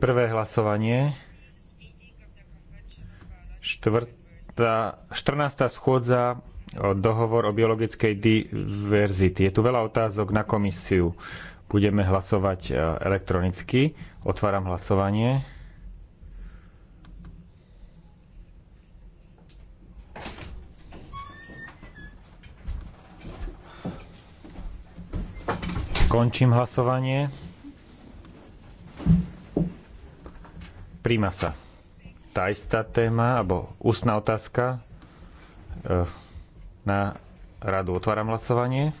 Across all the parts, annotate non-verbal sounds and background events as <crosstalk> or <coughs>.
Prvé hlasovanie. 14. schôdza e, dohovor o biologickej diverzity. Je tu veľa otázok na komisiu. Budeme hlasovať e, elektronicky. Otváram hlasovanie. Končím hlasovanie. Príjma sa tá istá téma, alebo ústna otázka e, na radu. Otváram hlasovanie.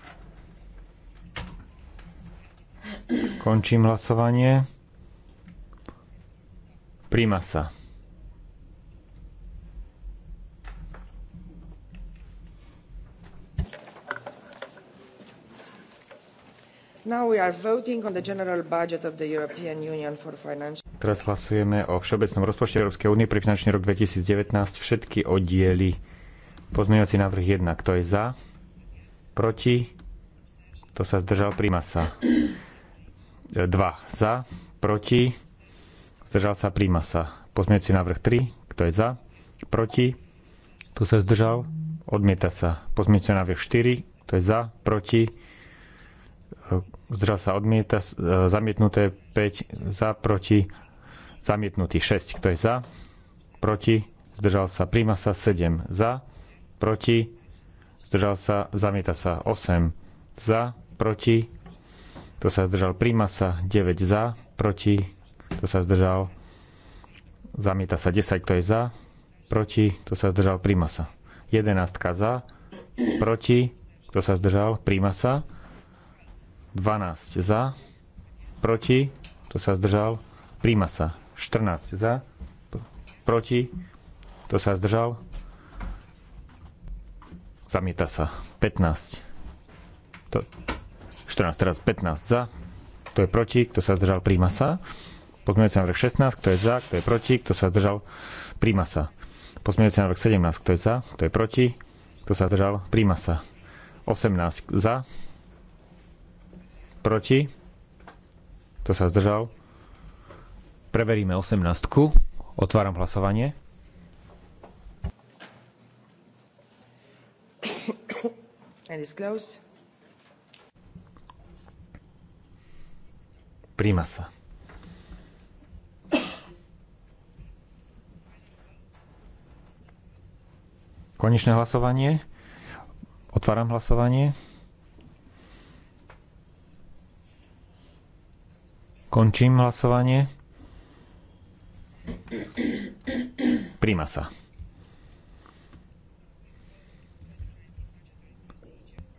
Končím hlasovanie. Príjma sa. Teraz hlasujeme o všeobecnom rozpočte Európskej únie pre finančný rok 2019 všetky oddiely. Pozmeňovací návrh 1. Kto je za? Proti? Kto sa zdržal? Príjma sa. 2. Za? Proti? Zdržal sa? Príjma sa. Pozmeňovací návrh 3. Kto je za? Proti? Kto sa zdržal? Odmieta sa. Pozmeňovací návrh 4. Kto je za? Proti? zdržal sa odmieta, e, zamietnuté 5 za, proti, zamietnutý 6, kto je za, proti, zdržal sa, príjma sa 7 za, proti, zdržal sa, zamieta sa 8 za, proti, to sa zdržal, príjma sa 9 za, proti, to sa zdržal, zamieta sa 10, kto je za, proti, to sa zdržal, príjma sa. 11 za, proti, kto sa zdržal, príjma sa. 12 za, proti, to sa zdržal, príjma sa 14 za, proti, to sa zdržal, zamieta sa 15, to, 14, teraz 15 za, to je proti, kto sa zdržal, príjma sa. Pozmeňujúci návrh 16, kto je za, kto je proti, kto sa zdržal, príjma sa. Pozmeňujúci návrh 17, kto je za, kto je proti, kto sa zdržal, príjma sa. 18 za, Proti? To sa zdržal. Preveríme 18. Otváram hlasovanie. And it's closed. Príjma sa. Konečné hlasovanie. Otváram hlasovanie. Končím hlasovanie. Príma sa.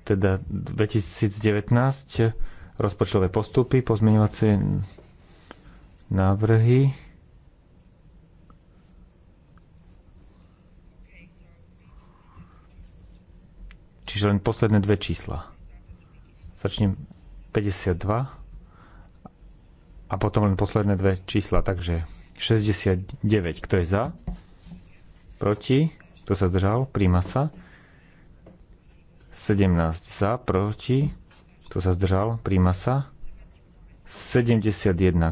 Teda 2019 rozpočtové postupy, pozmeňovacie návrhy. Čiže len posledné dve čísla. Začnem 52. A potom len posledné dve čísla, takže 69, kto je za, proti, kto sa zdržal, príjma sa. 17 za, proti, kto sa zdržal, príjma sa. 71,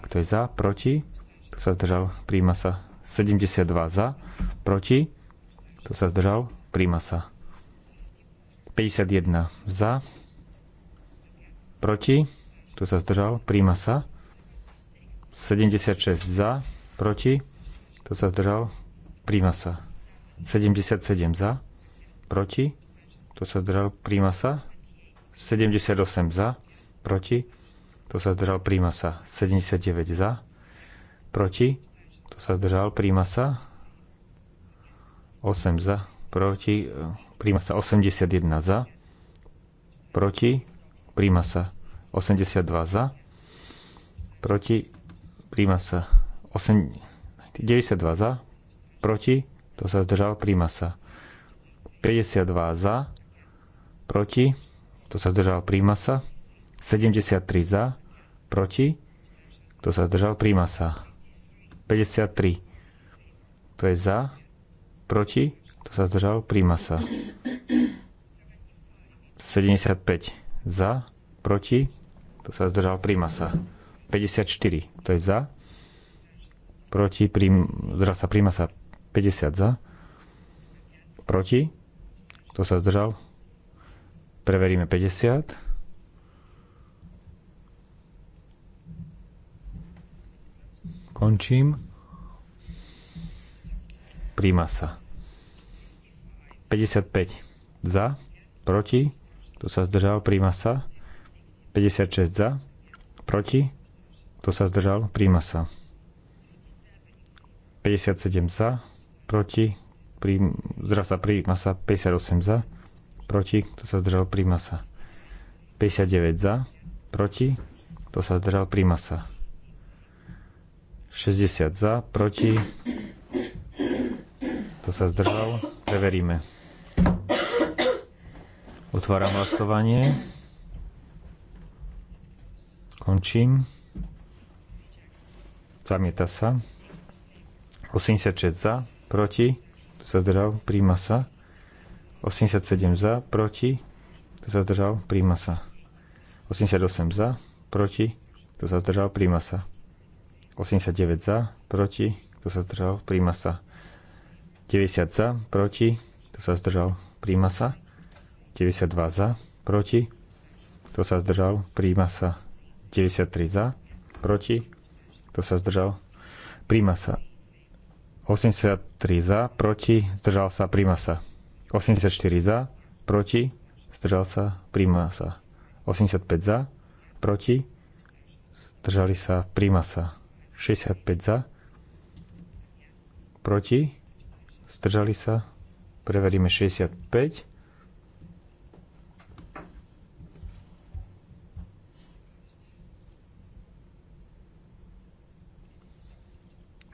kto je za, proti, kto sa zdržal, príjma sa. 72 za, proti, kto sa zdržal, príjma sa. 51 za, proti, kto sa zdržal, príjma sa. 76 za, proti, kto sa zdržal, príjma sa. 77 za, proti, kto sa zdržal, príjma sa. 78 za, proti, kto sa zdržal, príjma sa. 79 za, proti, kto sa zdržal, príjma sa. 8 za, proti, príjma sa 81 za, proti, príjma sa 82 za, proti, príjma sa. 8, 92 za, proti, to sa zdržal, príjma sa. 52 za, proti, to sa zdržal, príjma sa. 73 za, proti, to sa zdržal, príjma sa. 53, to je za, proti, to sa zdržal, príjma sa. 75 za, proti, to sa zdržal, príjma sa. 54. to je za? Proti? Prím, zdržal sa? Príjma sa 50 za. Proti? Kto sa zdržal? Preveríme 50. Končím. Príjma sa. 55 za. Proti? Kto sa zdržal? Príjma sa. 56 za. Proti? Kto sa zdržal? Príjma sa. 57 za, proti, príjm, sa, príjma sa. 58 za, proti, kto sa zdržal? Príjma sa. 59 za, proti, kto sa zdržal? Príjma sa. 60 za, proti, kto sa zdržal? Preveríme. Otváram hlasovanie. Končím zamieta sa. 86 za, proti, zadržal, príjma sa. 87 za, proti, zadržal, príjma sa. 88 za, proti, to sa zdržal, príjma sa. 89 za, proti, to sa zdržal, príjma sa. 90 za, proti, to sa zdržal, príjma sa. 92 za, proti, kto sa zdržal, príjma sa. 93 za, proti, kto sa zdržal? Príjma sa. 83 za, proti, zdržal sa, príjma sa. 84 za, proti, zdržal sa, príjma sa. 85 za, proti, zdržali sa, príjma sa. 65 za, proti, zdržali sa, preveríme 65.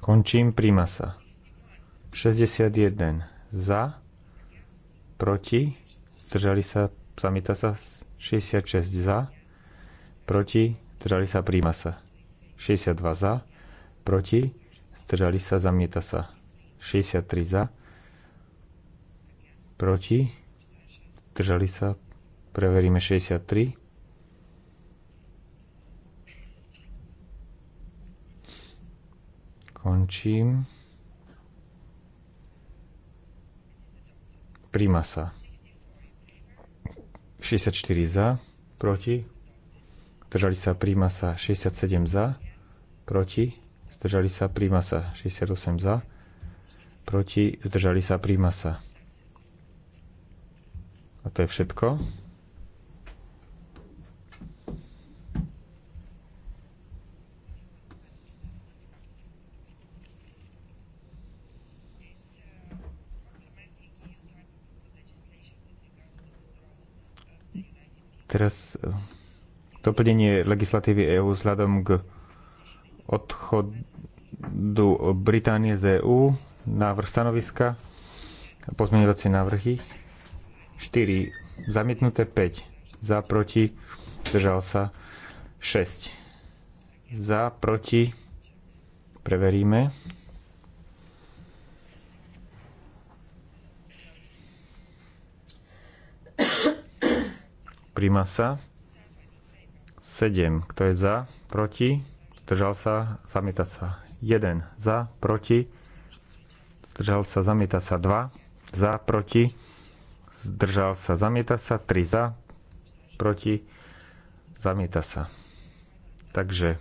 Končím, príma sa. 61 za, proti, zdržali sa, zamieta sa 66 za, proti, zdržali sa, príma sa. 62 za, proti, zdržali sa, zamieta sa. 63 za, proti, zdržali sa, preveríme 63. Končím. Príma sa. 64 za, proti. Zdržali sa, príma sa 67 za, proti. Zdržali sa, príma sa 68 za, proti. Zdržali sa, príma sa. A to je všetko. Teraz eh, doplnenie legislatívy EÚ vzhľadom k odchodu Británie z EÚ, návrh stanoviska, pozmeňovacie návrhy, 4 zamietnuté, 5 za, proti, zdržal sa, 6 za, proti, preveríme. Príjma sa. 7. Kto je za? Proti? Zdržal sa? Zamieta sa. 1. Za? Proti? Zdržal sa? Zamieta sa. 2. Za? Proti? Zdržal sa? Zamieta sa. 3. Za? Proti? Zamieta sa. Takže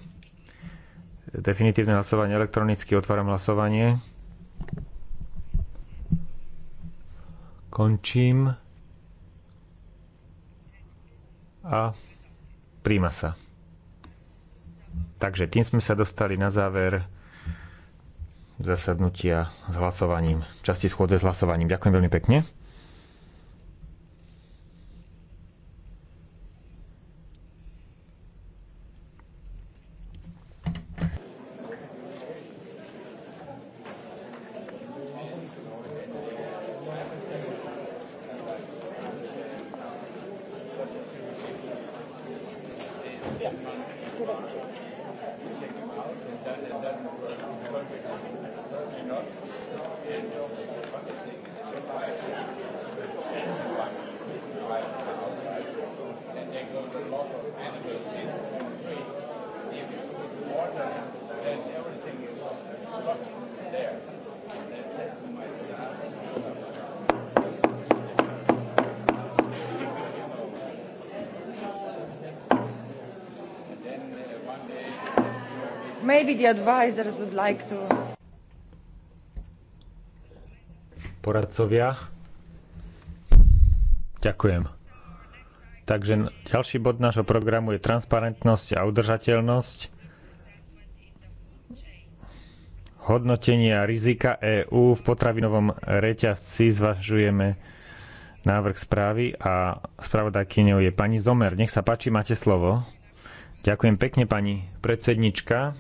definitívne hlasovanie elektronicky. Otváram hlasovanie. Končím a príjma sa. Takže tým sme sa dostali na záver zasadnutia s hlasovaním, časti schôdze s hlasovaním. Ďakujem veľmi pekne. advisors would like to... Poradcovia. Ďakujem. Takže ďalší bod nášho programu je transparentnosť a udržateľnosť. Hodnotenia rizika EÚ v potravinovom reťazci zvažujeme návrh správy a spravodajkyňou je pani Zomer. Nech sa páči, máte slovo. Ďakujem pekne, pani predsednička.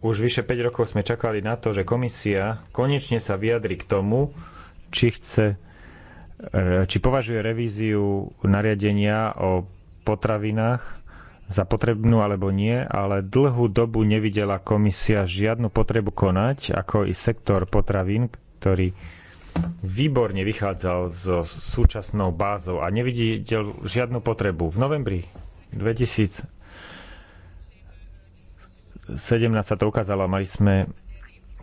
Už vyše 5 rokov sme čakali na to, že komisia konečne sa vyjadri k tomu, či chce e, či považuje revíziu nariadenia o potravinách za potrebnú alebo nie, ale dlhú dobu nevidela komisia žiadnu potrebu konať, ako i sektor potravín, ktorý výborne vychádzal so súčasnou bázou a nevidel žiadnu potrebu. V novembri 2000 sa to ukázalo. Mali sme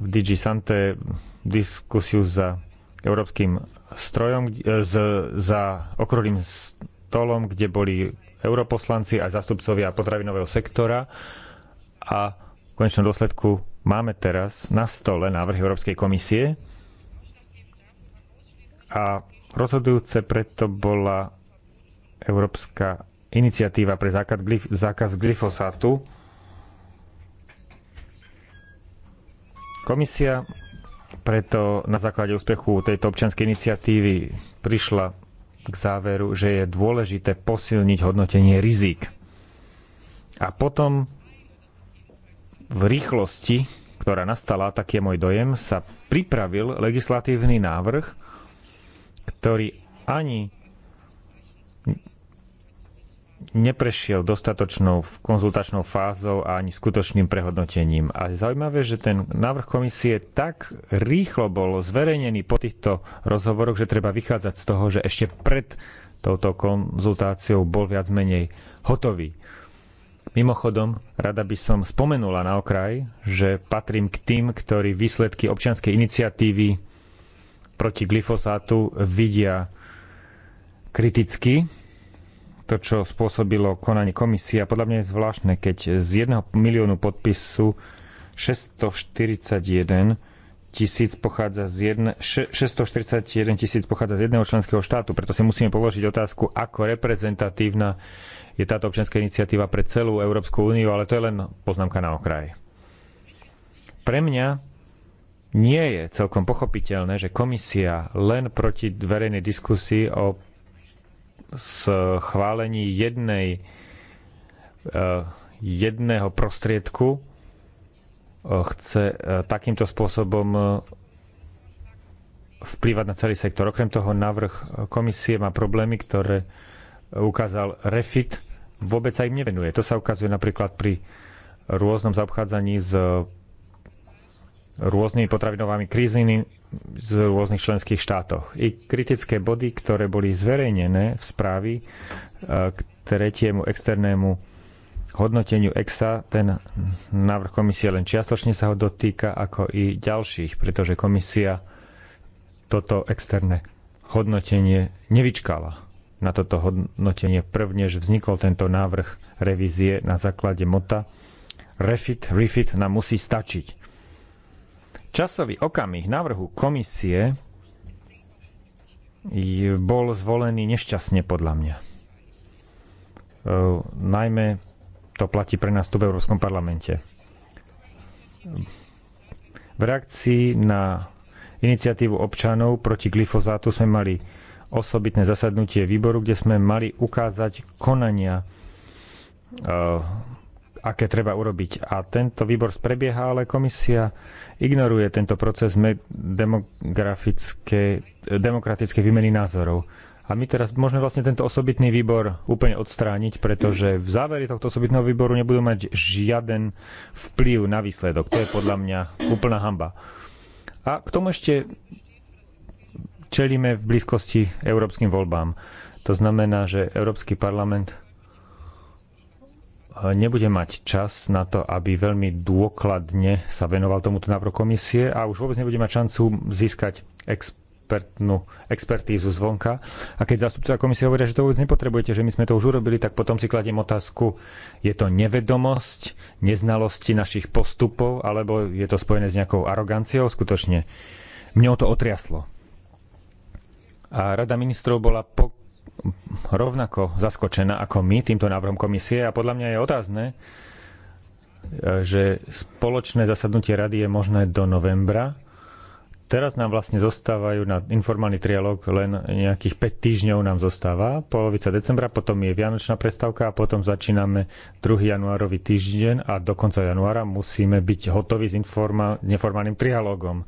v DG Sante diskusiu za európskym strojom, e, z, za okrúhlym stolom, kde boli europoslanci a zastupcovia potravinového sektora a v konečnom dôsledku máme teraz na stole návrh Európskej komisie a rozhodujúce preto bola Európska iniciatíva pre zákaz glyfosátu, Komisia preto na základe úspechu tejto občianskej iniciatívy prišla k záveru, že je dôležité posilniť hodnotenie rizik. A potom v rýchlosti, ktorá nastala, tak je môj dojem, sa pripravil legislatívny návrh, ktorý ani neprešiel dostatočnou konzultačnou fázou a ani skutočným prehodnotením. A je zaujímavé, že ten návrh komisie tak rýchlo bol zverejnený po týchto rozhovoroch, že treba vychádzať z toho, že ešte pred touto konzultáciou bol viac menej hotový. Mimochodom, rada by som spomenula na okraj, že patrím k tým, ktorí výsledky občianskej iniciatívy proti glyfosátu vidia kriticky to, čo spôsobilo konanie komisie. A podľa mňa je zvláštne, keď z 1 miliónu podpisu 641 tisíc pochádza z jedne, 641 tisíc pochádza z jedného členského štátu. Preto si musíme položiť otázku, ako reprezentatívna je táto občianská iniciatíva pre celú Európsku úniu, ale to je len poznámka na okraj. Pre mňa nie je celkom pochopiteľné, že komisia len proti verejnej diskusii o schválení jednej, eh, jedného prostriedku eh, chce eh, takýmto spôsobom vplývať na celý sektor. Okrem toho návrh komisie má problémy, ktoré ukázal Refit, vôbec sa im nevenuje. To sa ukazuje napríklad pri rôznom zaobchádzaní s rôznymi potravinovými z rôznych členských štátoch. I kritické body, ktoré boli zverejnené v správy e, k tretiemu externému hodnoteniu EXA, ten návrh komisie len čiastočne sa ho dotýka, ako i ďalších, pretože komisia toto externé hodnotenie nevyčkala na toto hodnotenie prvnež vznikol tento návrh revízie na základe MOTA. Refit, refit nám musí stačiť Časový okamih návrhu komisie bol zvolený nešťastne podľa mňa. E, najmä to platí pre nás tu v Európskom parlamente. V reakcii na iniciatívu občanov proti glyfozátu sme mali osobitné zasadnutie výboru, kde sme mali ukázať konania e, aké treba urobiť. A tento výbor prebieha, ale komisia ignoruje tento proces demografické, demokratické výmeny názorov. A my teraz môžeme vlastne tento osobitný výbor úplne odstrániť, pretože v závere tohto osobitného výboru nebudú mať žiaden vplyv na výsledok. To je podľa mňa úplná hamba. A k tomu ešte čelíme v blízkosti európskym voľbám. To znamená, že Európsky parlament E, nebude mať čas na to, aby veľmi dôkladne sa venoval tomuto návrhu komisie a už vôbec nebude mať šancu získať expertnú expertízu zvonka. A keď zástupca komisie hovoria, že to vôbec nepotrebujete, že my sme to už urobili, tak potom si kladiem otázku, je to nevedomosť, neznalosti našich postupov, alebo je to spojené s nejakou aroganciou? Skutočne, mňou to otriaslo. A Rada ministrov bola po rovnako zaskočená ako my týmto návrhom komisie a podľa mňa je otázne, e, že spoločné zasadnutie rady je možné do novembra. Teraz nám vlastne zostávajú na informálny trialog len nejakých 5 týždňov nám zostáva, polovica decembra, potom je vianočná prestávka a potom začíname 2. januárový týždeň a do konca januára musíme byť hotoví s neformálnym trialogom.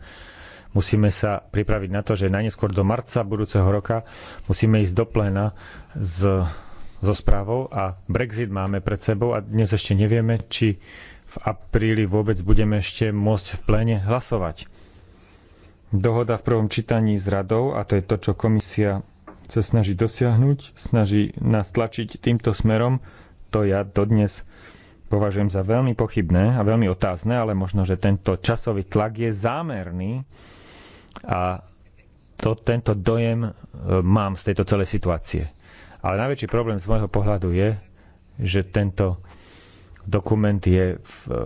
Musíme sa pripraviť na to, že najneskôr do marca budúceho roka musíme ísť do pléna s, so správou a Brexit máme pred sebou a dnes ešte nevieme, či v apríli vôbec budeme ešte môcť v pléne hlasovať. Dohoda v prvom čítaní s radou, a to je to, čo komisia sa snaží dosiahnuť, snaží nás tlačiť týmto smerom, to ja dodnes považujem za veľmi pochybné a veľmi otázne, ale možno, že tento časový tlak je zámerný a to, tento dojem e, mám z tejto celej situácie. Ale najväčší problém z môjho pohľadu je, že tento dokument je v, e,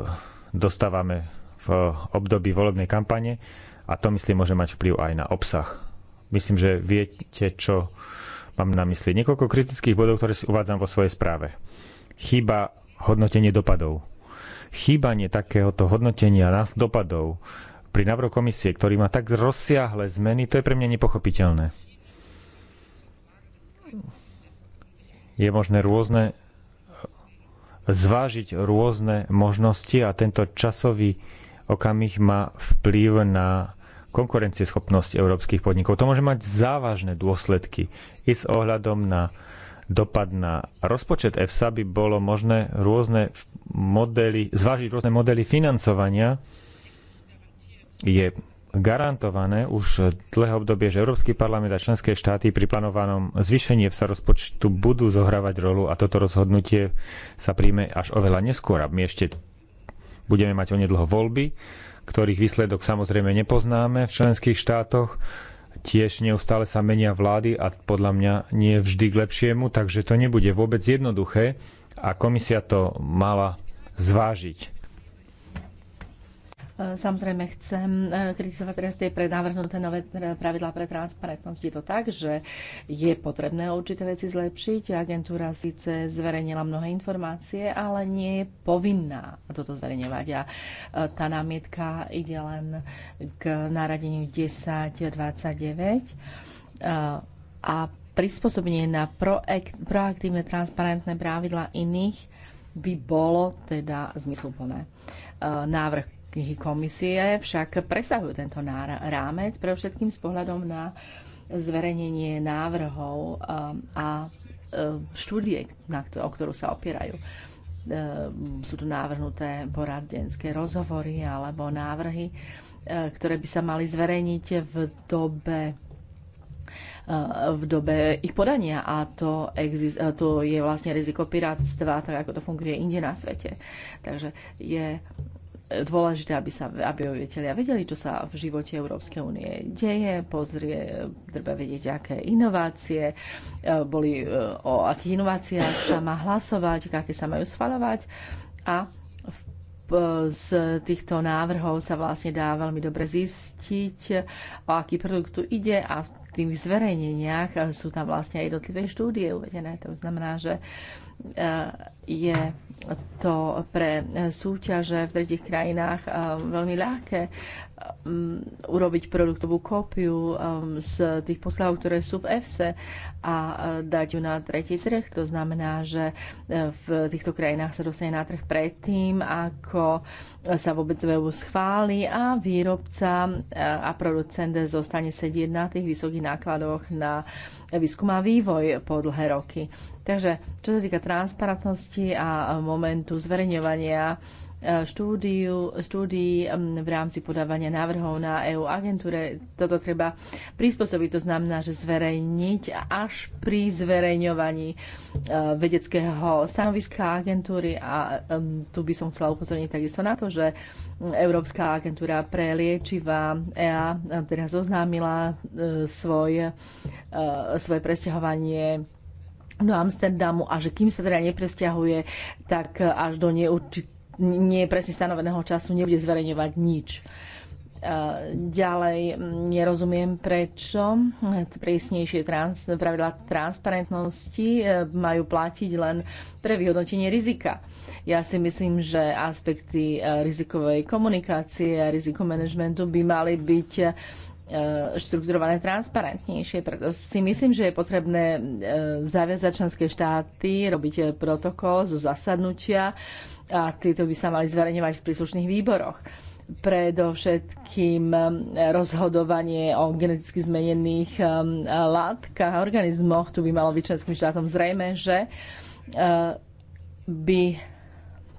dostávame v období volebnej kampane a to myslím môže mať vplyv aj na obsah. Myslím, že viete, čo mám na mysli. Niekoľko kritických bodov, ktoré si uvádzam vo svojej správe. Chyba hodnotenie dopadov. Chýbanie takéhoto hodnotenia nás dopadov pri návrhu komisie, ktorý má tak rozsiahle zmeny, to je pre mňa nepochopiteľné. Je možné rôzne zvážiť rôzne možnosti a tento časový okamih má vplyv na konkurencieschopnosť európskych podnikov. To môže mať závažné dôsledky. I s ohľadom na dopad na rozpočet EFSA by bolo možné rôzne modely, zvážiť rôzne modely financovania je garantované už dlhé obdobie, že Európsky parlament a členské štáty pri plánovanom zvýšení sa rozpočtu budú zohrávať rolu a toto rozhodnutie sa príjme až oveľa neskôr. A my ešte budeme mať onedlho voľby, ktorých výsledok samozrejme nepoznáme v členských štátoch. Tiež neustále sa menia vlády a podľa mňa nie vždy k lepšiemu, takže to nebude vôbec jednoduché a komisia to mala zvážiť E, samozrejme chcem e, kritizovať teraz tie prednávrhnuté nové teda pravidlá pre transparentnosť. Je to tak, že je potrebné určité veci zlepšiť. Agentúra síce zverejnila mnohé informácie, ale nie je povinná toto zverejňovať. A e, tá námietka ide len k náradeniu 1029 a prispôsobenie na proaktívne transparentné pravidla iných by bolo teda zmysluplné. Návrh komisie však presahujú tento rámec, pre všetkým s pohľadom na zverejnenie návrhov eh, a eh, štúdie, o ktorú sa opierajú eh, sú tu návrhnuté poradenské rozhovory alebo návrhy, ktoré by sa mali zverejniť v dobe v dobe ich podania a to, exist, to je vlastne riziko pirátstva, tak ako to funguje inde na svete. Takže je dôležité, aby, sa, aby obyvateľia vedeli, čo sa v živote Európskej únie deje, pozrie, treba vedieť, aké inovácie e, boli, e, o akých inováciách sa má hlasovať, aké sa majú schvaľovať a v e, z týchto návrhov sa vlastne dá veľmi dobre zistiť, o aký produkt tu ide a v tých zverejneniach sú tam vlastne aj jednotlivé štúdie uvedené. To znamená, že je to pre súťaže v tretich krajinách eh, veľmi ľahké um, urobiť produktovú kópiu um, z tých podkladov, ktoré sú v EFSE a uh, dať ju na tretí trh. To znamená, že uh, v týchto krajinách sa dostane na trh predtým, ako sa vôbec v EU schváli a výrobca uh, a producent zostane sedieť na tých vysokých nákladoch na výskum a vývoj po dlhé roky. Takže čo sa týka transparentnosti a momentu zverejňovania, štúdiu, štúdií v rámci podávania návrhov na EU agentúre. Toto treba prispôsobiť, to znamená, že zverejniť až pri zverejňovaní eh, vedeckého stanoviska agentúry a tu by som chcela upozorniť takisto na to, že Európska agentúra pre liečiva EA eh, teraz zoznámila eh, svoj, svoje presťahovanie do Amsterdamu a že kým sa teda nepresťahuje, tak až do neurčit nie presne stanoveného času nebude zverejňovať nič. Ďalej mm, nerozumiem, prečo prísnejšie trans, pravidla transparentnosti e, majú platiť len pre vyhodnotenie rizika. Ja si myslím, že aspekty e, rizikovej komunikácie a rizikomanagementu by mali byť e, štrukturované transparentnejšie. Preto si myslím, že je potrebné zaviazať členské štáty, robiť protokol zo zasadnutia, a tieto by sa mali zverejňovať v príslušných výboroch predovšetkým um, rozhodovanie o geneticky zmenených um, látkach a organizmoch. Tu by malo byť členským štátom zrejme, že uh, by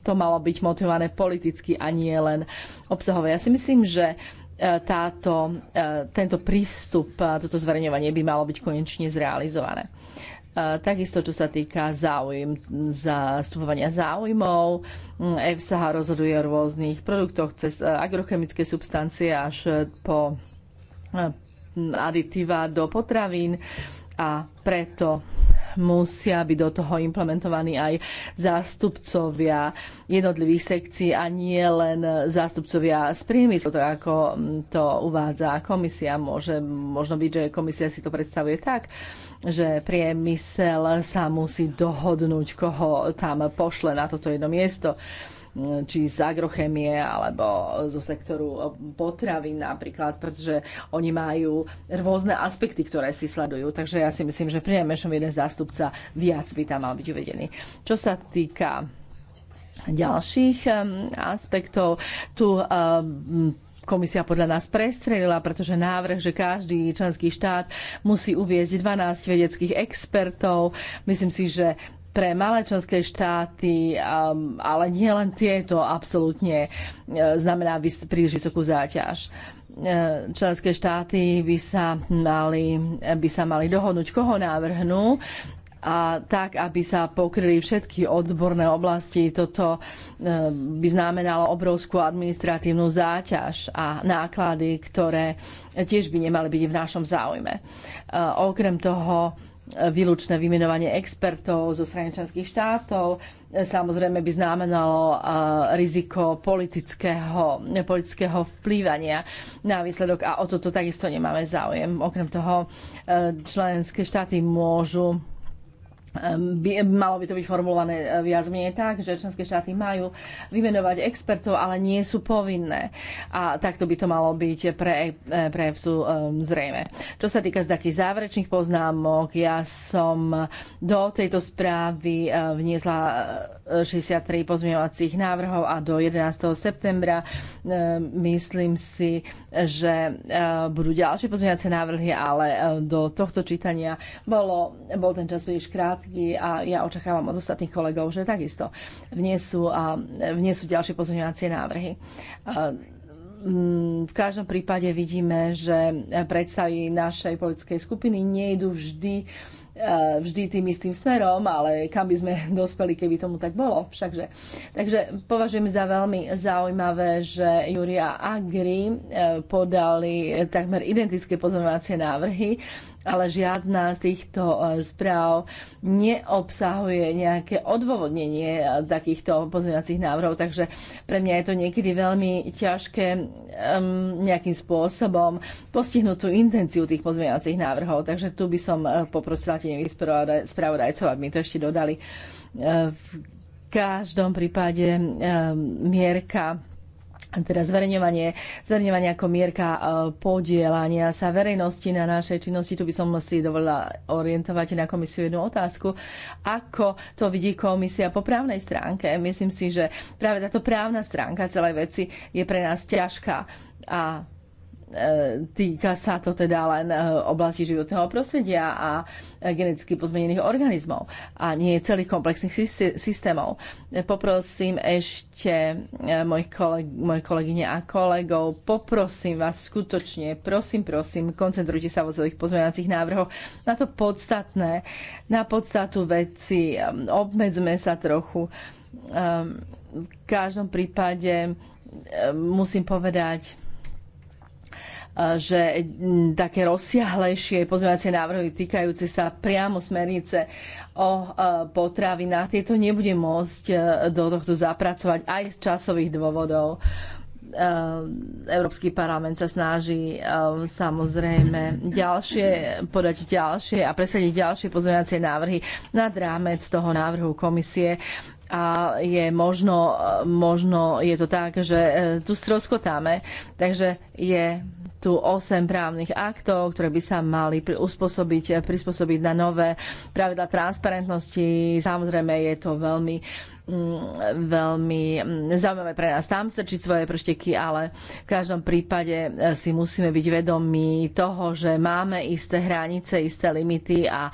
to malo byť motivované politicky a nie len obsahové. Ja si myslím, že uh, táto, uh, tento prístup, toto zverejňovanie by malo byť konečne zrealizované. Takisto, čo sa týka záujm, zastupovania záujmov, EFSA mm, rozhoduje o rôznych produktoch cez e, agrochemické substancie až e, po e, aditíva do potravín a preto musia byť do toho implementovaní aj zástupcovia jednotlivých sekcií a nie len zástupcovia z priemyslu, tak ako to uvádza komisia. Môže, možno byť, že komisia si to predstavuje tak, že priemysel sa musí dohodnúť, koho tam pošle na toto jedno miesto či z agrochemie alebo zo sektoru potravín napríklad, pretože oni majú rôzne aspekty, ktoré si sledujú. Takže ja si myslím, že pri najmenšom jeden zástupca viac by tam mal byť uvedený. Čo sa týka ďalších aspektov, tu komisia podľa nás prestrelila, pretože návrh, že každý členský štát musí uviezť 12 vedeckých expertov, myslím si, že pre malé členské štáty, um, ale nie len tieto, absolútne e, znamená príliš vysokú záťaž e, členské štáty by sa, mali, by sa mali dohodnúť, koho návrhnú a tak, aby sa pokryli všetky odborné oblasti. Toto e, by znamenalo obrovskú administratívnu záťaž a náklady, ktoré tiež by nemali byť v našom záujme. Okrem toho, výlučné vymenovanie expertov zo strany členských štátov. Samozrejme by znamenalo e, riziko politického, politického vplývania na výsledok a o toto takisto nemáme záujem. Okrem toho e, členské štáty môžu Ehm, by, ehm, malo by to byť formulované eh, viac menej tak, že členské štáty majú vymenovať expertov, ale nie sú povinné. A takto by to malo byť pre, eh, pre EFSU um, zrejme. Čo sa týka z takých záverečných poznámok, ja som do tejto správy eh, vniesla 63 pozmeňovacích návrhov a do 11. septembra um, myslím si, že budú ďalšie pozmeňovacie návrhy, ale do tohto čítania bolo, bol ten časový škrát poznatky a ja očakávam od ostatných kolegov, že takisto vniesú a, vniesú ďalšie pozmeňovacie návrhy. Mm, v každom prípade vidíme, že predstavy našej politickej skupiny nejdu vždy vždy tým istým smerom, ale kam by sme <laughs> dospeli, keby tomu tak bolo. Všakže. Takže považujem za veľmi zaujímavé, že Júria a Agri e, podali takmer identické pozorovacie návrhy ale žiadna z týchto e, správ neobsahuje nejaké odôvodnenie e, takýchto pozmeňovacích návrhov, takže pre mňa je to niekedy veľmi ťažké um, nejakým spôsobom postihnúť tú intenciu tých pozmeňovacích návrhov, takže tu by som e, poprosila tieňových spravodajcov, aby mi to ešte dodali. V každom prípade um, mierka teda zverejňovanie, zverejňovanie ako mierka e, podielania sa verejnosti na našej činnosti. Tu by som si dovolila orientovať na komisiu jednu otázku. Ako to vidí komisia po právnej stránke? Myslím si, že práve táto právna stránka celej veci je pre nás ťažká a E, týka sa to teda len e, oblasti životného prostredia a e, geneticky pozmenených organizmov a nie celých komplexných systémov. Poprosím ešte mojich koleg- moje kolegyne a kolegov, poprosím vás skutočne, prosím, prosím, koncentrujte sa vo svojich pozmeňovacích návrhoch na to podstatné, na podstatu veci, obmedzme sa trochu. V každom prípade musím povedať, že také rozsiahlejšie pozmeňovacie návrhy týkajúce sa priamo smernice o e, potravinách, tieto nebude môcť e, do tohto zapracovať aj z časových dôvodov. E, Európsky parlament sa snaží samozrejme ďalšie, podať ďalšie a presadiť ďalšie pozmeňovacie návrhy nad rámec toho návrhu komisie a je možno, možno je to tak, že e, tu stroskotáme. Takže je tu 8 právnych aktov, ktoré by sa mali uspôsobiť, e, prispôsobiť na nové pravidla transparentnosti. Samozrejme je to veľmi Mm, veľmi mm, zaujímavé pre nás tam strčiť svoje pršteky, ale v každom prípade e, si musíme byť vedomí toho, že máme isté hranice, isté limity a e,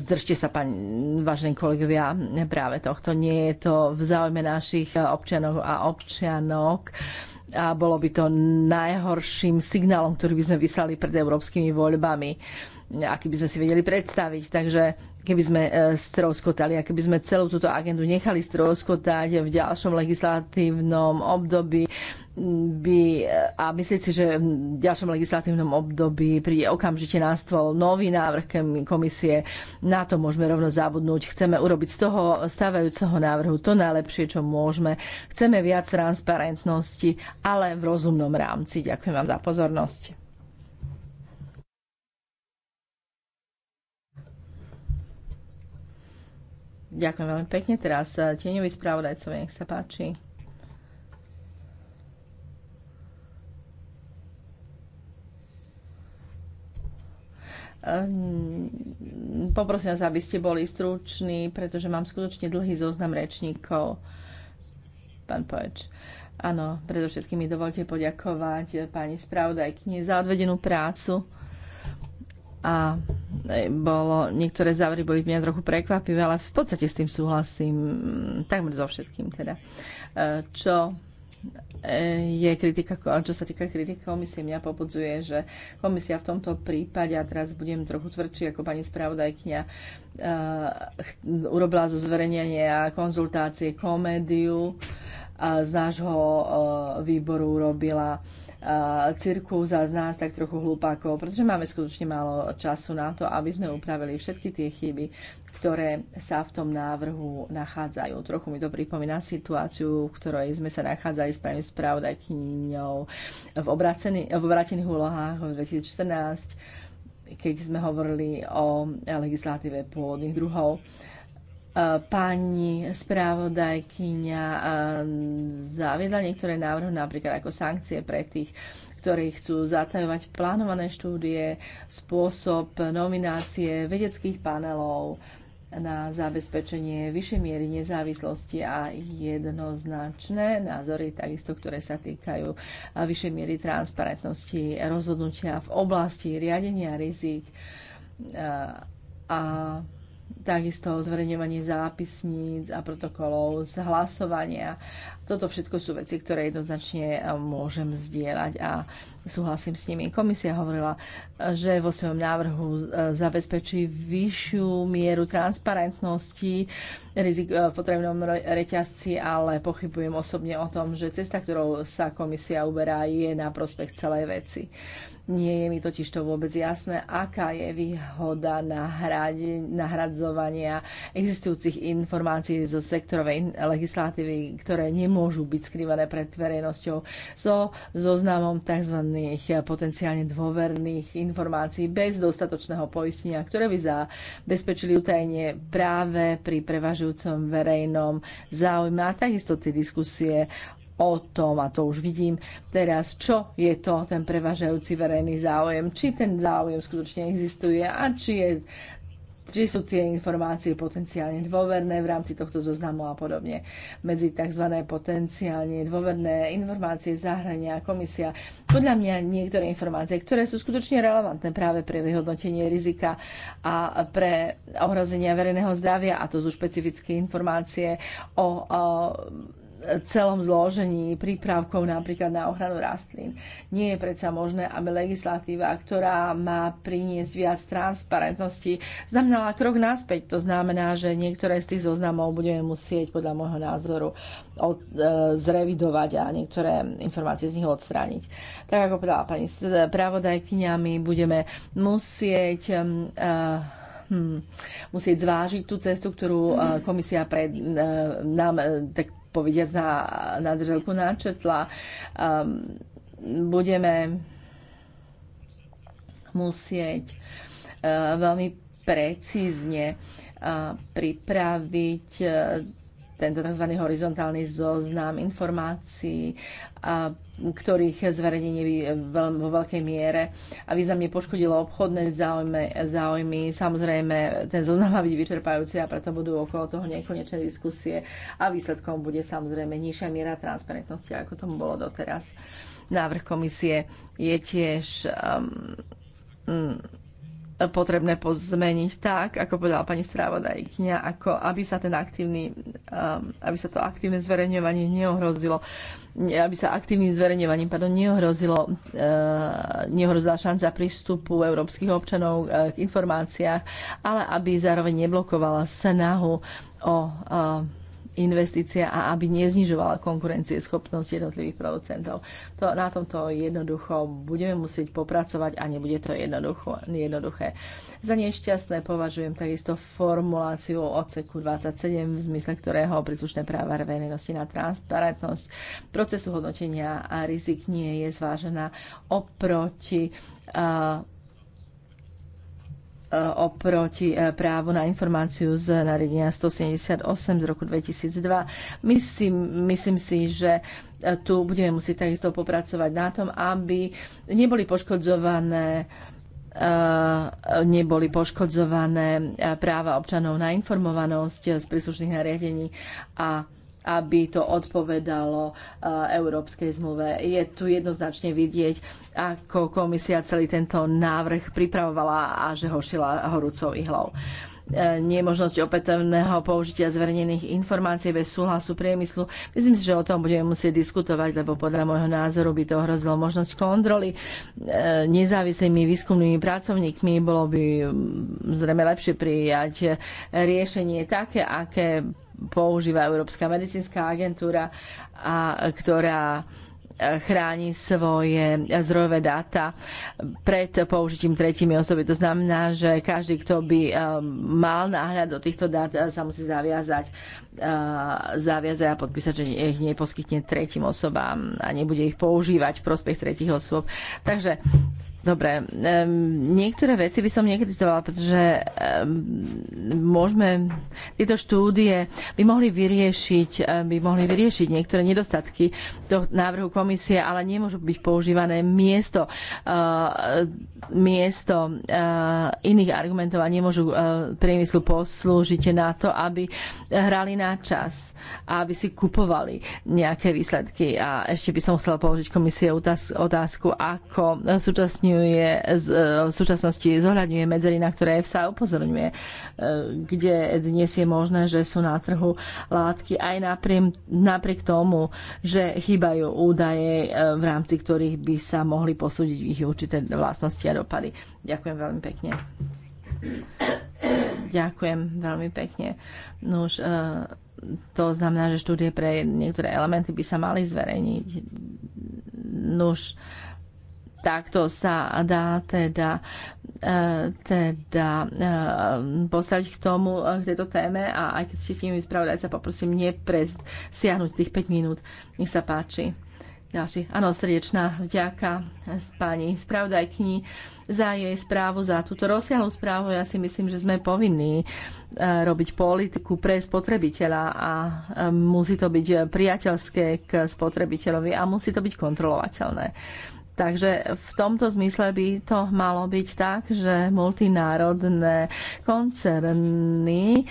zdržte sa, pani, vážení kolegovia, práve tohto. Nie je to v záujme našich e, občanov a občianok a bolo by to najhorším signálom, ktorý by sme vyslali pred európskymi voľbami aký by sme si vedeli predstaviť. Takže keby sme e, stroskotali a keby sme celú túto agendu nechali stroskotať v ďalšom legislatívnom období by, e, a myslieť si, že v ďalšom legislatívnom období príde okamžite na stôl nový návrh komisie, na to môžeme rovno zabudnúť. Chceme urobiť z toho stávajúceho návrhu to najlepšie, čo môžeme. Chceme viac transparentnosti, ale v rozumnom rámci. Ďakujem vám za pozornosť. Ďakujem veľmi pekne. Teraz eh, tieňový správodajcovi, nech sa páči. Ehm, poprosím vás, aby ste boli struční, pretože mám skutočne dlhý zoznam rečníkov. Pán Poeč. Áno, predovšetkým mi dovolte poďakovať pani spravodajkyni za odvedenú prácu a e, bolo, niektoré závery boli mňa trochu prekvapivé, ale v podstate s tým súhlasím mm, takmer so všetkým teda. E, čo e, je kritika, čo sa týka kritiky komisie, mňa pobudzuje, že komisia v tomto prípade, a teraz budem trochu tvrdší ako pani spravodajkňa, urobila zo zverejnenia a konzultácie komédiu, z nášho výboru urobila Eh, cirkus a z nás tak trochu hlupákov, pretože máme skutočne málo času na to, aby sme upravili všetky tie chyby, ktoré sa v tom návrhu nachádzajú. Trochu mi to pripomína situáciu, v ktorej sme sa nachádzali s pani spravodajkyňou v, v obratených úlohách v 2014, keď sme hovorili o legislatíve pôvodných druhov pani správodajkyňa eh, zaviedla niektoré návrhy, napríklad ako sankcie pre tých, ktorí chcú zatajovať plánované štúdie, spôsob nominácie vedeckých panelov na zabezpečenie vyššej miery nezávislosti a jednoznačné názory, takisto ktoré sa týkajú eh, vyššej miery transparentnosti rozhodnutia v oblasti riadenia rizik eh, a takisto zverejňovanie zápisníc a protokolov z hlasovania. Toto všetko sú veci, ktoré jednoznačne eh, môžem zdieľať a súhlasím s nimi. Komisia hovorila, eh, že vo svojom návrhu eh, zabezpečí vyššiu mieru transparentnosti rizik v potrebnom reťazci, ale pochybujem osobne o tom, že cesta, ktorou sa komisia uberá, je na prospech celej veci. Nie je mi totiž to vôbec jasné, aká je výhoda nahradi, nahradzovania existujúcich informácií zo sektorovej legislatívy, ktoré nemôžu byť skrývané pred verejnosťou so zoznamom tzv. potenciálne dôverných informácií bez dostatočného poistenia, ktoré by zabezpečili utajenie práve pri prevažujúcom verejnom záujme a takisto tie diskusie o tom, a to už vidím teraz, čo je to ten prevažajúci verejný záujem, či ten záujem skutočne existuje a či, je, či sú tie informácie potenciálne dôverné v rámci tohto zoznamu a podobne. Medzi tzv. potenciálne dôverné informácie zahrania komisia. Podľa mňa niektoré informácie, ktoré sú skutočne relevantné práve pre vyhodnotenie rizika a pre ohrozenia verejného zdravia, a to sú špecifické informácie o, o celom zložení prípravkov napríklad na ochranu rastlín. Nie je predsa možné, aby legislatíva, ktorá má priniesť viac transparentnosti, znamenala krok naspäť. To znamená, že niektoré z tých zoznamov budeme musieť podľa môjho názoru od, e, zrevidovať a niektoré informácie z nich odstrániť. Tak ako povedala pani pravodajkynia, my budeme musieť e, hmm, musieť zvážiť tú cestu, ktorú e, komisia pred, e, nám e, tak povediať na, na drželku načetla. Um, ehm, budeme musieť uh, veľmi precízne uh, pripraviť uh, tento tzv. horizontálny zoznam informácií, a ktorých zverejnenie e, vo veľkej miere a významne poškodilo obchodné záujmy. záujmy. Samozrejme, ten zoznam má byť vyčerpajúci a preto budú okolo toho nekonečné diskusie a výsledkom bude samozrejme nižšia miera transparentnosti, ako tomu bolo doteraz. Návrh komisie je tiež um, um, potrebné pozmeniť tak, ako povedala pani strávodajkňa, ako aby sa ten aktívny, um, aby sa to aktívne zverejňovanie neohrozilo, aby sa aktívnym zverejňovaním pardon, neohrozilo, uh, neohrozila šanca prístupu európskych občanov uh, k informáciách, ale aby zároveň neblokovala snahu o uh, investícia a aby neznižovala konkurencie schopnosť jednotlivých producentov. To, na tomto jednoducho budeme musieť popracovať a nebude to jednoducho, jednoduché. Za nešťastné považujem takisto formuláciu odseku 27, v zmysle ktorého príslušné práva verejnosti na transparentnosť procesu hodnotenia a rizik nie je zvážená oproti uh, Eh, oproti eh, právu na informáciu z nariadenia 178 z roku 2002. Myslím, myslím si, že eh, tu budeme musieť takisto popracovať na tom, aby neboli poškodzované neboli poškodzované práva občanov na informovanosť z príslušných nariadení a aby to odpovedalo e, Európskej zmluve. Je tu jednoznačne vidieť, ako komisia celý tento návrh pripravovala a že ho šila horúcou ihlou e, nemožnosť opätovného použitia zverejnených informácií bez súhlasu priemyslu. Myslím si, že o tom budeme musieť diskutovať, lebo podľa môjho názoru by to ohrozilo možnosť kontroly e, nezávislými výskumnými pracovníkmi. Bolo by mm, zrejme lepšie prijať riešenie také, aké používa Európska medicínska agentúra, a, ktorá e, chráni svoje zdrojové dáta pred použitím tretími osoby. To znamená, že každý, kto by e, mal náhľad do týchto dát, e, sa musí zaviazať, zaviazať a podpísať, že ich neposkytne tretím osobám a nebude ich používať v prospech tretích osôb. Takže Dobre, um, niektoré veci by som nekritizovala, pretože um, môžeme, tieto štúdie by mohli vyriešiť, um, by mohli vyriešiť niektoré nedostatky do návrhu komisie, ale nemôžu byť používané miesto, uh, miesto uh, iných argumentov a nemôžu uh, priemyslu poslúžiť na to, aby hrali na čas a aby si kupovali nejaké výsledky. A ešte by som chcela položiť komisie otázku, ako súčasňujú zohľadňuje, v súčasnosti zohľadňuje medzery, na ktoré EFSA upozorňuje, e, kde dnes je možné, že sú na trhu látky aj napriem, napriek tomu, že chýbajú údaje, e, v rámci ktorých by sa mohli posúdiť ich určité vlastnosti a dopady. Ďakujem veľmi pekne. Ďakujem veľmi pekne. No už, e, to znamená, že štúdie pre niektoré elementy by sa mali zverejniť. Nuž, no takto sa dá teda, e, teda e, postaviť k tomu, e, k tejto téme a aj keď ste s nimi spravodajca, poprosím, nepresiahnuť tých 5 minút. Nech sa páči. Ďalší. Áno, srdečná vďaka pani spravodajkyni za jej správu, za túto rozsiahlu správu. Ja si myslím, že sme povinní robiť politiku pre spotrebiteľa a musí to byť priateľské k spotrebiteľovi a musí to byť kontrolovateľné. Takže v tomto zmysle by to malo byť tak, že multinárodné koncerny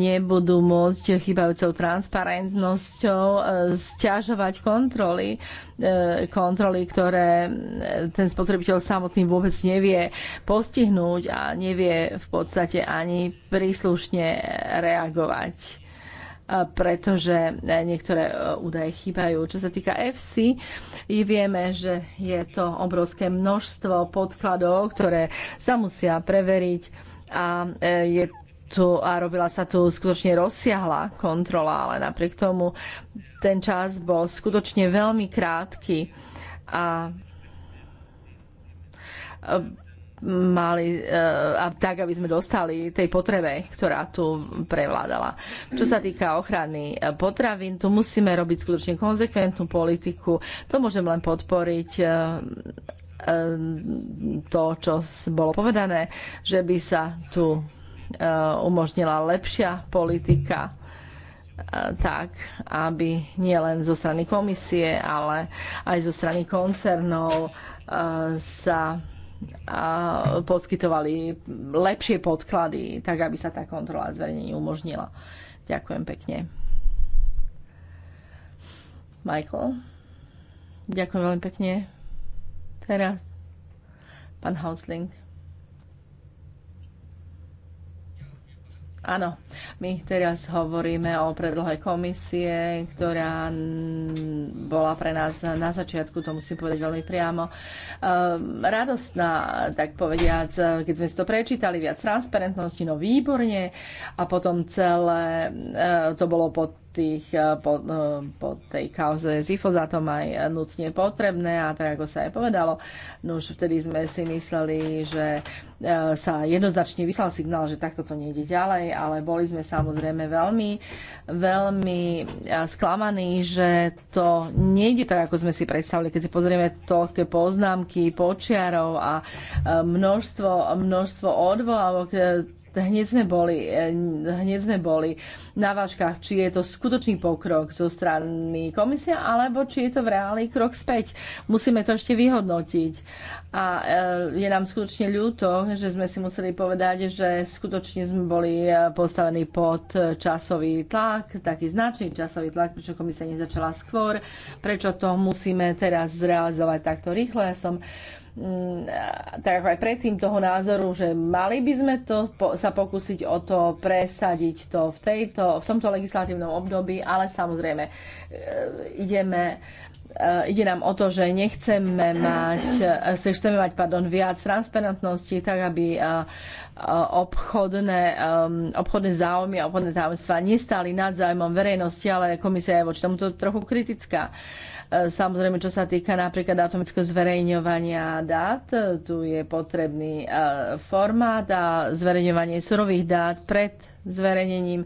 nebudú môcť chýbajúcou transparentnosťou e, stiažovať kontroly, e, kontroly, ktoré ten spotrebiteľ samotný vôbec nevie postihnúť a nevie v podstate ani príslušne reagovať pretože e, niektoré e, údaje chýbajú. Čo sa týka FC, vieme, že je to obrovské množstvo podkladov, ktoré sa musia preveriť a e, je tu, a robila sa tu skutočne rozsiahla kontrola, ale napriek tomu ten čas bol skutočne veľmi krátky a mali, eh, a tak, aby sme dostali tej potrebe, ktorá tu prevládala. Čo sa týka ochrany eh, potravín, tu musíme robiť skutočne konzekventnú politiku. To môžem len podporiť eh, to, čo bolo povedané, že by sa tu umožnila lepšia politika tak, aby nielen zo strany komisie, ale aj zo strany koncernov sa a poskytovali lepšie podklady, tak aby sa tá kontrola zverejnenia umožnila. Ďakujem pekne. Michael, ďakujem veľmi pekne. Teraz pán Hausling. Áno, my teraz hovoríme o predlohe komisie, ktorá bola pre nás na začiatku, to musím povedať veľmi priamo, ehm, radostná, tak povediac, keď sme si to prečítali, viac transparentnosti, no výborne, a potom celé e, to bolo pod tých, eh, po, eh, po tej kauze s ifozatom aj nutne potrebné a tak ako sa aj povedalo, no už vtedy sme si mysleli, že eh, sa jednoznačne vyslal signál, že takto to nejde ďalej, ale boli sme samozrejme veľmi, veľmi sklamaní, že to nejde tak, ako sme si predstavili. Keď si pozrieme toľké poznámky počiarov a množstvo, množstvo odvolávok, hneď sme boli, e, hneď sme boli na váškach, či je to skutočný pokrok zo strany komisia, alebo či je to v reálny krok späť. Musíme to ešte vyhodnotiť. A e, je nám skutočne ľúto, že sme si museli povedať, že skutočne sme boli e, postavení pod časový tlak, taký značný časový tlak, prečo komisia nezačala skôr, prečo to musíme teraz zrealizovať takto rýchlo. Ja som Mm, tak ako aj predtým toho názoru, že mali by sme to, po, sa pokúsiť o to, presadiť to v, tejto, v tomto legislatívnom období, ale samozrejme e, ideme e, ide nám o to, že nechceme mať, e, chceme mať pardon, viac transparentnosti, tak aby obchodné, obchodné záujmy a obchodné tajomstvá nestali nad záujmom verejnosti, ale komisia je voči tomuto trochu kritická. Samozrejme, čo sa týka napríklad automatického zverejňovania dát, tu je potrebný e, formát a zverejňovanie surových dát pred zverejnením.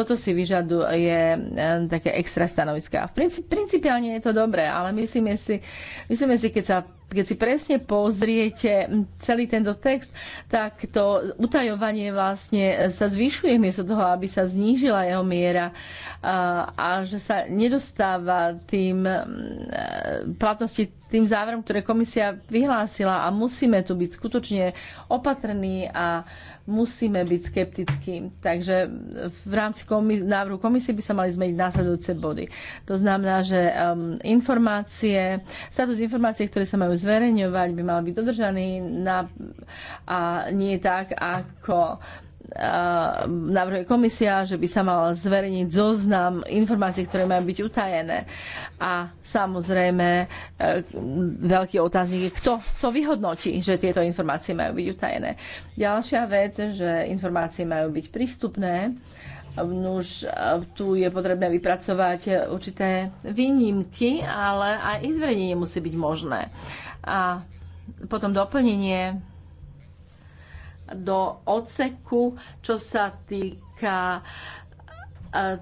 Toto si vyžaduje eh, také extra stanoviská. princí, principiálne je to dobré, ale myslíme si, myslíme si keď sa keď si presne pozriete celý tento text, tak to utajovanie vlastne sa zvyšuje miesto toho, aby sa znížila jeho miera a, eh, a že sa nedostáva tým eh, platnosti tým záverom, ktoré komisia vyhlásila a musíme tu byť skutočne opatrní a musíme byť skeptickí. Takže v rámci komis- návrhu komisie by sa mali zmeniť následujúce body. To znamená, že um, informácie, status informácie, ktoré sa majú zverejňovať, by mal byť dodržaný na, a nie tak, ako uh, navrhuje komisia, že by sa mal zverejniť zoznam informácií, ktoré majú byť utajené. A samozrejme, uh, veľký otáznik je, kto to vyhodnotí, že tieto informácie majú byť utajené. Ďalšia vec, že informácie majú byť prístupné Nuž, tu je potrebné vypracovať určité výnimky, ale aj ich zverejnenie musí byť možné. A potom doplnenie do odseku, čo sa týka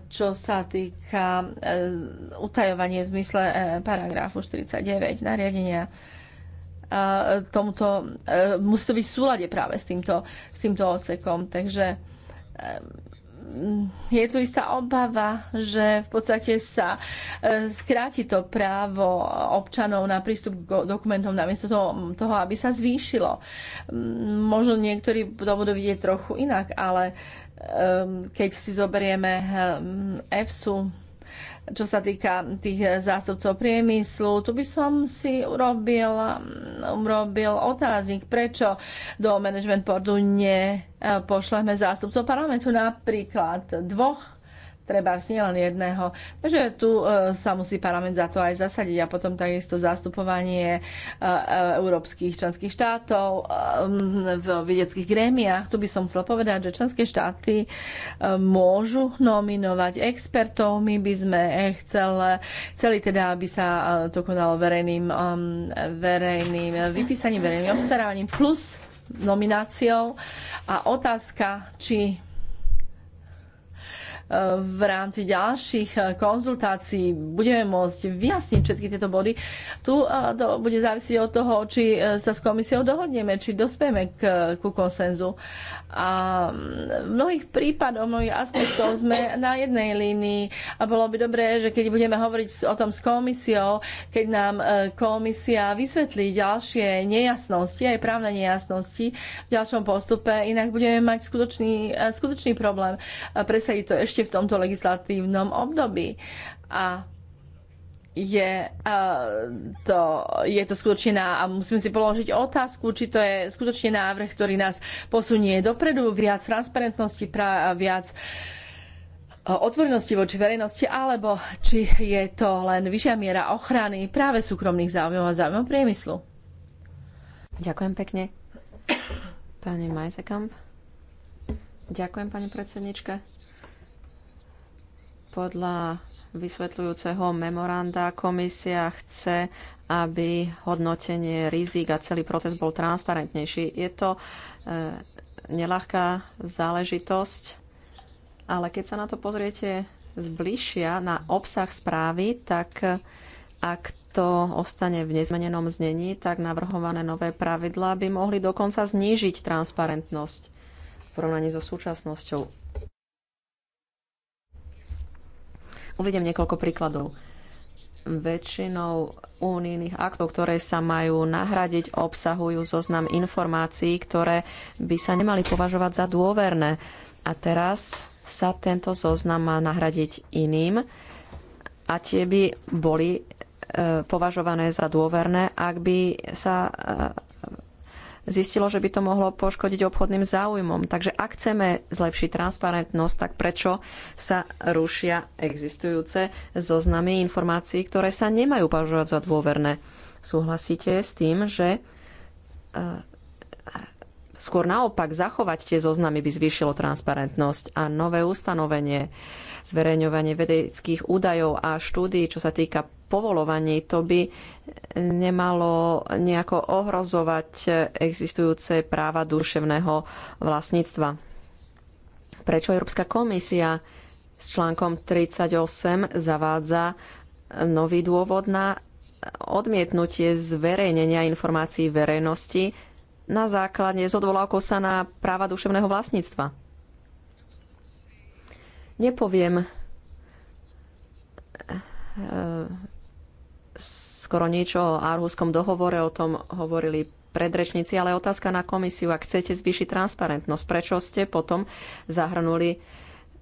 čo sa týka e, utajovania v zmysle e, paragrafu 49 nariadenia tomuto, e, musí to byť v súlade práve s týmto, s týmto odsekom. Takže je tu istá obava, že v podstate sa e, skráti to právo občanov na prístup k dokumentom namiesto toho, toho aby sa zvýšilo. Mm, možno niektorí to budú vidieť trochu inak, ale e, keď si zoberieme e, EFSU, čo sa týka tých zástupcov priemyslu, tu by som si urobil, urobil otáznik, prečo do management boardu nepošleme zástupcov parlamentu, napríklad dvoch treba nielen jedného. Takže tu e, sa musí parlament za to aj zasadiť a potom takisto zastupovanie e, európskych členských štátov e, v vedeckých grémiách. Tu by som chcel povedať, že členské štáty môžu nominovať expertov. My by sme chceli chceli teda, aby sa to konalo verejným, verejným vypísaním, verejným obstarávaním plus nomináciou a otázka, či v rámci ďalších eh, konzultácií budeme môcť vyjasniť všetky tieto body. Tu to eh, bude závisieť od toho, či eh, sa s komisiou dohodneme, či dospieme k, ku konsenzu. A mm, v mnohých prípadoch, v mnohých aspektov sme na jednej línii a bolo by dobré, že keď budeme hovoriť o tom s komisiou, keď nám komisia vysvetlí ďalšie nejasnosti, aj právne nejasnosti v ďalšom postupe, inak budeme mať skutočný, skutočný problém presadiť to ešte ešte v tomto legislatívnom období. A je to, je to skutočne na, a musíme si položiť otázku, či to je skutočne návrh, ktorý nás posunie dopredu, viac transparentnosti, pra, viac e, otvorenosti voči verejnosti, alebo či je to len vyššia miera ochrany práve súkromných záujmov a záujmov priemyslu. Ďakujem pekne. Pani Majzekamp. Ďakujem, pani predsednička. Podľa vysvetľujúceho memoranda komisia chce, aby hodnotenie rizik a celý proces bol transparentnejší. Je to e, nelahká záležitosť, ale keď sa na to pozriete zbližšia na obsah správy, tak e, ak to ostane v nezmenenom znení, tak navrhované nové pravidlá by mohli dokonca znížiť transparentnosť v porovnaní so súčasnosťou. Uvediem niekoľko príkladov. Väčšinou unijných aktov, ktoré sa majú nahradiť, obsahujú zoznam informácií, ktoré by sa nemali považovať za dôverné. A teraz sa tento zoznam má nahradiť iným a tie by boli e, považované za dôverné, ak by sa e, zistilo, že by to mohlo poškodiť obchodným záujmom. Takže ak chceme zlepšiť transparentnosť, tak prečo sa rušia existujúce zoznamy informácií, ktoré sa nemajú považovať za dôverné? Súhlasíte s tým, že e, Skôr naopak zachovať tie zoznamy by zvýšilo transparentnosť a nové ustanovenie, zverejňovanie vedeckých údajov a štúdií, čo sa týka povolovaní. To by nemalo nejako ohrozovať existujúce práva duševného vlastníctva. Prečo Európska komisia s článkom 38 zavádza nový dôvod na odmietnutie zverejnenia informácií verejnosti na základe s odvolávkou sa na práva duševného vlastníctva. Nepoviem skoro niečo o Aarhuskom dohovore, o tom hovorili predrečníci, ale otázka na komisiu, ak chcete zvýšiť transparentnosť, prečo ste potom zahrnuli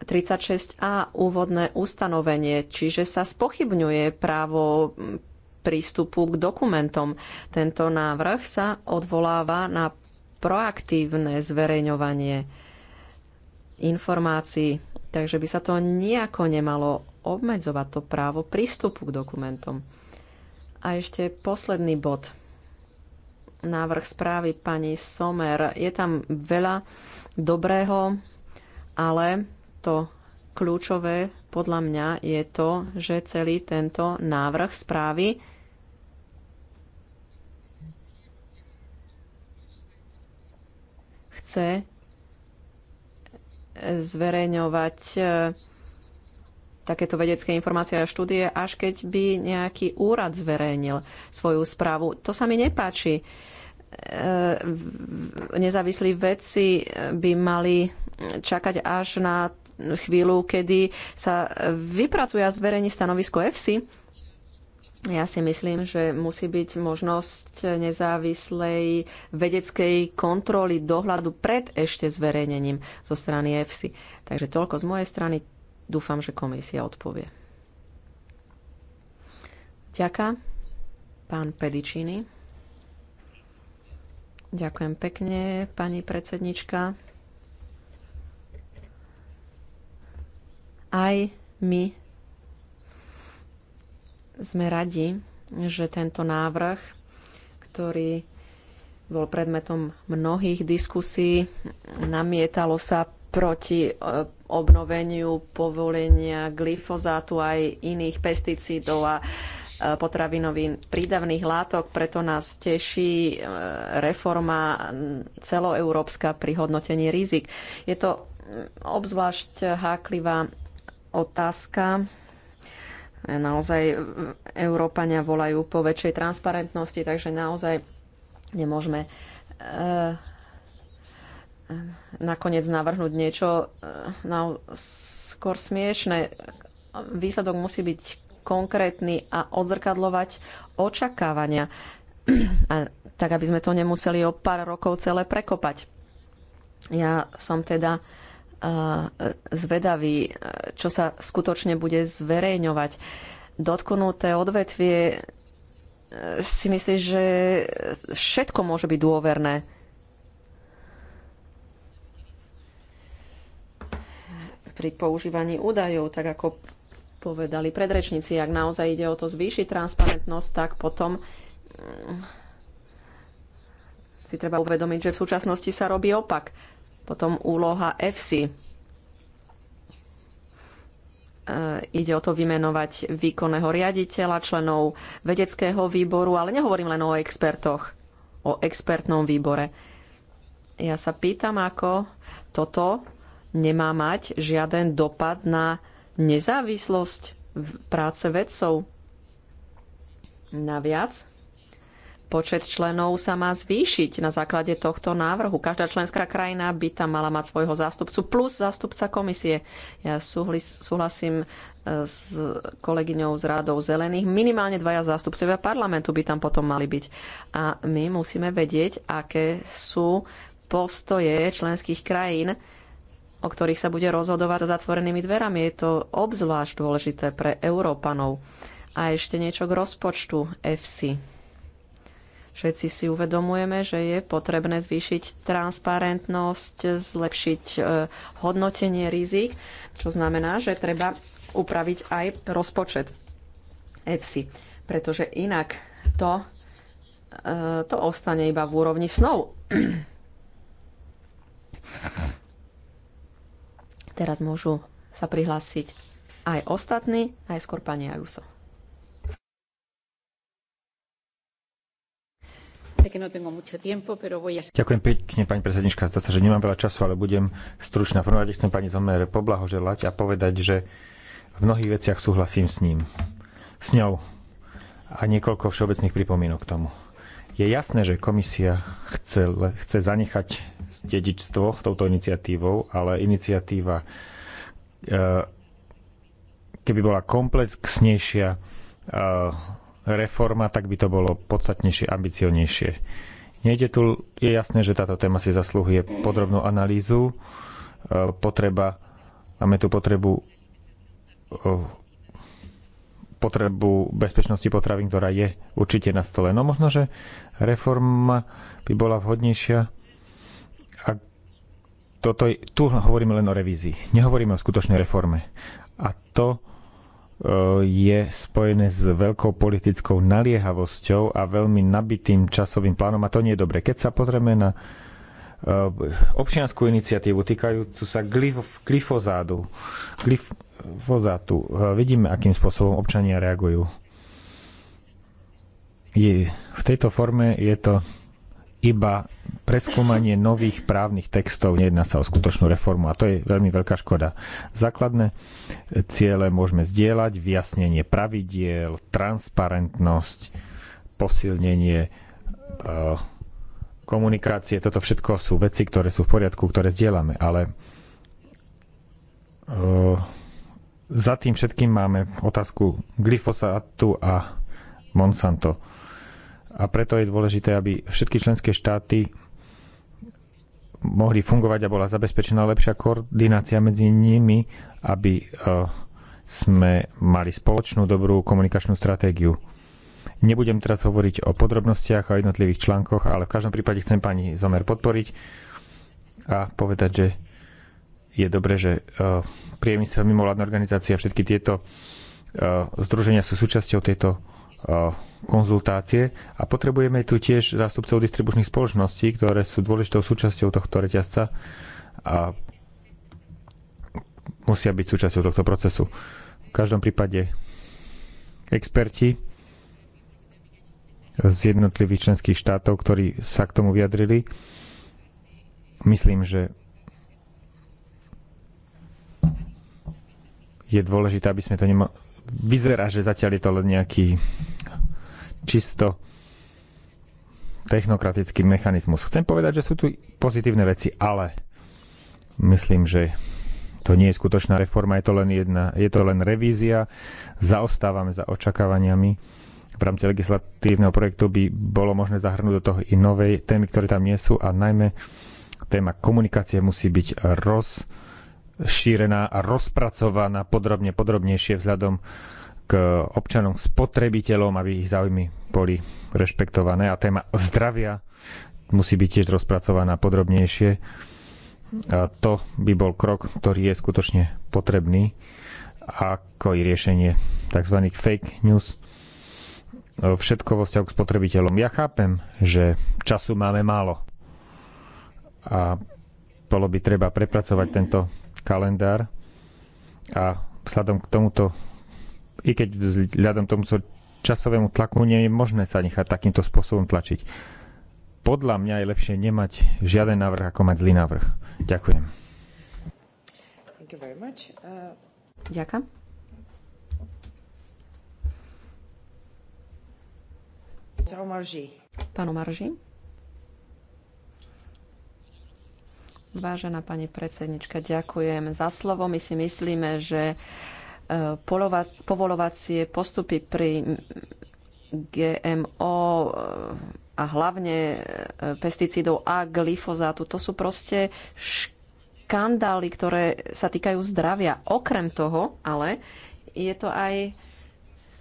36a úvodné ustanovenie, čiže sa spochybňuje právo prístupu k dokumentom. Tento návrh sa odvoláva na proaktívne zverejňovanie informácií, takže by sa to nejako nemalo obmedzovať to právo prístupu k dokumentom. A ešte posledný bod. Návrh správy pani Somer. Je tam veľa dobrého, ale to kľúčové podľa mňa je to, že celý tento návrh správy chce zverejňovať eh, takéto vedecké informácie a štúdie, až keď by nejaký úrad zverejnil svoju správu. To sa mi nepáči. E, nezávislí vedci by mali čakať až na chvíľu, kedy sa vypracuje a zverejní stanovisko EFSI. Ja si myslím, že musí byť možnosť nezávislej vedeckej kontroly dohľadu pred ešte zverejnením zo strany EFSI. Takže toľko z mojej strany Dúfam, že komisia odpovie. Ďaká, pán Pedičiny. Ďakujem pekne, pani predsednička. Aj my sme radi, že tento návrh, ktorý bol predmetom mnohých diskusí, namietalo sa proti e, obnoveniu povolenia glyfozátu aj iných pesticídov a e, potravinových prídavných látok. Preto nás teší e, reforma celoeurópska pri hodnotení rizik. Je to obzvlášť háklivá otázka. Naozaj Európania volajú po väčšej transparentnosti, takže naozaj nemôžeme nakoniec navrhnúť niečo e, na skôr smiešne. Výsledok musí byť konkrétny a odzrkadlovať očakávania, a, tak aby sme to nemuseli o pár rokov celé prekopať. Ja som teda e, zvedavý, e, čo sa skutočne bude zverejňovať. Dotknuté odvetvie si myslíš, že všetko môže byť dôverné pri používaní údajov, tak ako povedali predrečníci, ak naozaj ide o to zvýšiť transparentnosť, tak potom mm, si treba uvedomiť, že v súčasnosti sa robí opak. Potom úloha FC. E, ide o to vymenovať výkonného riaditeľa, členov vedeckého výboru, ale nehovorím len o expertoch, o expertnom výbore. Ja sa pýtam, ako toto nemá mať žiaden dopad na nezávislosť práce vedcov. Naviac, počet členov sa má zvýšiť na základe tohto návrhu. Každá členská krajina by tam mala mať svojho zástupcu plus zástupca komisie. Ja súhlasím e, s kolegyňou z rádou zelených. Minimálne dvaja zástupcovia parlamentu by tam potom mali byť. A my musíme vedieť, aké sú postoje členských krajín o ktorých sa bude rozhodovať za zatvorenými dverami. Je to obzvlášť dôležité pre Európanov. A ešte niečo k rozpočtu FC. Všetci si uvedomujeme, že je potrebné zvýšiť transparentnosť, zlepšiť e, hodnotenie rizik, čo znamená, že treba upraviť aj rozpočet EFSI, pretože inak to, e, to ostane iba v úrovni snov. Teraz môžu sa prihlásiť aj ostatní, aj skôr pani Ajuso. No Ďakujem pekne, pani predsednička. Zdá sa, že nemám veľa času, ale budem stručná. V prvom rade chcem pani Zomer poblahoželať a povedať, že v mnohých veciach súhlasím s ním. S ňou. A niekoľko všeobecných pripomínok k tomu. Je jasné, že komisia chce, chce zanechať dedičstvo touto iniciatívou, ale iniciatíva, e, keby bola komplexnejšia e, reforma, tak by to bolo podstatnejšie, ambicionejšie. Nejde tu, je jasné, že táto téma si zaslúhuje podrobnú analýzu. E, potreba, máme tu potrebu potrebu bezpečnosti potravín, ktorá je určite na stole. No možno, že reforma by bola vhodnejšia, A toto, tu hovoríme len o revízii. Nehovoríme o skutočnej reforme. A to e, je spojené s veľkou politickou naliehavosťou a veľmi nabitým časovým plánom a to nie je dobre. Keď sa pozrieme na e, občianskú iniciatívu týkajúcu sa glyf, glyfozádu, glyf, vozatu. Hm, vidíme, akým spôsobom občania reagujú. Je, v tejto forme je to iba preskúmanie nových právnych textov, nejedná sa o skutočnú reformu a to je veľmi veľká škoda. Základné ciele môžeme zdieľať, vyjasnenie pravidiel, transparentnosť, posilnenie eh, komunikácie, toto všetko sú veci, ktoré sú v poriadku, ktoré zdieľame, ale eh, za tým všetkým máme otázku glyfosátu a Monsanto. A preto je dôležité, aby všetky členské štáty mohli fungovať a bola zabezpečená lepšia koordinácia medzi nimi, aby e, sme mali spoločnú dobrú komunikačnú stratégiu. Nebudem teraz hovoriť o podrobnostiach a jednotlivých článkoch, ale v každom prípade chcem pani Zomer podporiť a povedať, že je dobré, že e, priemysel, mimovládna organizácia, všetky tieto e, združenia sú súčasťou tejto e, konzultácie a potrebujeme tu tiež zástupcov distribučných spoločností, ktoré sú dôležitou súčasťou tohto reťazca a musia byť súčasťou tohto procesu. V každom prípade experti z jednotlivých členských štátov, ktorí sa k tomu vyjadrili, myslím, že je dôležité, aby sme to nemali... Vyzerá, že zatiaľ je to len nejaký čisto technokratický mechanizmus. Chcem povedať, že sú tu pozitívne veci, ale myslím, že to nie je skutočná reforma, je to len, jedna, je to len revízia. Zaostávame za očakávaniami. V rámci legislatívneho projektu by bolo možné zahrnúť do toho i nové témy, ktoré tam nie sú a najmä téma komunikácie musí byť roz, šírená a rozpracovaná podrobne, podrobnejšie vzhľadom k občanom, spotrebiteľom, aby ich záujmy boli rešpektované. A téma zdravia musí byť tiež rozpracovaná podrobnejšie. A to by bol krok, ktorý je skutočne potrebný, ako i riešenie tzv. fake news všetko vo vzťahu k spotrebiteľom. Ja chápem, že času máme málo a bolo by treba prepracovať tento kalendár a vzhľadom k tomuto, i keď vzhľadom k tomuto časovému tlaku nie je možné sa nechať takýmto spôsobom tlačiť. Podľa mňa je lepšie nemať žiaden návrh, ako mať zlý návrh. Ďakujem. Uh... Ďakujem. Pán Omarži. Vážená pani predsednička, ďakujem za slovo. My si myslíme, že e, povolovacie postupy pri GMO e, a hlavne e, pesticídov a glyfozátu, to sú proste škandály, ktoré sa týkajú zdravia. Okrem toho, ale je to aj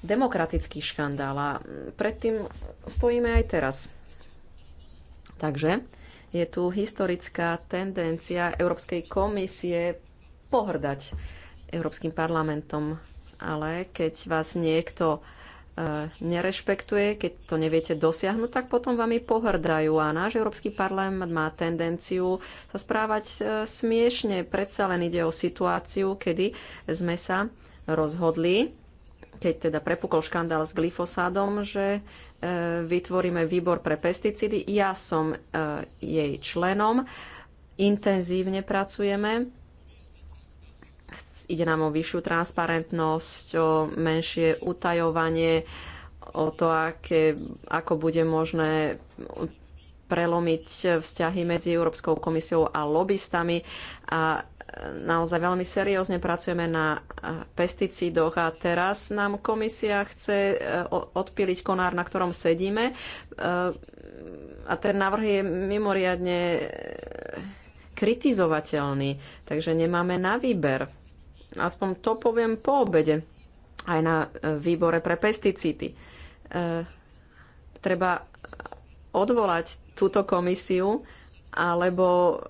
demokratický škandál a predtým stojíme aj teraz. Takže je tu historická tendencia Európskej komisie pohrdať Európskym parlamentom. Ale keď vás niekto e, nerešpektuje, keď to neviete dosiahnuť, tak potom vám i pohrdajú. A náš Európsky parlament má tendenciu sa správať e, smiešne. Predsa len ide o situáciu, kedy sme sa rozhodli keď teda prepukol škandál s glyfosádom, že e, vytvoríme výbor pre pesticídy. Ja som e, jej členom. Intenzívne pracujeme. Ide nám o vyššiu transparentnosť, o menšie utajovanie, o to, aké, ako bude možné prelomiť e, vzťahy medzi Európskou komisiou a lobbystami a naozaj veľmi seriózne pracujeme na eh, pesticídoch a teraz nám komisia chce eh, odpiliť konár, na ktorom sedíme eh, a ten návrh je mimoriadne kritizovateľný, takže nemáme na výber. Aspoň to poviem po obede, aj na výbore pre pesticídy. Treba odvolať túto komisiu alebo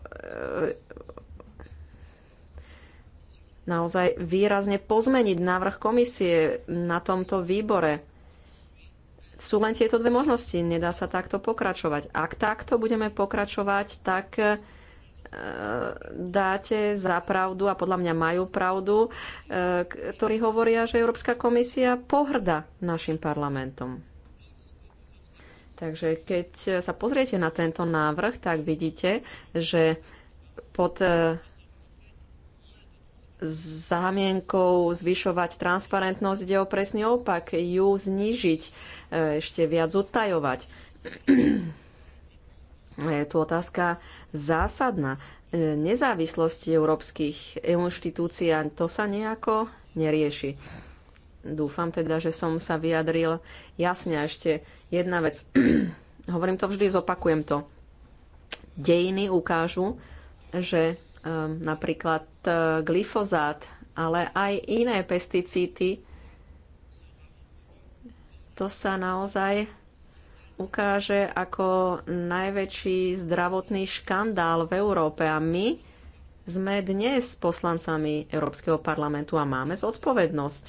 naozaj výrazne pozmeniť návrh komisie na tomto výbore. Sú len tieto dve možnosti, nedá sa takto pokračovať. Ak takto budeme pokračovať, tak e, dáte za pravdu, a podľa mňa majú pravdu, e, ktorí hovoria, že Európska komisia pohrda našim parlamentom. Takže keď sa pozriete na tento návrh, tak vidíte, že pod e, zámienkou zvyšovať transparentnosť, ide o presný opak, ju znížiť, e, ešte viac utajovať. <clears throat> Je tu otázka zásadná. E, nezávislosti európskych inštitúcií, to sa nejako nerieši. Dúfam teda, že som sa vyjadril jasne. Ešte jedna vec. <clears throat> Hovorím to vždy, zopakujem to. Dejiny ukážu, že Ehm, napríklad e, glyfozát, ale aj iné pesticídy. To sa naozaj ukáže ako najväčší zdravotný škandál v Európe a my sme dnes poslancami Európskeho parlamentu a máme zodpovednosť,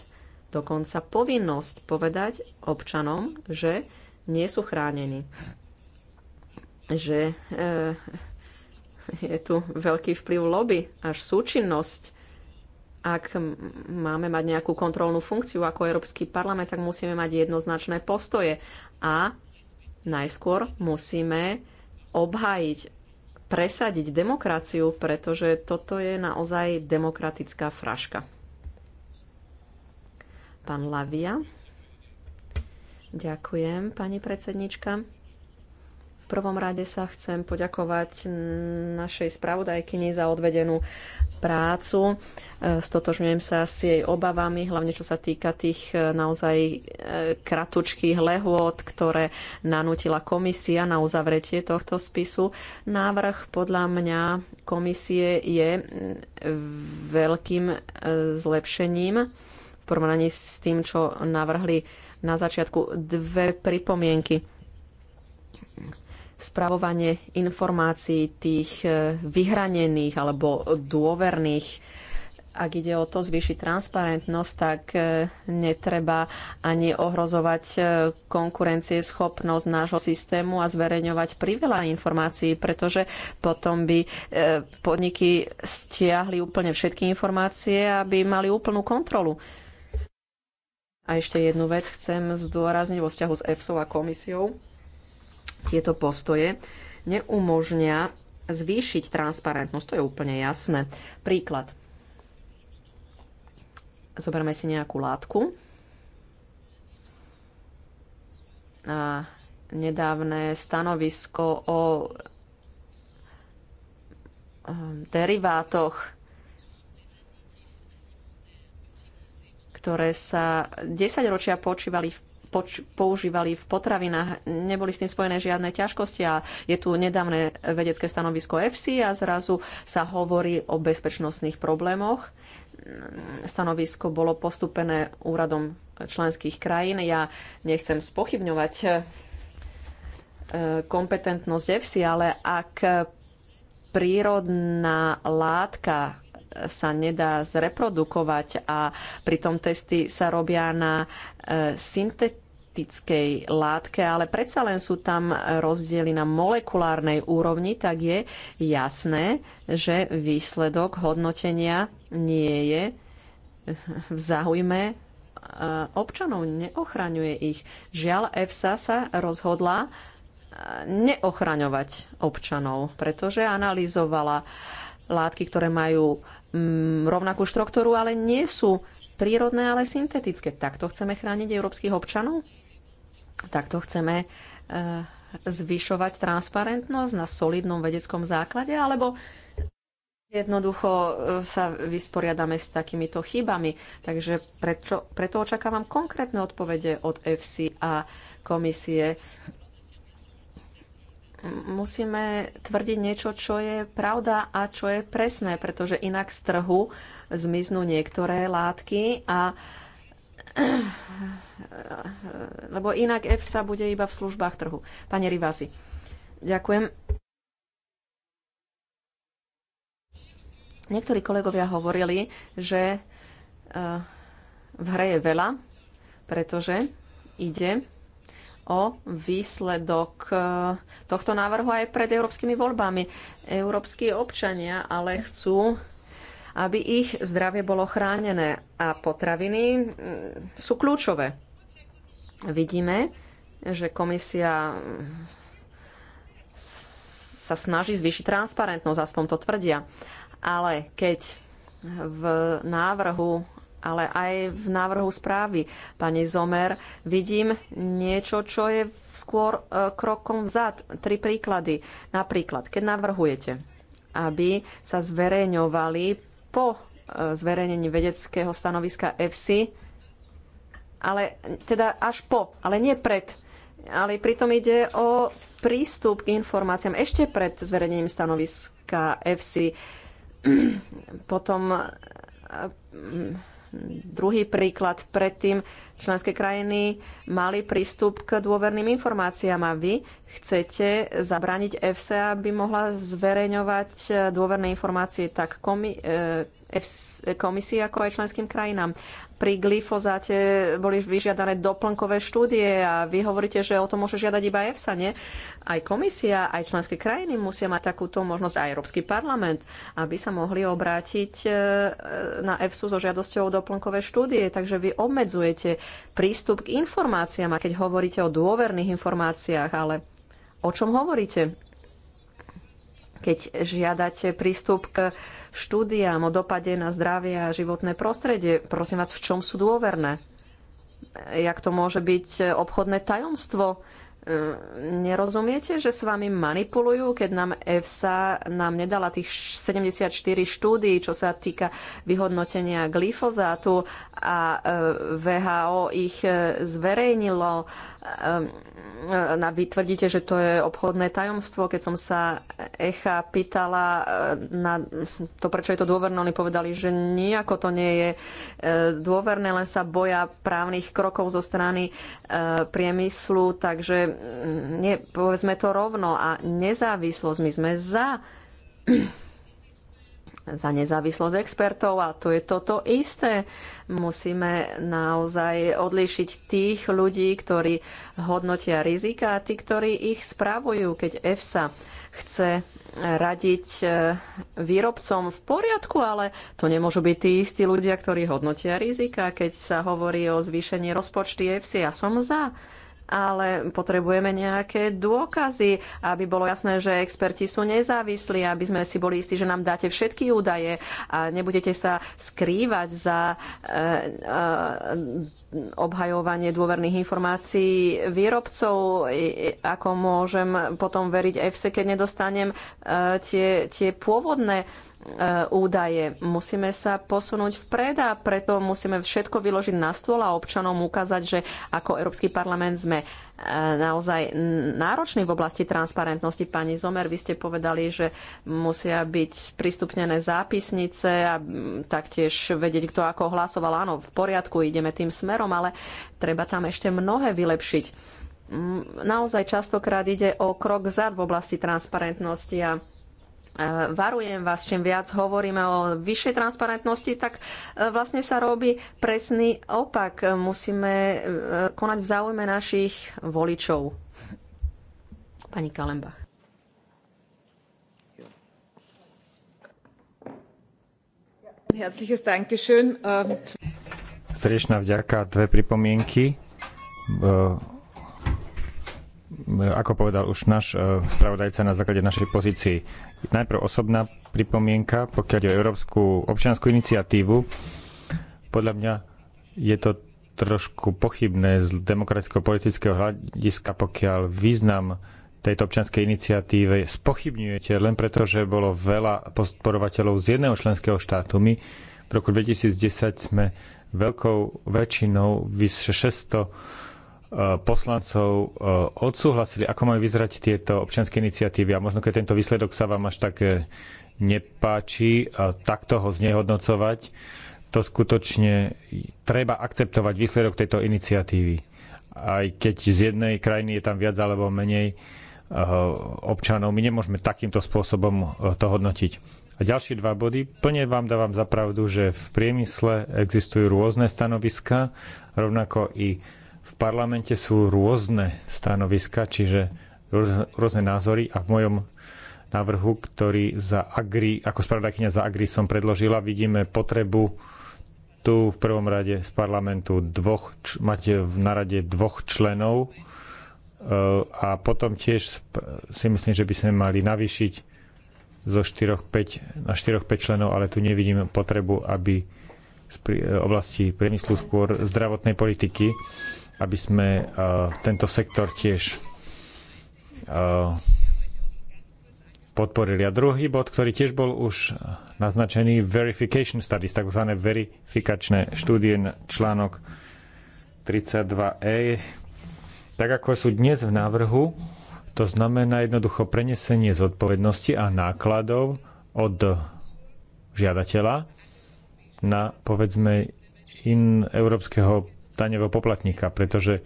dokonca povinnosť povedať občanom, že nie sú chránení. Že e, je tu veľký vplyv lobby, až súčinnosť. Ak máme mať nejakú kontrolnú funkciu ako Európsky parlament, tak musíme mať jednoznačné postoje a najskôr musíme obhájiť, presadiť demokraciu, pretože toto je naozaj demokratická fraška. Pán Lavia. Ďakujem, pani predsednička. V prvom rade sa chcem poďakovať našej spravodajkyni za odvedenú prácu. Stotožňujem sa s jej obavami, hlavne čo sa týka tých e, naozaj e, kratučkých lehôd, ktoré nanútila komisia na uzavretie tohto spisu. Návrh podľa mňa komisie je veľkým e, zlepšením v porovnaní s tým, čo navrhli na začiatku dve pripomienky spravovanie informácií tých e, vyhranených alebo dôverných. Ak ide o to zvýšiť transparentnosť, tak e, netreba ani ohrozovať e, konkurencieschopnosť nášho systému a zverejňovať priveľa informácií, pretože potom by podniky stiahli úplne všetky informácie, aby mali úplnú kontrolu. A ešte jednu vec chcem zdôrazniť vo vzťahu s EFSO a komisiou tieto postoje neumožnia zvýšiť transparentnosť, to je úplne jasné. Príklad. Zoberme si nejakú látku a nedávne stanovisko o ehm, derivátoch, ktoré sa 10 ročia počívali v používali v potravinách. Neboli s tým spojené žiadne ťažkosti a je tu nedávne vedecké stanovisko EFSI a zrazu sa hovorí o bezpečnostných problémoch. Stanovisko bolo postupené úradom členských krajín. Ja nechcem spochybňovať e, kompetentnosť EFSI, ale ak prírodná látka sa nedá zreprodukovať a pritom testy sa robia na e, syntet syntetickej látke, ale predsa len sú tam rozdiely na molekulárnej úrovni, tak je jasné, že výsledok hodnotenia nie je v záujme e, občanov, neochraňuje ich. Žiaľ, EFSA sa rozhodla e, neochraňovať občanov, pretože analyzovala látky, ktoré majú mm, rovnakú štruktúru, ale nie sú prírodné, ale syntetické. Takto chceme chrániť európskych občanov? Takto chceme e, zvyšovať transparentnosť na solidnom vedeckom základe, alebo jednoducho e, sa vysporiadame s takýmito chybami. Takže prečo, preto očakávam konkrétne odpovede od FC a komisie. Musíme tvrdiť niečo, čo je pravda a čo je presné, pretože inak z trhu zmiznú niektoré látky a uh, lebo inak EFSA bude iba v službách trhu. Pane Rivasi, ďakujem. Niektorí kolegovia hovorili, že e, v hre je veľa, pretože ide o výsledok e, tohto návrhu aj pred európskymi voľbami. Európsky občania ale chcú aby ich zdravie bolo chránené. A potraviny mm, sú kľúčové. Vidíme, že komisia mm, sa snaží zvýšiť transparentnosť, aspoň to tvrdia. Ale keď v návrhu ale aj v návrhu správy. Pani Zomer, vidím niečo, čo je skôr e, krokom vzad. Tri príklady. Napríklad, keď navrhujete, aby sa zverejňovali po e, zverejnení vedeckého stanoviska EFSI, ale teda až po, ale nie pred. Ale pritom ide o prístup k informáciám ešte pred zverejnením stanoviska EFSI. <clears throat> Potom e, Druhý príklad. Predtým členské krajiny mali prístup k dôverným informáciám a vy chcete zabrániť EFSA, aby mohla zverejňovať eh, dôverné informácie tak komi- eh, eh, ako aj členským krajinám pri glyfozáte boli vyžiadané doplnkové štúdie a vy hovoríte, že o to môže žiadať iba EFSA, nie? Aj komisia, aj členské krajiny musia mať takúto možnosť, aj Európsky parlament, aby sa mohli obrátiť e, na EFSU so žiadosťou o doplnkové štúdie. Takže vy obmedzujete prístup k informáciám, a keď hovoríte o dôverných informáciách, ale o čom hovoríte? keď žiadate prístup k štúdiám o dopade na zdravie a životné prostredie. Prosím vás, v čom sú dôverné? Jak to môže byť obchodné tajomstvo? Ehm, nerozumiete, že s vami manipulujú, keď nám EFSA nám nedala tých 74 štúdií, čo sa týka vyhodnotenia glyfozátu a ehm, VHO ich e, zverejnilo. vytvrdíte, ehm, vy tvrdíte, že to je obchodné tajomstvo. Keď som sa Echa pýtala na to, prečo je to dôverné, oni povedali, že nejako to nie je dôverné, len sa boja právnych krokov zo strany priemyslu, takže ne, povedzme to rovno a nezávislosť. My sme za <clears throat> za nezávislosť expertov a to je toto isté. Musíme naozaj odlišiť tých ľudí, ktorí hodnotia rizika a tí, ktorí ich spravujú, keď EFSA chce radiť e, výrobcom v poriadku, ale to nemôžu byť tí istí ľudia, ktorí hodnotia rizika, keď sa hovorí o zvýšení rozpočty EFSI. Ja som za ale potrebujeme nejaké dôkazy, aby bolo jasné, že experti sú nezávislí, aby sme si boli istí, že nám dáte všetky údaje a nebudete sa skrývať za eh, eh, obhajovanie dôverných informácií výrobcov, ako môžem potom veriť EFSE, keď nedostanem eh, tie, tie pôvodné E, údaje. Musíme sa posunúť vpred a preto musíme všetko vyložiť na stôl a občanom ukázať, že ako Európsky parlament sme e, naozaj náročný v oblasti transparentnosti. Pani Zomer, vy ste povedali, že musia byť sprístupnené zápisnice a taktiež vedieť, kto ako hlasoval. Áno, v poriadku, ideme tým smerom, ale treba tam ešte mnohé vylepšiť. Naozaj častokrát ide o krok zad v oblasti transparentnosti a varujem vás, čím viac hovoríme o vyššej transparentnosti, tak e, vlastne sa robí presný opak. Musíme e, konať v záujme našich voličov. Pani Kalembach. Ähm, Srdečná vďaka, dve pripomienky ako povedal už náš e, spravodajca na základe našej pozícii. Najprv osobná pripomienka, pokiaľ je o Európsku občianskú iniciatívu. Podľa mňa je to trošku pochybné z demokraticko-politického hľadiska, pokiaľ význam tejto občianskej iniciatíve spochybňujete len preto, že bolo veľa podporovateľov z jedného členského štátu. My v roku 2010 sme veľkou väčšinou, vyše 600 E, poslancov e, odsúhlasili, ako majú vyzerať tieto občianske iniciatívy a možno keď tento výsledok sa vám až tak e, nepáči, takto ho znehodnocovať, to skutočne treba akceptovať výsledok tejto iniciatívy. Aj keď z jednej krajiny je tam viac alebo menej občanov, my nemôžeme takýmto spôsobom to hodnotiť. A ďalšie dva body. Plne vám dávam za pravdu, že v priemysle existujú rôzne stanoviska, rovnako i v parlamente sú rôzne stanoviska, čiže rôzne názory a v mojom návrhu, ktorý za Agri, ako spravodajkynia za Agri som predložila, vidíme potrebu tu v prvom rade z parlamentu dvoch, máte v narade dvoch členov e, a potom tiež si myslím, že by sme mali navýšiť zo 4, 5, na 4-5 členov, ale tu nevidím potrebu, aby z oblasti priemyslu skôr zdravotnej politiky aby sme eh, tento sektor tiež eh, podporili. A druhý bod, ktorý tiež bol už naznačený, verification studies, takzvané verifikačné štúdie na článok 32e. Tak ako sú dnes v návrhu, to znamená jednoducho prenesenie zodpovednosti a nákladov od žiadateľa na povedzme in európskeho daňového poplatníka, pretože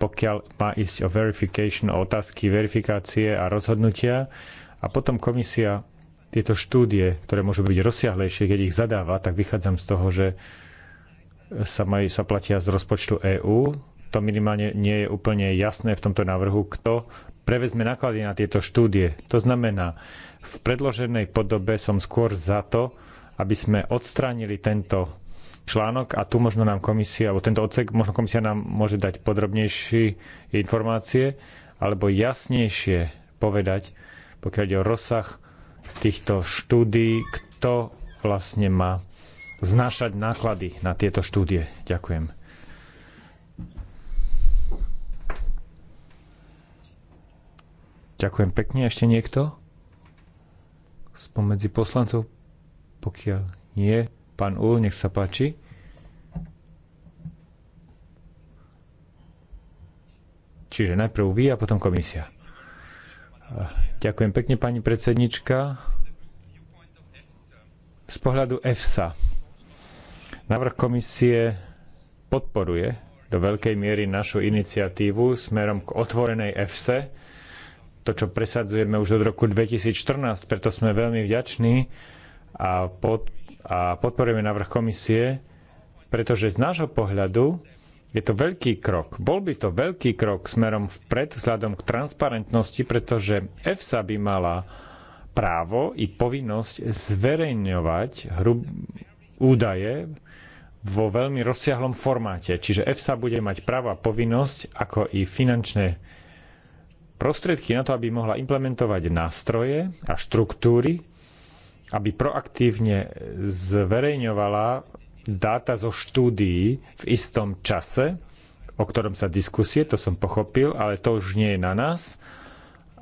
pokiaľ má ísť o verification, o otázky verifikácie a rozhodnutia a potom komisia tieto štúdie, ktoré môžu byť rozsiahlejšie, keď ich zadáva, tak vychádzam z toho, že sa, majú, sa platia z rozpočtu EÚ. To minimálne nie je úplne jasné v tomto návrhu, kto prevezme náklady na tieto štúdie. To znamená, v predloženej podobe som skôr za to, aby sme odstránili tento článok a tu možno nám komisia, alebo tento odsek, možno komisia nám môže dať podrobnejšie informácie alebo jasnejšie povedať, pokiaľ ide o rozsah týchto štúdí, kto vlastne má znášať náklady na tieto štúdie. Ďakujem. Ďakujem pekne. Ešte niekto? Spomedzi poslancov? Pokiaľ nie, Pán Úl, nech sa páči. Čiže najprv vy a potom komisia. Ďakujem pekne, pani predsednička. Z pohľadu EFSA. Návrh komisie podporuje do veľkej miery našu iniciatívu smerom k otvorenej EFSE, to, čo presadzujeme už od roku 2014, preto sme veľmi vďační a a podporujeme návrh komisie, pretože z nášho pohľadu je to veľký krok. Bol by to veľký krok smerom vpred vzhľadom k transparentnosti, pretože EFSA by mala právo i povinnosť zverejňovať hrub údaje vo veľmi rozsiahlom formáte. Čiže EFSA bude mať právo a povinnosť, ako i finančné prostriedky na to, aby mohla implementovať nástroje a štruktúry, aby proaktívne zverejňovala dáta zo štúdií v istom čase, o ktorom sa diskusie, to som pochopil, ale to už nie je na nás.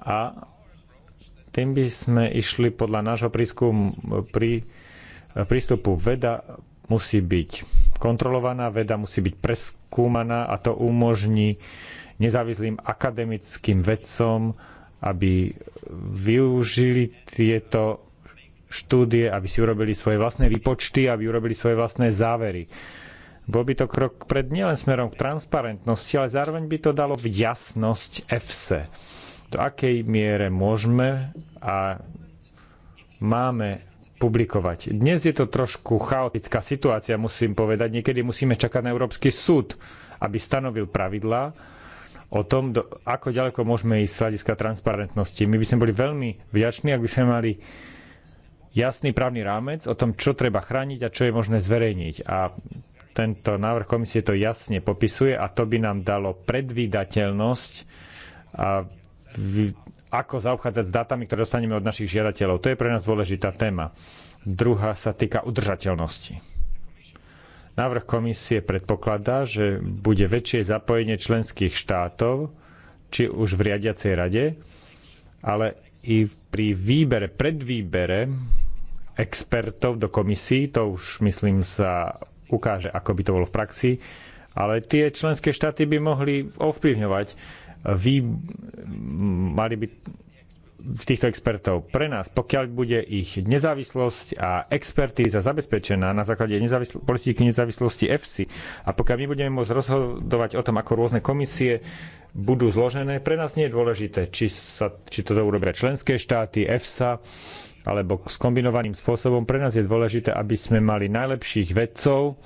A tým by sme išli podľa nášho prískumu, pri, prístupu veda musí byť kontrolovaná, veda musí byť preskúmaná a to umožní nezávislým akademickým vedcom, aby využili tieto štúdie, aby si urobili svoje vlastné výpočty, aby urobili svoje vlastné závery. Bol by to krok pred nielen smerom k transparentnosti, ale zároveň by to dalo v jasnosť EFSE. Do akej miere môžeme a máme publikovať. Dnes je to trošku chaotická situácia, musím povedať. Niekedy musíme čakať na Európsky súd, aby stanovil pravidlá o tom, do, ako ďaleko môžeme ísť z hľadiska transparentnosti. My by sme boli veľmi vďační, ak by sme mali jasný právny rámec o tom, čo treba chrániť a čo je možné zverejniť. A tento návrh komisie to jasne popisuje a to by nám dalo predvídateľnosť a ako zaobchádzať s dátami, ktoré dostaneme od našich žiadateľov. To je pre nás dôležitá téma. Druhá sa týka udržateľnosti. Návrh komisie predpokladá, že bude väčšie zapojenie členských štátov, či už v riadiacej rade, ale i pri výbere, predvýbere expertov do komisí, to už myslím sa ukáže, ako by to bolo v praxi, ale tie členské štáty by mohli ovplyvňovať, vy mali by týchto expertov pre nás, pokiaľ bude ich nezávislosť a expertíza zabezpečená na základe nezávisl- politiky nezávislosti EFSI a pokiaľ my budeme môcť rozhodovať o tom, ako rôzne komisie budú zložené, pre nás nie je dôležité, či, sa, či toto urobia členské štáty, EFSA alebo skombinovaným spôsobom. Pre nás je dôležité, aby sme mali najlepších vedcov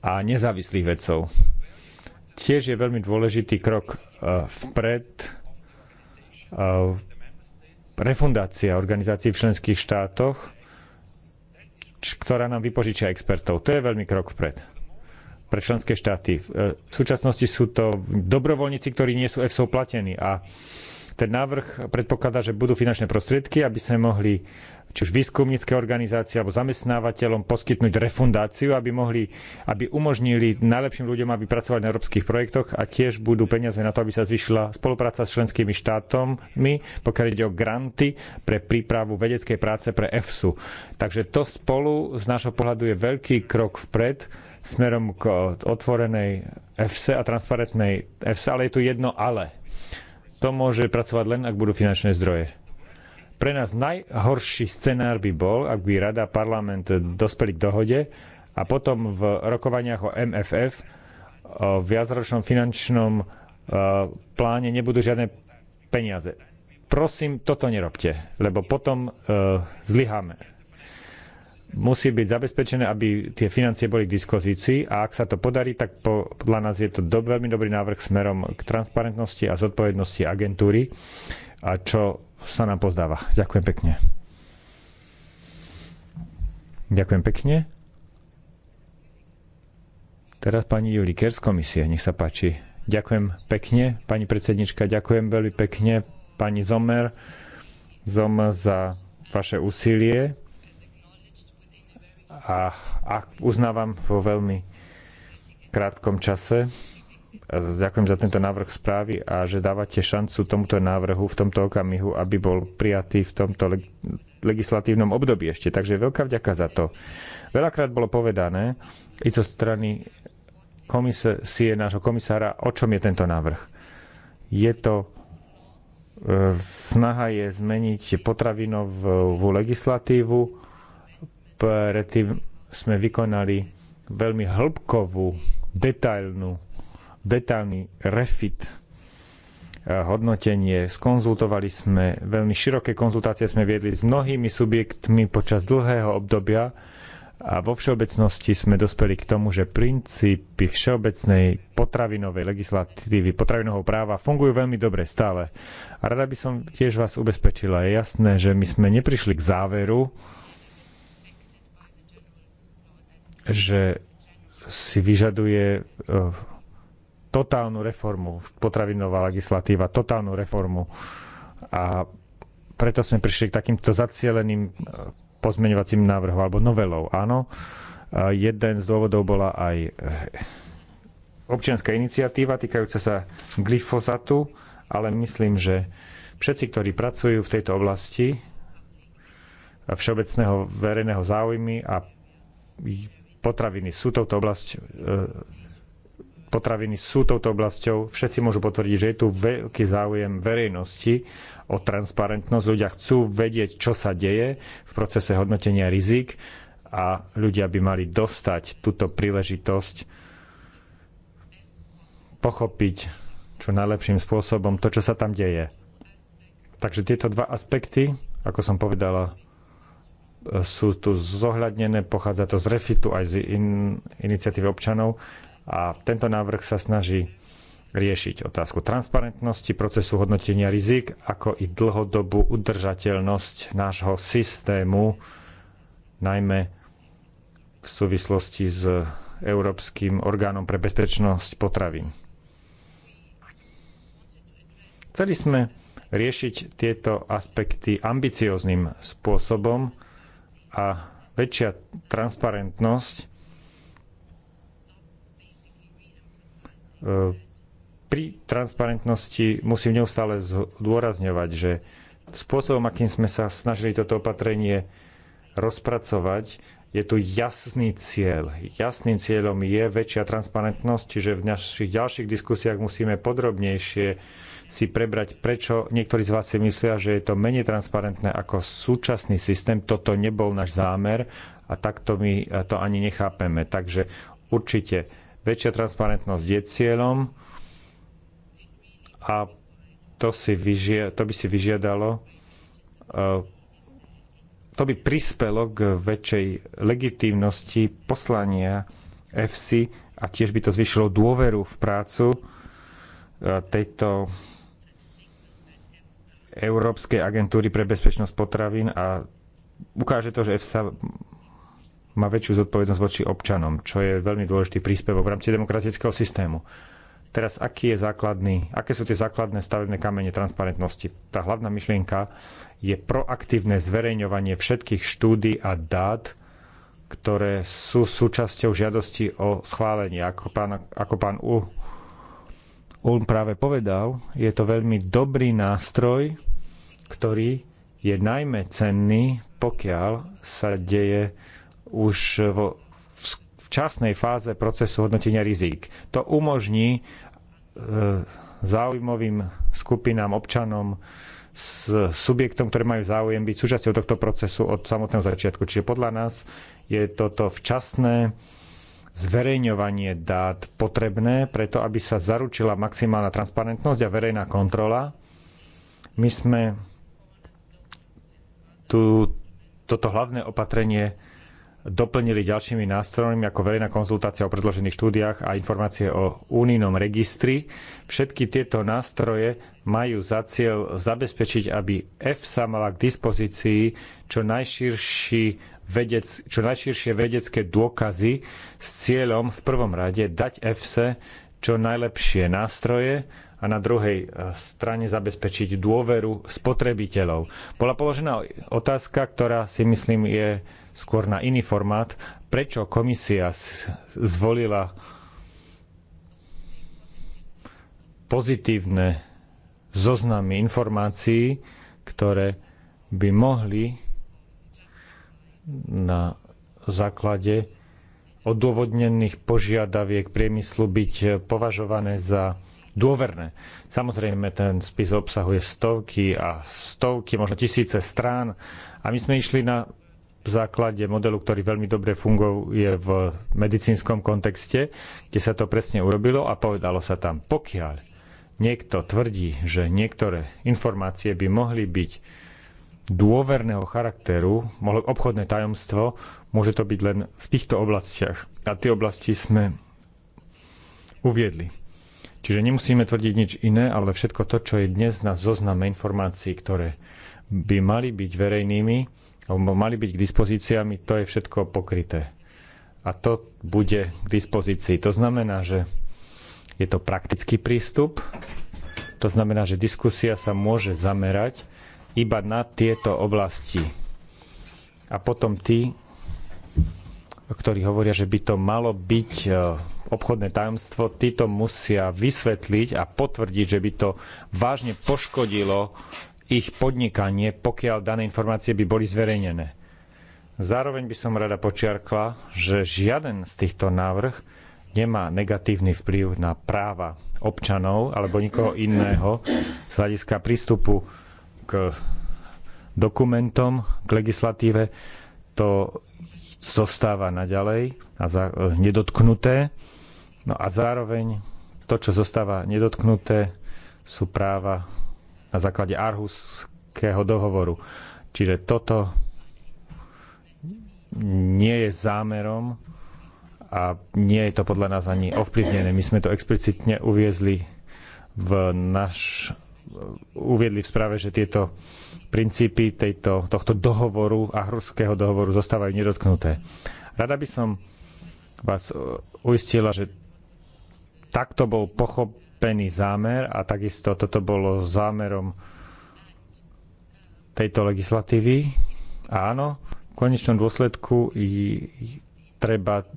a nezávislých vedcov. Tiež je veľmi dôležitý krok e, vpred e, refundácia organizácií v členských štátoch, ktorá nám vypožičia expertov. To je veľmi krok vpred pre členské štáty. V e, súčasnosti sú to dobrovoľníci, ktorí nie sú EFSO platení a ten návrh predpokladá, že budú finančné prostriedky, aby sme mohli či už výskumnícke organizácie alebo zamestnávateľom poskytnúť refundáciu, aby, mohli, aby umožnili najlepším ľuďom, aby pracovali na európskych projektoch a tiež budú peniaze na to, aby sa zvyšila spolupráca s členskými štátmi, pokiaľ ide o granty pre prípravu vedeckej práce pre EFSU. Takže to spolu z nášho pohľadu je veľký krok vpred smerom k otvorenej EFSE a transparentnej EFSE, ale je tu jedno ale to môže pracovať len, ak budú finančné zdroje. Pre nás najhorší scenár by bol, ak by Rada parlament dospeli k dohode a potom v rokovaniach o MFF, o viacročnom finančnom e, pláne nebudú žiadne peniaze. Prosím, toto nerobte, lebo potom e, zlyháme musí byť zabezpečené, aby tie financie boli k dispozícii a ak sa to podarí, tak podľa nás je to do, veľmi dobrý návrh smerom k transparentnosti a zodpovednosti agentúry a čo sa nám pozdáva. Ďakujem pekne. Ďakujem pekne. Teraz pani Juliker Kers, komisie, nech sa páči. Ďakujem pekne, pani predsednička, ďakujem veľmi pekne, pani Zomer, Zom za vaše úsilie a, a uznávam vo veľmi krátkom čase. Ďakujem za tento návrh správy a že dávate šancu tomuto návrhu v tomto okamihu, aby bol prijatý v tomto leg- legislatívnom období ešte. Takže veľká vďaka za to. Veľakrát bolo povedané i zo strany komisie, nášho komisára, o čom je tento návrh. Je to e, snaha je zmeniť potravinovú legislatívu Predtým sme vykonali veľmi hĺbkovú, detailnú, detailný refit e, hodnotenie. Skonzultovali sme, veľmi široké konzultácie sme viedli s mnohými subjektmi počas dlhého obdobia a vo všeobecnosti sme dospeli k tomu, že princípy všeobecnej potravinovej legislatívy, potravinového práva fungujú veľmi dobre stále. A rada by som tiež vás ubezpečila, je jasné, že my sme neprišli k záveru, že si vyžaduje e, totálnu reformu, potravinová legislatíva, totálnu reformu. A preto sme prišli k takýmto zacieleným e, pozmeňovacím návrhom alebo novelou. Áno, e, jeden z dôvodov bola aj občianská iniciatíva týkajúca sa glyfozatu, ale myslím, že všetci, ktorí pracujú v tejto oblasti všeobecného verejného záujmy a potraviny sú touto oblasť e, potraviny sú touto oblasťou. Všetci môžu potvrdiť, že je tu veľký záujem verejnosti o transparentnosť. Ľudia chcú vedieť, čo sa deje v procese hodnotenia rizik a ľudia by mali dostať túto príležitosť pochopiť čo najlepším spôsobom to, čo sa tam deje. Takže tieto dva aspekty, ako som povedala, sú tu zohľadnené, pochádza to z refitu aj z in, iniciatívy občanov a tento návrh sa snaží riešiť otázku transparentnosti, procesu hodnotenia rizik, ako i dlhodobú udržateľnosť nášho systému, najmä v súvislosti s Európskym orgánom pre bezpečnosť potravín. Chceli sme riešiť tieto aspekty ambicióznym spôsobom, a väčšia transparentnosť e, pri transparentnosti musím neustále zdôrazňovať, že spôsobom, akým sme sa snažili toto opatrenie rozpracovať, je tu jasný cieľ. Jasným cieľom je väčšia transparentnosť, čiže v našich ďalších diskusiách musíme podrobnejšie si prebrať, prečo niektorí z vás si myslia, že je to menej transparentné ako súčasný systém. Toto nebol náš zámer a takto my to ani nechápeme. Takže určite väčšia transparentnosť je cieľom a to, si vyžia, to by si vyžiadalo e, to by prispelo k väčšej legitímnosti poslania FC a tiež by to zvyšilo dôveru v prácu e, tejto Európskej agentúry pre bezpečnosť potravín a ukáže to, že EFSA má väčšiu zodpovednosť voči občanom, čo je veľmi dôležitý príspevok v rámci demokratického systému. Teraz, aký je základný, aké sú tie základné stavebné kamene transparentnosti? Tá hlavná myšlienka je proaktívne zverejňovanie všetkých štúdí a dát, ktoré sú súčasťou žiadosti o schválenie. Ako pán, ako pán U, Ulm práve povedal, je to veľmi dobrý nástroj, ktorý je najmä cenný, pokiaľ sa deje už vo včasnej fáze procesu hodnotenia rizík. To umožní e, záujmovým skupinám občanom s subjektom, ktoré majú záujem byť súčasťou tohto procesu od samotného začiatku. Čiže podľa nás je toto včasné zverejňovanie dát potrebné preto, aby sa zaručila maximálna transparentnosť a verejná kontrola. My sme tu, toto hlavné opatrenie doplnili ďalšími nástrojmi ako verejná konzultácia o predložených štúdiách a informácie o únijnom registri. Všetky tieto nástroje majú za cieľ zabezpečiť, aby EFSA mala k dispozícii čo, najširší vedec, čo najširšie vedecké dôkazy s cieľom v prvom rade dať EFSE čo najlepšie nástroje a na druhej e, strane zabezpečiť dôveru spotrebiteľov. Bola položená otázka, ktorá si myslím je skôr na iný formát. Prečo komisia zvolila pozitívne zoznamy informácií, ktoré by mohli na základe odôvodnených požiadaviek priemyslu byť považované za dôverné. Samozrejme, ten spis obsahuje stovky a stovky, možno tisíce strán a my sme išli na v základe modelu, ktorý veľmi dobre funguje v medicínskom kontexte, kde sa to presne urobilo a povedalo sa tam, pokiaľ niekto tvrdí, že niektoré informácie by mohli byť dôverného charakteru, mohlo obchodné tajomstvo, môže to byť len v týchto oblastiach. A tie oblasti sme uviedli. Čiže nemusíme tvrdiť nič iné, ale všetko to, čo je dnes na zozname informácií, ktoré by mali byť verejnými, mali byť k dispozíciami, to je všetko pokryté. A to bude k dispozícii. To znamená, že je to praktický prístup, to znamená, že diskusia sa môže zamerať iba na tieto oblasti. A potom tí, ktorí hovoria, že by to malo byť e, obchodné tajomstvo, títo musia vysvetliť a potvrdiť, že by to vážne poškodilo ich podnikanie, pokiaľ dané informácie by boli zverejnené. Zároveň by som rada počiarkla, že žiaden z týchto návrh nemá negatívny vplyv na práva občanov alebo nikoho iného z hľadiska prístupu k dokumentom, k legislatíve. To zostáva naďalej a za, e, nedotknuté. No a zároveň to, čo zostáva nedotknuté, sú práva na základe Arhuského dohovoru. Čiže toto nie je zámerom a nie je to podľa nás ani ovplyvnené. My sme to explicitne uviezli v naš, uviedli v správe, že tieto princípy tejto, tohto dohovoru, hruského dohovoru, zostávajú nedotknuté. Rada by som vás uistila, že takto bol pochop, pevný zámer a takisto toto bolo zámerom tejto legislatívy. áno, v konečnom dôsledku treba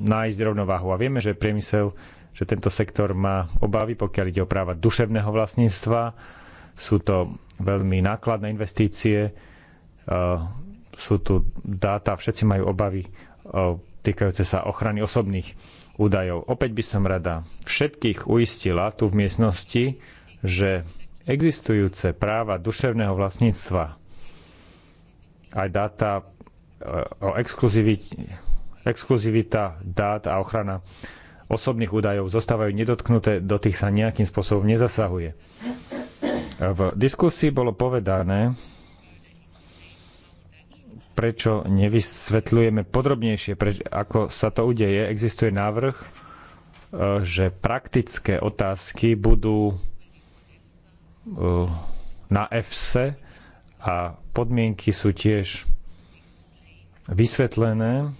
nájsť rovnováhu. A vieme, že priemysel, že tento sektor má obavy, pokiaľ ide o práva duševného vlastníctva. Sú to veľmi nákladné investície, e, sú tu dáta, všetci majú obavy e, týkajúce sa ochrany osobných údajov. Opäť by som rada všetkých uistila tu v miestnosti, že existujúce práva duševného vlastníctva aj dáta e, o exkluzivita dát a ochrana osobných údajov zostávajú nedotknuté, do tých sa nejakým spôsobom nezasahuje. V diskusii bolo povedané, prečo nevysvetľujeme podrobnejšie, preč, ako sa to udeje. Existuje návrh, e, že praktické otázky budú e, na FC a podmienky sú tiež vysvetlené.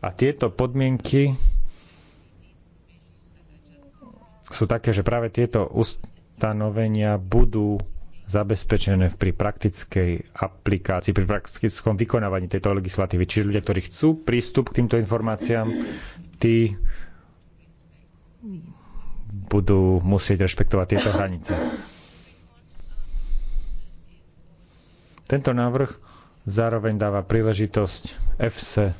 A tieto podmienky sú také, že práve tieto ustanovenia budú zabezpečené pri praktickej aplikácii, pri praktickom vykonávaní tejto legislatívy. Čiže ľudia, ktorí chcú prístup k týmto informáciám, tí budú musieť rešpektovať tieto hranice. Tento návrh zároveň dáva príležitosť EFSE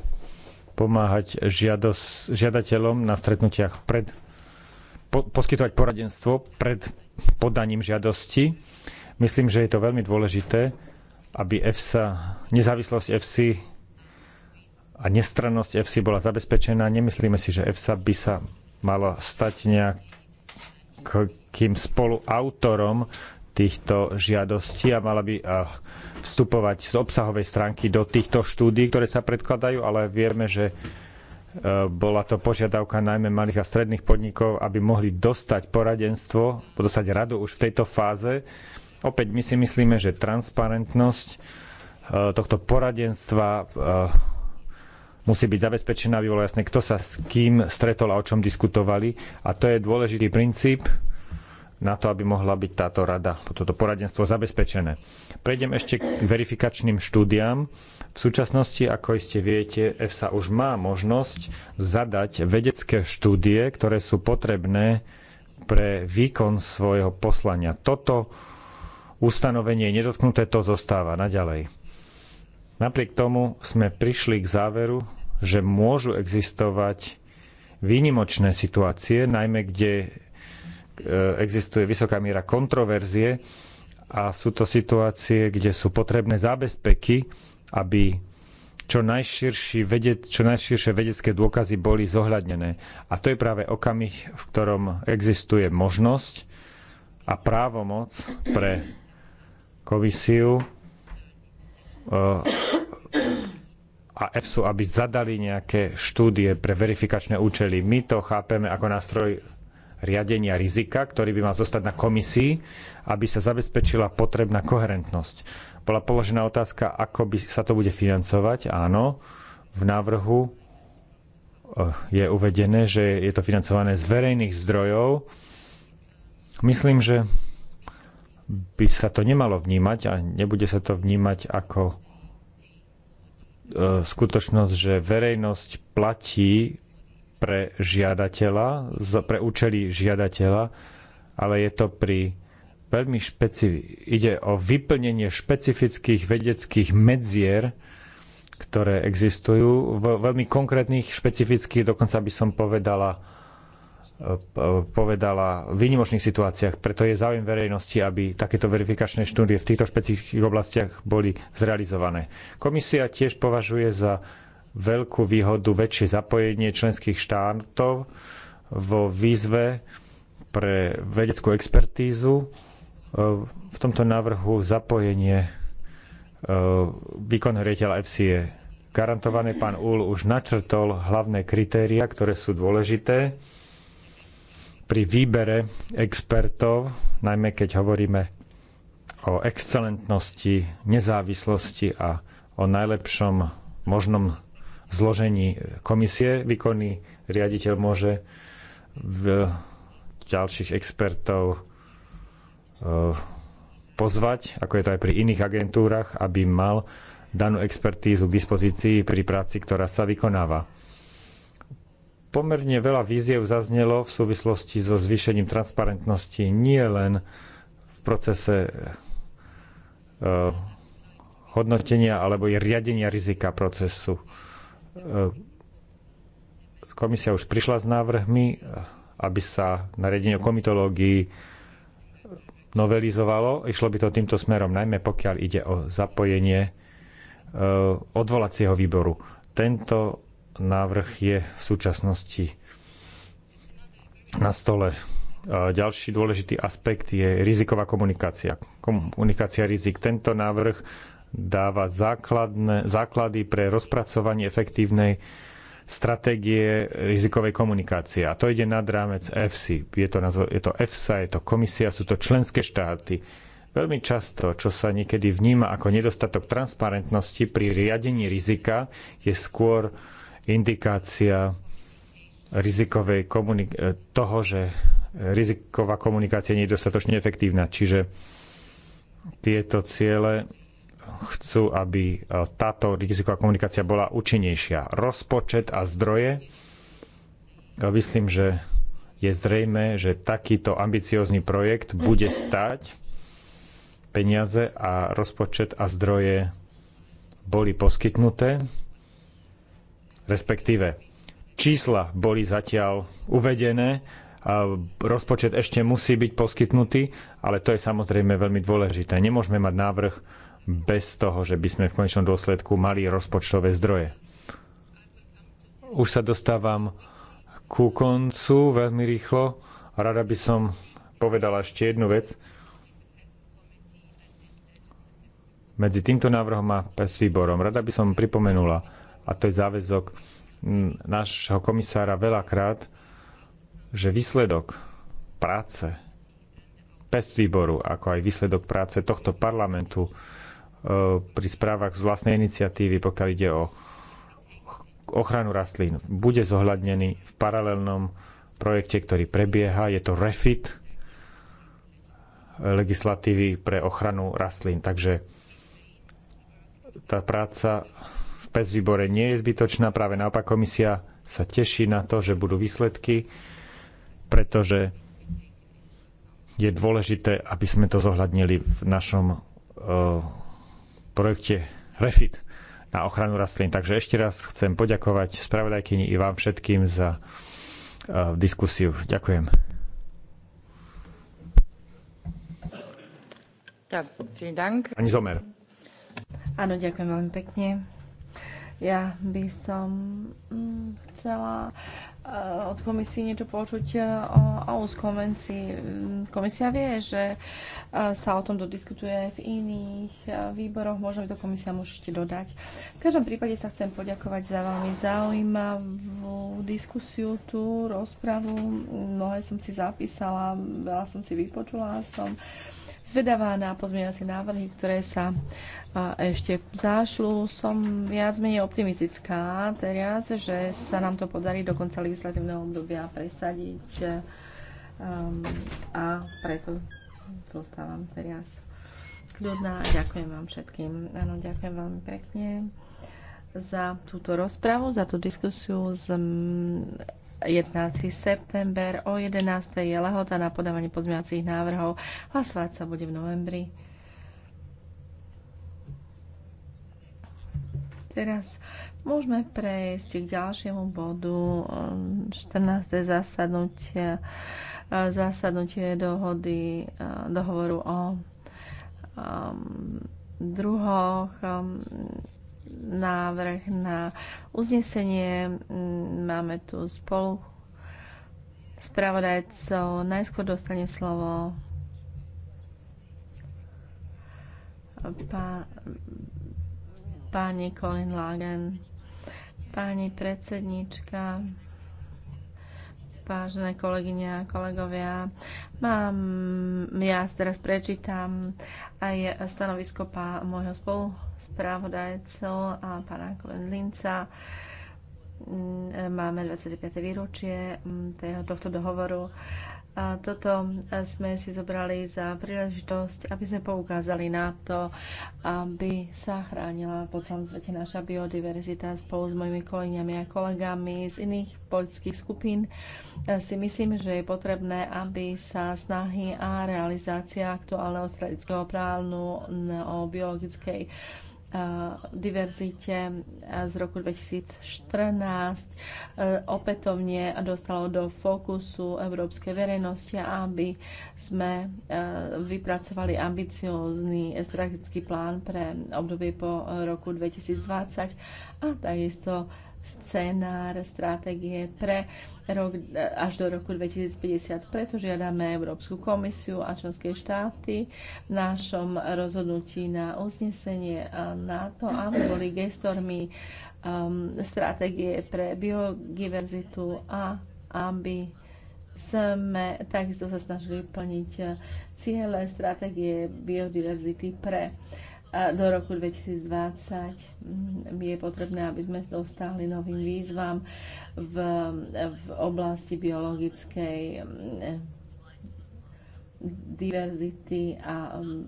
pomáhať žiados, žiadateľom na stretnutiach pred po, poskytovať poradenstvo pred podaním žiadosti Myslím, že je to veľmi dôležité, aby EFSA, nezávislosť EFSI a nestrannosť EFSI bola zabezpečená. Nemyslíme si, že EFSA by sa mala stať nejakým spoluautorom týchto žiadostí a mala by vstupovať z obsahovej stránky do týchto štúdí, ktoré sa predkladajú, ale vieme, že e, bola to požiadavka najmä malých a stredných podnikov, aby mohli dostať poradenstvo, dostať radu už v tejto fáze Opäť my si myslíme, že transparentnosť e, tohto poradenstva e, musí byť zabezpečená, aby bolo jasné, kto sa s kým stretol a o čom diskutovali. A to je dôležitý princíp na to, aby mohla byť táto rada, toto poradenstvo zabezpečené. Prejdem ešte k verifikačným štúdiám. V súčasnosti, ako iste viete, EFSA už má možnosť zadať vedecké štúdie, ktoré sú potrebné pre výkon svojho poslania. Toto ustanovenie nedotknuté, to zostáva naďalej. Napriek tomu sme prišli k záveru, že môžu existovať výnimočné situácie, najmä kde e, existuje vysoká miera kontroverzie a sú to situácie, kde sú potrebné zábezpeky, aby čo, vedec, čo najširšie vedecké dôkazy boli zohľadnené. A to je práve okamih, v ktorom existuje možnosť a právomoc pre komisiu eh, a EFSU, aby zadali nejaké štúdie pre verifikačné účely. My to chápeme ako nástroj riadenia rizika, ktorý by mal zostať na komisii, aby sa zabezpečila potrebná koherentnosť. Bola položená otázka, ako by sa to bude financovať. Áno, v návrhu eh, je uvedené, že je to financované z verejných zdrojov. Myslím, že by sa to nemalo vnímať a nebude sa to vnímať ako e, skutočnosť, že verejnosť platí pre žiadateľa, pre účely žiadateľa, ale je to pri veľmi špeci... ide o vyplnenie špecifických vedeckých medzier, ktoré existujú v veľmi konkrétnych, špecifických, dokonca by som povedala, povedala v výnimočných situáciách. Preto je záujem verejnosti, aby takéto verifikačné štúdie v týchto špecifických oblastiach boli zrealizované. Komisia tiež považuje za veľkú výhodu väčšie zapojenie členských štátov vo výzve pre vedeckú expertízu. V tomto návrhu zapojenie e, výkonného riaditeľa EFSI je garantované. Pán Úl už načrtol hlavné kritéria, ktoré sú dôležité pri výbere expertov, najmä keď hovoríme o excelentnosti, nezávislosti a o najlepšom možnom zložení komisie. Výkonný riaditeľ môže v ďalších expertov e, pozvať, ako je to aj pri iných agentúrach, aby mal danú expertízu k dispozícii pri práci, ktorá sa vykonáva pomerne veľa víziev zaznelo v súvislosti so zvýšením transparentnosti nie len v procese eh, hodnotenia alebo i riadenia rizika procesu. Eh, komisia už prišla s návrhmi, eh, aby sa nariadenie o komitológii novelizovalo. Išlo by to týmto smerom, najmä pokiaľ ide o zapojenie odvolacieho výboru. Tento návrh je v súčasnosti na stole. Ďalší dôležitý aspekt je riziková komunikácia. Komunikácia rizik. Tento návrh dáva základné, základy pre rozpracovanie efektívnej stratégie rizikovej komunikácie. A to ide nad rámec EFSI. Je to, nazvo, je to EFSA, je to komisia, sú to členské štáty. Veľmi často, čo sa niekedy vníma ako nedostatok transparentnosti pri riadení rizika, je skôr uh, indikácia rizikovej eh, toho, že riziková komunikácia nie je dostatočne efektívna. Čiže tieto ciele chcú, aby eh, táto riziková komunikácia bola účinnejšia. Rozpočet a zdroje. Myslím, že je zrejme, že takýto ambiciózny projekt bude stať peniaze a rozpočet a zdroje boli poskytnuté respektíve čísla boli zatiaľ uvedené, rozpočet ešte musí byť poskytnutý, ale to je samozrejme veľmi dôležité. Nemôžeme mať návrh bez toho, že by sme v konečnom dôsledku mali rozpočtové zdroje. Už sa dostávam ku koncu veľmi rýchlo. Rada by som povedala ešte jednu vec. Medzi týmto návrhom a PES výborom. Rada by som pripomenula, a to je záväzok nášho komisára veľakrát, že výsledok práce pest výboru, ako aj výsledok práce tohto parlamentu e, pri správach z vlastnej iniciatívy, pokiaľ ide o ochranu rastlín, bude zohľadnený v paralelnom projekte, ktorý prebieha. Je to REFIT legislatívy pre ochranu rastlín. Takže tá práca PES výbore nie je zbytočná, práve naopak komisia sa teší na to, že budú výsledky, pretože je dôležité, aby sme to zohľadnili v našom uh, projekte REFIT na ochranu rastlín. Takže ešte raz chcem poďakovať spravodajkyni i vám všetkým za uh, diskusiu. Ďakujem. Ja, Ani Zomer. Áno, ďakujem veľmi pekne. Ja by som mm, chcela eh, od komisie niečo počuť eh, o AUS konvencii. Mm, komisia vie, že eh, sa o tom dodiskutuje aj v iných výboroch, možno by to komisia môžete dodať. V každom prípade sa chcem poďakovať za veľmi zaujímavú diskusiu, tú rozpravu. Mnohé som si zapísala, veľa som si vypočula, som uh, zvedavá na pozmeňovacie návrhy, ktoré sa ešte zášlu. Som viac menej optimistická teraz, že sa nám to podarí do konca legislatívneho obdobia presadiť um, a preto zostávam teraz kľudná a ďakujem vám všetkým. Áno, ďakujem veľmi pekne za túto rozpravu, za tú diskusiu. s 11. september o 11. je lehota na podávanie pozmiacích návrhov. Hlasovať sa bude v novembri. Teraz môžeme prejsť k ďalšiemu bodu 14. zasadnutie, zasadnutie dohody, dohovoru o um, druhoch um, návrh na uznesenie. Mm, Máme tu spolu spravodajcov. Najskôr dostane slovo pani páni Colin Lagen, pani predsednička, vážené kolegyne a kolegovia. Mám, ja teraz prečítam aj stanovisko pá, môjho spoluspravodajcu a pána Kovendlinca, mm, Máme 25. výročie mm, tohto dohovoru. A toto e, sme si zobrali za príležitosť, aby sme poukázali na to, aby sa chránila po celom svete naša biodiverzita spolu s mojimi kolegyňami a kolegami z iných poľských skupín. E, si myslím, že je potrebné, aby sa snahy a realizácia aktuálneho strategického plánu o biologickej Eh, diverzite eh, z roku 2014 eh, opätovne dostalo do fokusu európskej verejnosti, aby sme vypracovali ambiciózny strategický plán pre obdobie po roku 2020 a takisto scenár stratégie pre rok, až do roku 2050. Preto žiadame Európsku komisiu a členské štáty v našom rozhodnutí na uznesenie NATO, aby boli gestormi um, stratégie pre biodiverzitu a aby sme takisto sa snažili plniť ciele stratégie biodiverzity pre uh, do roku 2020 mm, je potrebné, aby sme dostali novým výzvam v, v oblasti biologickej mm, diverzity a mm,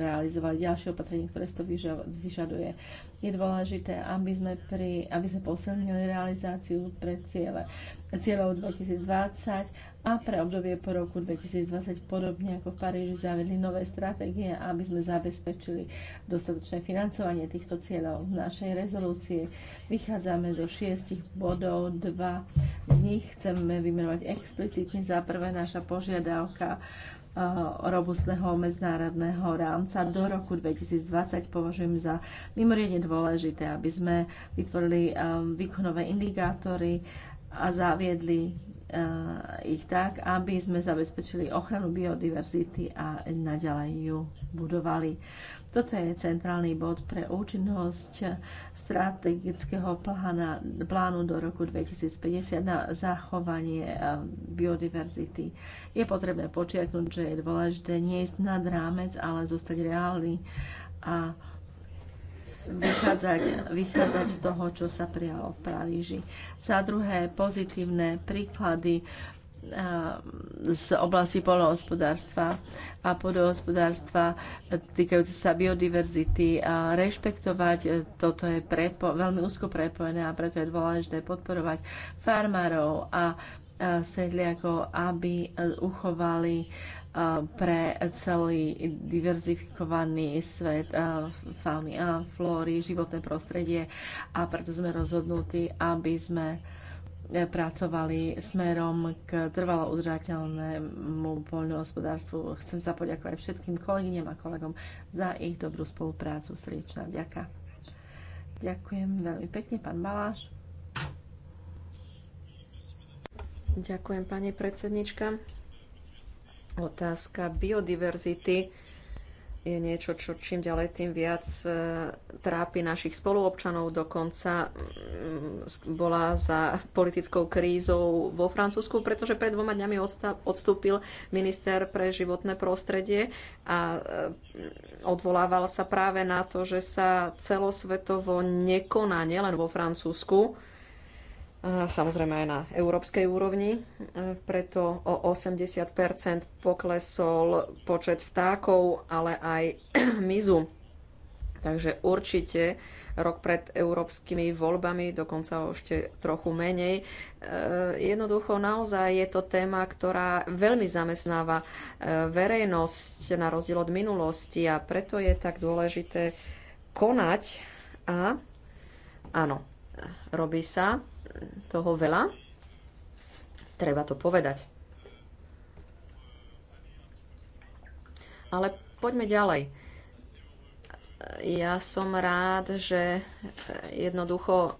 realizovali ďalšie opatrenie, ktoré si to vyžaduje. Je dôležité, aby sme, pri, aby sme posilnili realizáciu pre ciele, cieľov 2020 a pre obdobie po roku 2020 podobne ako v Paríži zavedli nové stratégie, aby sme zabezpečili dostatočné financovanie týchto cieľov. V našej rezolúcie vychádzame zo šiestich bodov, dva z nich chceme vymenovať explicitne. Za prvé naša požiadavka robustného medzinárodného rámca do roku 2020 považujem za mimoriadne dôležité, aby sme vytvorili výkonové indikátory a zaviedli Eh, ich tak, aby sme zabezpečili ochranu biodiverzity a naďalej ju budovali. Toto je centrálny bod pre účinnosť strategického plána, plánu do roku 2050 na zachovanie eh, biodiverzity. Je potrebné počiatnúť, že je dôležité nie ísť nad rámec, ale zostať reálny a vychádzať, vychádzať z toho, čo sa prijalo v Paríži. Za druhé, pozitívne príklady eh, z oblasti polnohospodárstva a podohospodárstva eh, týkajúce sa biodiverzity a rešpektovať. Eh, toto je prepo- veľmi úzko prepojené a preto je dôležité podporovať farmárov a sedliakov, aby uchovali pre celý diverzifikovaný svet fauny a flóry, životné prostredie a preto sme rozhodnutí, aby sme pracovali smerom k trvalo udržateľnému poľnohospodárstvu. Chcem sa poďakovať všetkým kolegyňam a kolegom za ich dobrú spoluprácu. Srdečná vďaka. Ďakujem veľmi pekne, pán Baláš. Ďakujem, pani predsednička. Otázka biodiverzity je niečo, čo čím ďalej tým viac e, trápi našich spoluobčanov. Dokonca mm, bola za politickou krízou vo Francúzsku, pretože pred dvoma dňami odstúpil minister pre životné prostredie a e, odvolával sa práve na to, že sa celosvetovo nekoná nielen vo Francúzsku, samozrejme aj na európskej úrovni. E, preto o 80 poklesol počet vtákov, ale aj <clears throat> mizu. Takže určite rok pred európskymi voľbami, dokonca ešte trochu menej. E, jednoducho naozaj je to téma, ktorá veľmi zamestnáva e, verejnosť na rozdiel od minulosti a preto je tak dôležité konať a áno, robí sa toho veľa. Treba to povedať. Ale poďme ďalej. Ja som rád, že jednoducho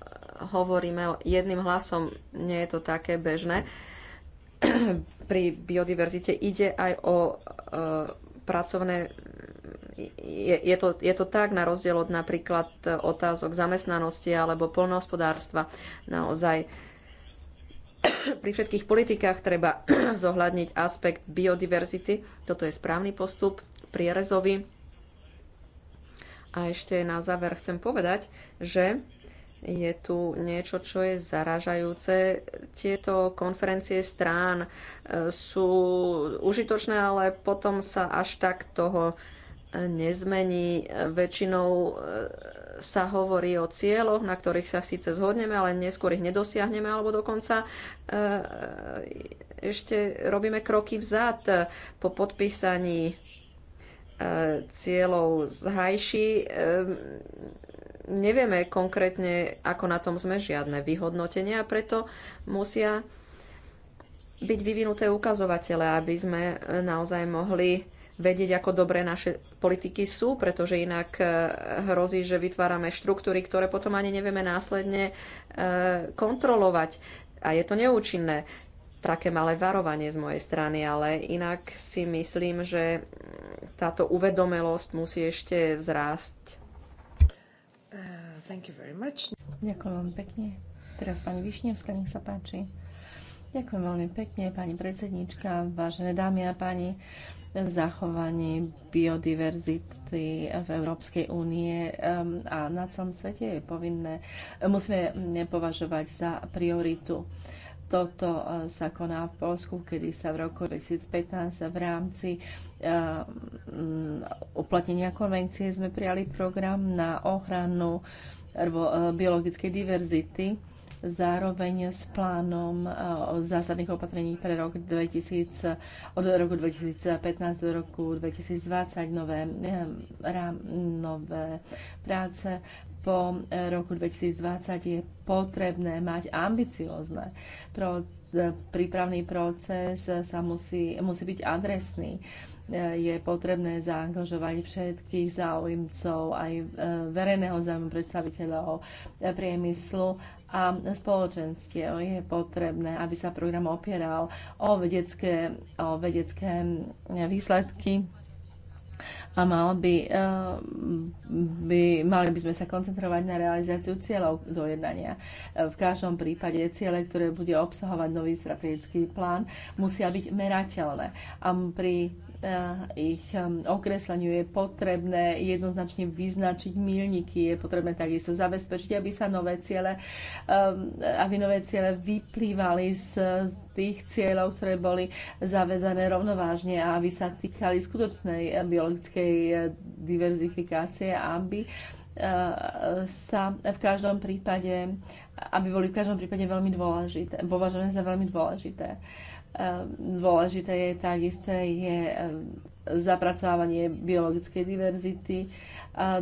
hovoríme jedným hlasom. Nie je to také bežné. Pri biodiverzite ide aj o e, pracovné je, je, to, je to tak, na rozdiel od napríklad otázok zamestnanosti alebo polnohospodárstva. Naozaj <coughs> pri všetkých politikách treba <coughs> zohľadniť aspekt biodiverzity. Toto je správny postup, prierezový. A ešte na záver chcem povedať, že je tu niečo, čo je zaražajúce. Tieto konferencie strán e, sú užitočné, ale potom sa až tak toho nezmení. Väčšinou e, sa hovorí o cieľoch, na ktorých sa síce zhodneme, ale neskôr ich nedosiahneme, alebo dokonca e, e, ešte robíme kroky vzad po podpísaní cieľov z Hajši. Nevieme konkrétne, ako na tom sme, žiadne vyhodnotenia, a preto musia byť vyvinuté ukazovatele, aby sme naozaj mohli vedieť, ako dobré naše politiky sú, pretože inak e, hrozí, že vytvárame štruktúry, ktoré potom ani nevieme následne e, kontrolovať. A je to neúčinné. Také malé varovanie z mojej strany, ale inak si myslím, že táto uvedomelosť musí ešte vzrásť. Uh, Ďakujem vám pekne. Teraz pani Višňovská, nech sa páči. Ďakujem veľmi pekne, pani predsednička, vážené dámy a páni zachovanie biodiverzity v Európskej únie um, a na celom svete je povinné, musíme považovať za prioritu. Toto uh, sa koná v Polsku, kedy sa v roku 2015 v rámci um, uplatnenia konvencie sme prijali program na ochranu biologickej diverzity zároveň s plánom eh, zásadných opatrení pre rok 2000, od roku 2015 do roku 2020 nové, eh, rám, nové práce. Po eh, roku 2020 je potrebné mať ambiciózne pro, prípravný proces sa musí, musí byť adresný je potrebné zaangažovať všetkých záujemcov, aj e, verejného záujmu predstaviteľov e, priemyslu a spoločenstie Je potrebné, aby sa program opieral o vedecké, o vedecké e, výsledky a mal by, by, mali by sme sa koncentrovať na realizáciu cieľov dojednania. V každom prípade ciele, ktoré bude obsahovať nový strategický plán, musia byť merateľné. A pri Eh, ich ehm, okresleniu je potrebné jednoznačne vyznačiť milníky, je potrebné takisto zabezpečiť, aby sa nové ciele, ehm, aby nové ciele vyplývali z tých cieľov, ktoré boli zavezané rovnovážne a aby sa týkali skutočnej eh, biologickej eh, diverzifikácie, aby sa v každom prípade, aby boli v každom prípade veľmi dôležité, považované za veľmi dôležité. Uh, Ehm, dôležité je takisto je ehm, zapracovávanie biologickej diverzity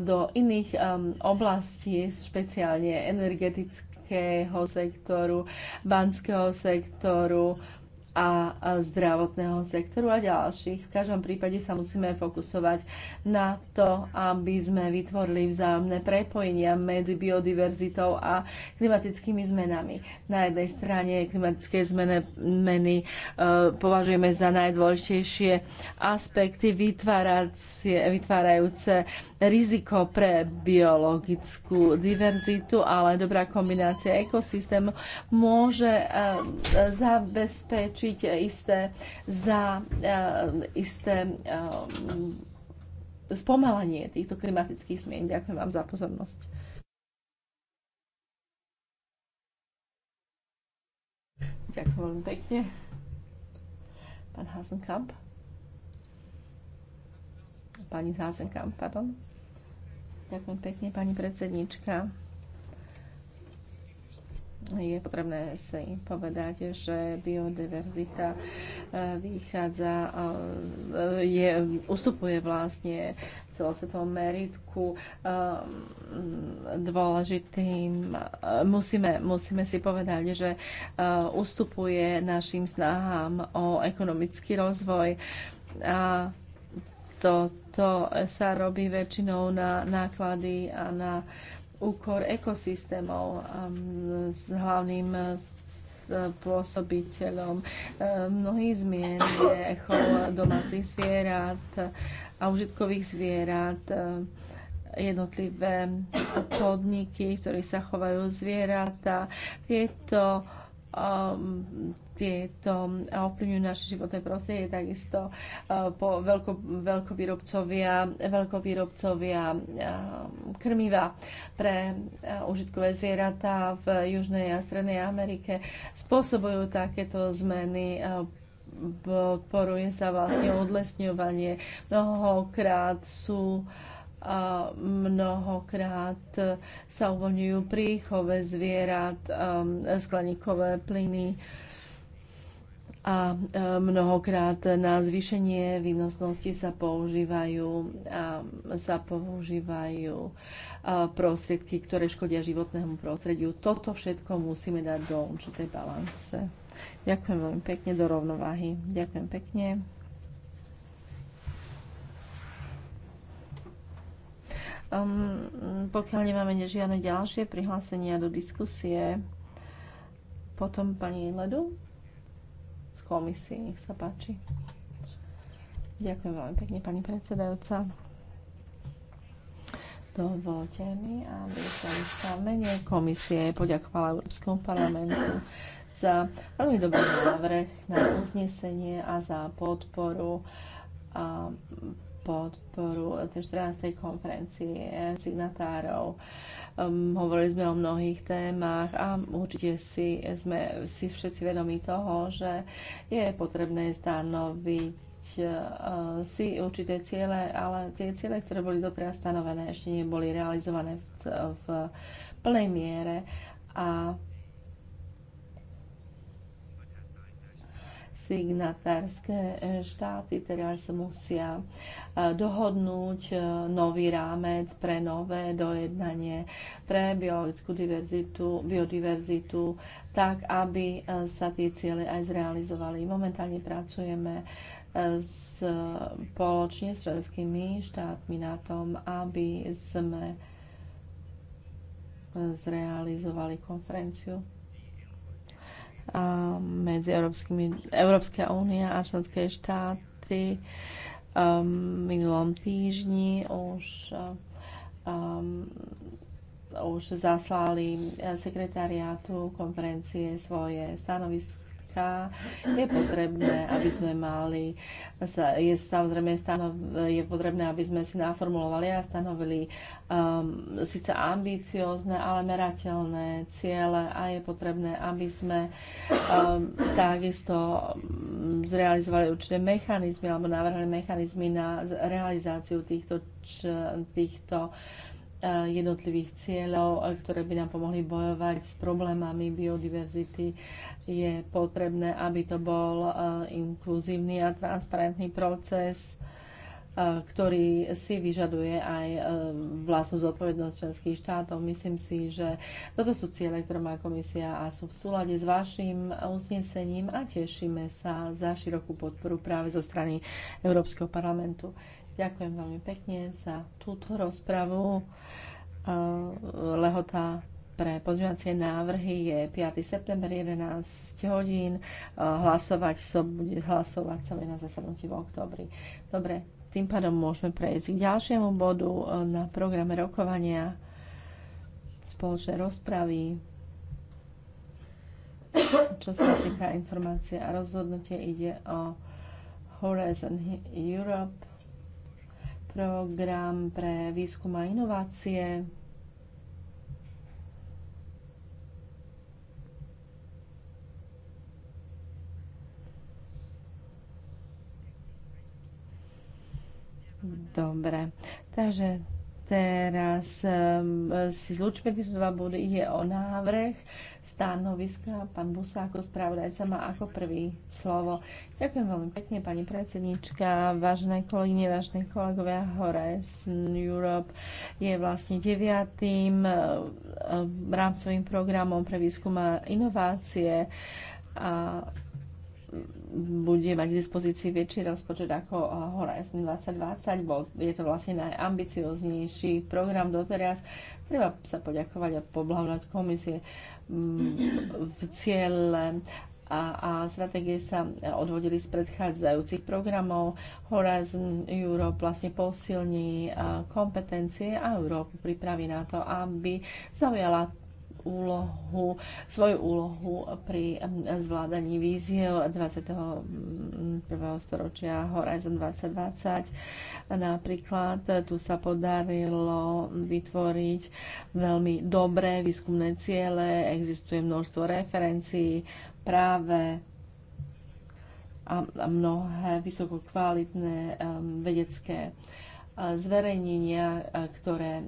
do iných ehm, oblastí, špeciálne energetického sektoru, banského sektoru, a zdravotného sektoru a ďalších. V každom prípade sa musíme fokusovať na to, aby sme vytvorili vzájomné prepojenia medzi biodiverzitou a klimatickými zmenami. Na jednej strane klimatické zmeny, zmeny e, považujeme za najdôležitejšie aspekty vytvárajúce riziko pre biologickú diverzitu, ale dobrá kombinácia ekosystému môže e, zabezpečiť označiť isté, za, eh, isté eh, spomalanie týchto klimatických zmien. Ďakujem vám za pozornosť. Ďakujem veľmi pekne. Pán Hasenkamp. Pani Hasenkamp, pardon. Ďakujem pekne, pani predsednička je potrebné si povedať, že biodiverzita e, vychádza, e, je, ustupuje vlastne celosvetovom meritku e, dôležitým. Musíme, musíme si povedať, že ustupuje našim snahám o ekonomický rozvoj. A toto sa robí väčšinou na náklady a na úkor ekosystémov um, s hlavným uh, uh, pôsobiteľom uh, mnohých zmien je chov domácich zvierat a užitkových zvierat, jednotlivé podniky, v ktorých sa chovajú zvieratá. Tieto um, tieto ovplyvňujú naše životné prostredie, takisto uh, po veľko, veľkovýrobcovia, veľkovýrobcovia uh, krmiva pre uh, užitkové zvieratá v Južnej a Strednej Amerike spôsobujú takéto zmeny uh, podporuje sa vlastne odlesňovanie. Mnohokrát sú uh, mnohokrát sa uvoľňujú pri chove zvierat, skleníkové plyny a mnohokrát na zvýšenie výnosnosti sa používajú, a sa používajú prostriedky, ktoré škodia životnému prostrediu. Toto všetko musíme dať do určitej balance. Ďakujem veľmi pekne do rovnováhy. Ďakujem pekne. Um, pokiaľ nemáme žiadne ďalšie prihlásenia do diskusie, potom pani Ledu z komisie, nech sa páči. Ďakujem veľmi pekne, pani predsedajúca. Dovolte mi, aby som sa mene komisie poďakovala Európskom parlamentu za veľmi dobrý návrh na uznesenie a za podporu a podporu tej 14. konferencie signatárov. Um, hovorili sme o mnohých témach a určite si, sme si všetci vedomi toho, že je potrebné stanoviť uh, si určité ciele, ale tie ciele, ktoré boli doteraz stanovené, ešte neboli realizované v, v plnej miere a signatárske e, štáty teraz musia e, dohodnúť e, nový rámec pre nové dojednanie pre biologickú diverzitu, biodiverzitu, tak aby sa tie ciele aj zrealizovali. Momentálne pracujeme spoločne s členskými štátmi na tom, aby sme zrealizovali konferenciu medzi Európskymi, Európska únia a členské štáty. Um, minulom týždni už, um, už zaslali sekretariátu konferencie svoje stanovisko rizika. Je potrebné, aby sme mali, je samozrejme stanov, je potrebné, aby sme si naformulovali a stanovili um, síce ambiciozne, ale merateľné ciele a je potrebné, aby sme um, takisto um, zrealizovali určité mechanizmy alebo navrhli mechanizmy na realizáciu týchto, týchto E, jednotlivých cieľov, e, ktoré by nám pomohli bojovať s problémami biodiverzity. Je potrebné, aby to bol e, inkluzívny a transparentný proces, ktorý si vyžaduje aj vlastnú zodpovednosť členských štátov. Myslím si, že toto sú ciele, ktoré má komisia a sú v súlade s vašim uznesením a tešíme sa za širokú podporu práve zo strany Európskeho parlamentu. Ďakujem veľmi pekne za túto rozpravu. Lehota pre pozývacie návrhy je 5. september 11 hodín. Hlasovať sa, bude hlasovať sa na zasadnutí v oktobri. Dobre, tým pádom môžeme prejsť k ďalšiemu bodu na programe rokovania spoločnej rozpravy čo sa týka informácie a rozhodnutie ide o Horizon Europe program pre výskum a inovácie. Dobre, takže Teraz um, si zlučme tieto dva body. je o návrh stanoviska. Pán Busa ako spravodajca má ako prvý slovo. Ďakujem veľmi pekne, pani predsednička, vážené kolegyne, vážené kolegovia. Horizon Europe je vlastne deviatým rámcovým programom pre výskum a inovácie. A bude mať k dispozícii väčší rozpočet ako Horizon 2020, bo je to vlastne najambicioznejší program doteraz. Treba sa poďakovať a poblahovať komisie mm, v cieľe a, a stratégie sa odvodili z predchádzajúcich programov. Horizon Europe vlastne posilní kompetencie a Európu pripraví na to, aby zaujala úlohu, svoju úlohu pri zvládaní víziev 21. Mm, storočia Horizon 2020. Napríklad tu sa podarilo vytvoriť veľmi dobré výskumné ciele, existuje množstvo referencií práve a mnohé vysokokvalitné vedecké zverejnenia, ktoré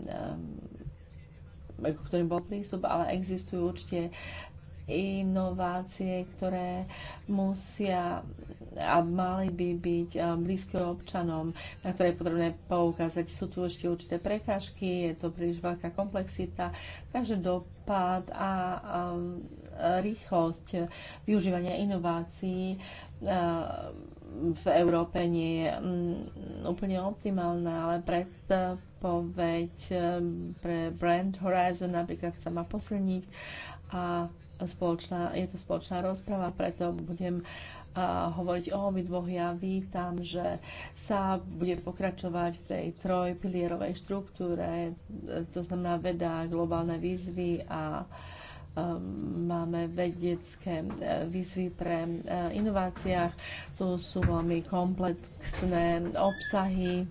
ako ktorým bol prístup, ale existujú určite inovácie, ktoré musia a mali by byť blízky občanom, na ktoré je potrebné poukázať. Sú tu ešte určité prekážky, je to príliš veľká komplexita, takže dopad a, a rýchlosť využívania inovácií a, v Európe nie je mm, úplne optimálna, ale predpoveď eh, pre Brand Horizon napríklad sa má posilniť a spoločná, je to spoločná rozpráva, preto budem a eh, hovoriť o obidvoch. Ja vítam, že sa bude pokračovať v tej trojpilierovej štruktúre, eh, to znamená veda, globálne výzvy a Ehm, máme vedecké e, výzvy pre e, inováciách, tu sú veľmi komplexné obsahy.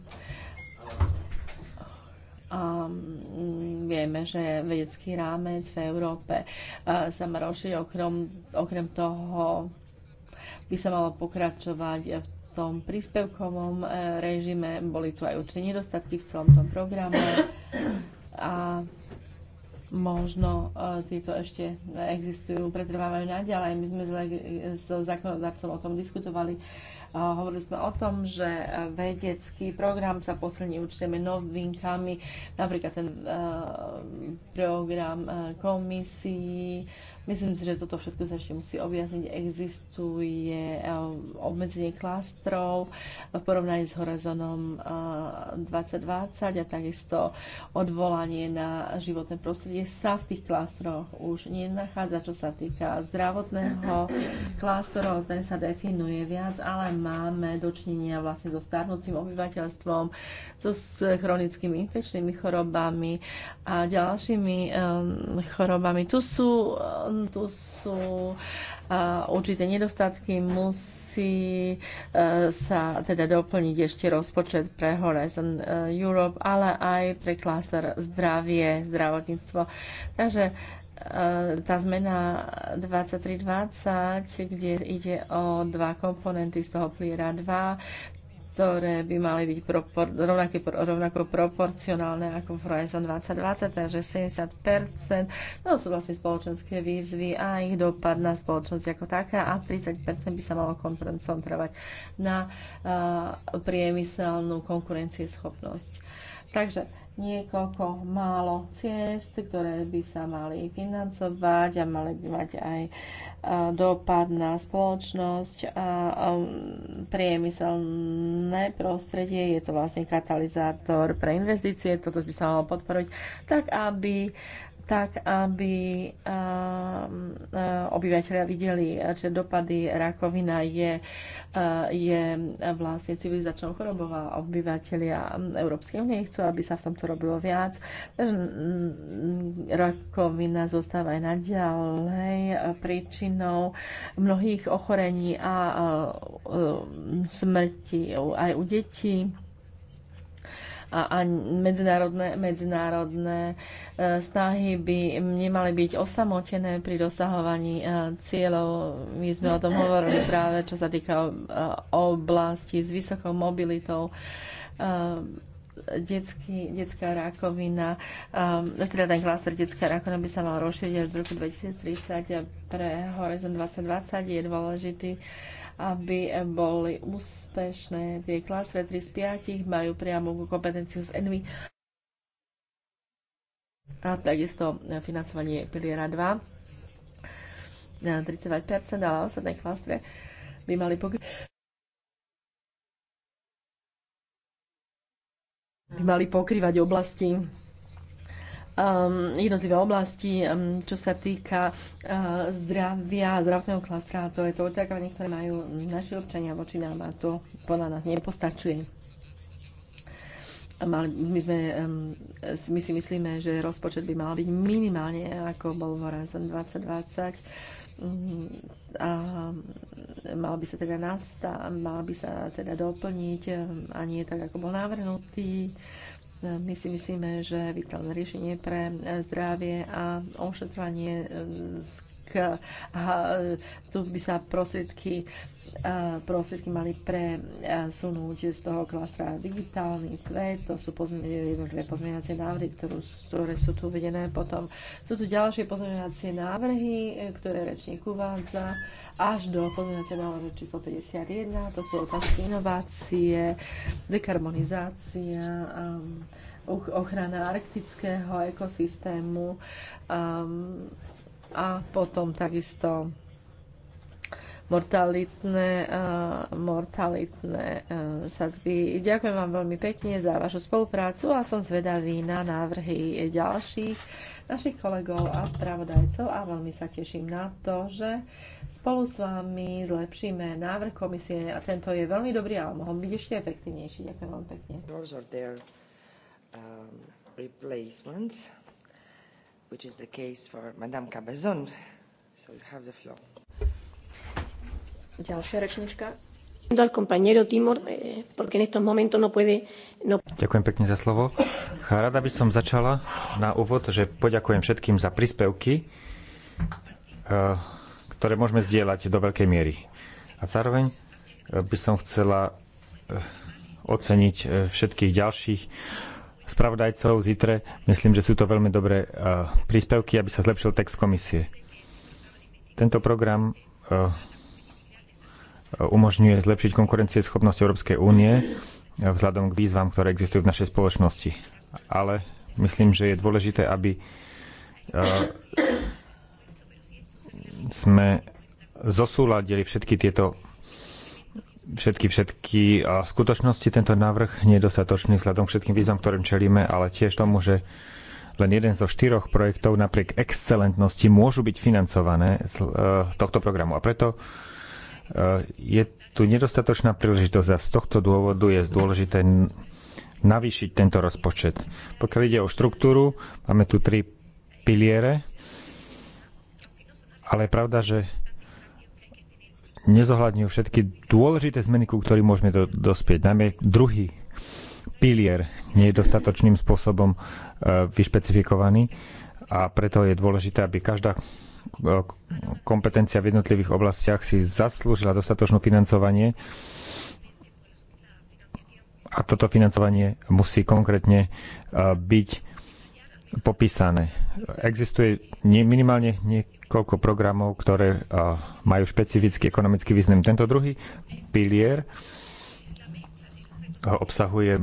A mm, vieme, že vedecký rámec v Európe e, sa má rozšiť Okrem, okrem toho by sa malo pokračovať v tom príspevkovom režime. Boli tu aj určite nedostatky v celom tom programe. A možno e, tieto ešte existujú, pretrvávajú naďalej. My sme s zákonodarcom o tom diskutovali. Hovorili sme o tom, že e, vedecký program sa posilní určitými novinkami, napríklad ten e, program komisií, Myslím si, že toto všetko sa ešte musí objasniť. Existuje eh, obmedzenie klástrov v porovnaní s horizonom 2020 eh, a takisto odvolanie na životné prostredie sa v tých klástroch už nenachádza, čo sa týka zdravotného klástorov. Ten sa definuje viac, ale máme dočinenia vlastne so starnúcim obyvateľstvom, so chronickými infekčnými chorobami a ďalšími eh, chorobami. Tu sú tu sú určité nedostatky, musí e, sa teda doplniť ešte rozpočet pre Horizon e, Europe, ale aj pre kláster zdravie, zdravotníctvo. Takže e, tá zmena 2320, kde ide o dva komponenty z toho pliera 2, ktoré by mali byť propor- rovnaké, rovnako proporcionálne ako v Horizon 2020, takže 70 to sú vlastne spoločenské výzvy a ich dopad na spoločnosť ako taká a 30 by sa malo koncentrovať na uh, priemyselnú konkurencieschopnosť. Takže niekoľko málo ciest, ktoré by sa mali financovať a mali by mať aj e, dopad na spoločnosť a priemyselné prostredie. Je to vlastne katalizátor pre investície, toto by sa malo podporiť, tak aby tak aby um, uh, obyvateľia videli, že dopady rakovina je, uh, je vlastne civilizačnou chorobou a obyvateľia Európskej únie chcú, aby sa v tomto robilo viac. Takže mm, rakovina zostáva aj naďalej uh, príčinou mnohých ochorení a um, smrti aj u detí a, a medzinárodné, medzinárodné e, snahy by nemali byť osamotené pri dosahovaní e, cieľov. My sme o tom hovorili práve, čo sa týka e, oblasti s vysokou mobilitou detský, detská rakovina, um, teda ten klaster detská rakovina by sa mal rozšíriť až v roku 2030 a pre Horizon 2020 je dôležitý uh, aby boli úspešné. Tie klastre 3 z 5 majú priamu kompetenciu z Envy a takisto financovanie piliera 2 na 32%, ale ostatné klastre by mali pokryť by mali pokrývať oblasti Um, jednotlivé oblasti, um, čo sa týka uh, zdravia, zdravotného klastra, to je to očakávanie, ktoré majú naši občania voči nám a to podľa nás nepostačuje. Mali, my, sme, um, my si myslíme, že rozpočet by mal byť minimálne, ako bol v Horizon 2020, mm, a mal by sa teda nastať, mal by sa teda doplniť a nie tak, ako bol navrhnutý. My si myslíme, že vitálne riešenie pre zdravie a ošetrovanie tu by sa prostriedky, prostriedky mali presunúť z toho klastra digitálny svet, to sú jednotlivé pozmeňovacie návrhy, ktorú, ktoré sú tu uvedené. Potom sú tu ďalšie pozmeňovacie návrhy, e, ktoré rečník uvádza, až do pozmeňovacie návrhy číslo 51, to sú otázky inovácie, dekarbonizácia, ochrana arktického ekosystému, um, a potom takisto mortalitné, uh, mortalitné uh, sadzby. Ďakujem vám veľmi pekne za vašu spoluprácu a som zvedavý na návrhy ďalších našich kolegov a spravodajcov a veľmi sa teším na to, že spolu s vami zlepšíme návrh komisie a tento je veľmi dobrý, ale mohol byť ešte efektívnejší. Ďakujem vám pekne which is the case for Madame Cabezon. So you have the floor. Ďalšia rečnička. Al compañero Timor, eh, porque en estos momentos no puede... No... Ďakujem pekne za slovo. Rada by som začala na úvod, že poďakujem všetkým za príspevky, eh, ktoré môžeme zdieľať do veľkej miery. A zároveň eh, by som chcela oceniť všetkých ďalších spravodajcov z ITRE. Myslím, že sú to veľmi dobré eh, príspevky, aby sa zlepšil text komisie. Tento program eh, eh, umožňuje zlepšiť konkurencieschopnosť Európskej únie vzhľadom k výzvam, ktoré existujú v našej spoločnosti. Ale myslím, že je dôležité, aby sme zosúladili všetky tieto všetky, všetky skutočnosti tento návrh nedostatočný vzhľadom všetkým výzvam, ktorým čelíme, ale tiež tomu, že len jeden zo štyroch projektov napriek excelentnosti môžu byť financované z e, tohto programu. A preto e, je tu nedostatočná príležitosť a z tohto dôvodu je dôležité navýšiť tento rozpočet. Pokiaľ ide o štruktúru, máme tu tri piliere, ale je pravda, že nezohľadňujú všetky dôležité zmeny, ku ktorým môžeme do, dospieť. Najmä druhý pilier nie je dostatočným spôsobom e, vyšpecifikovaný a preto je dôležité, aby každá e, kompetencia v jednotlivých oblastiach si zaslúžila dostatočné financovanie a toto financovanie musí konkrétne e, byť popísané. Existuje minimálne niekoľko programov, ktoré majú špecifický ekonomický význam. Tento druhý pilier obsahuje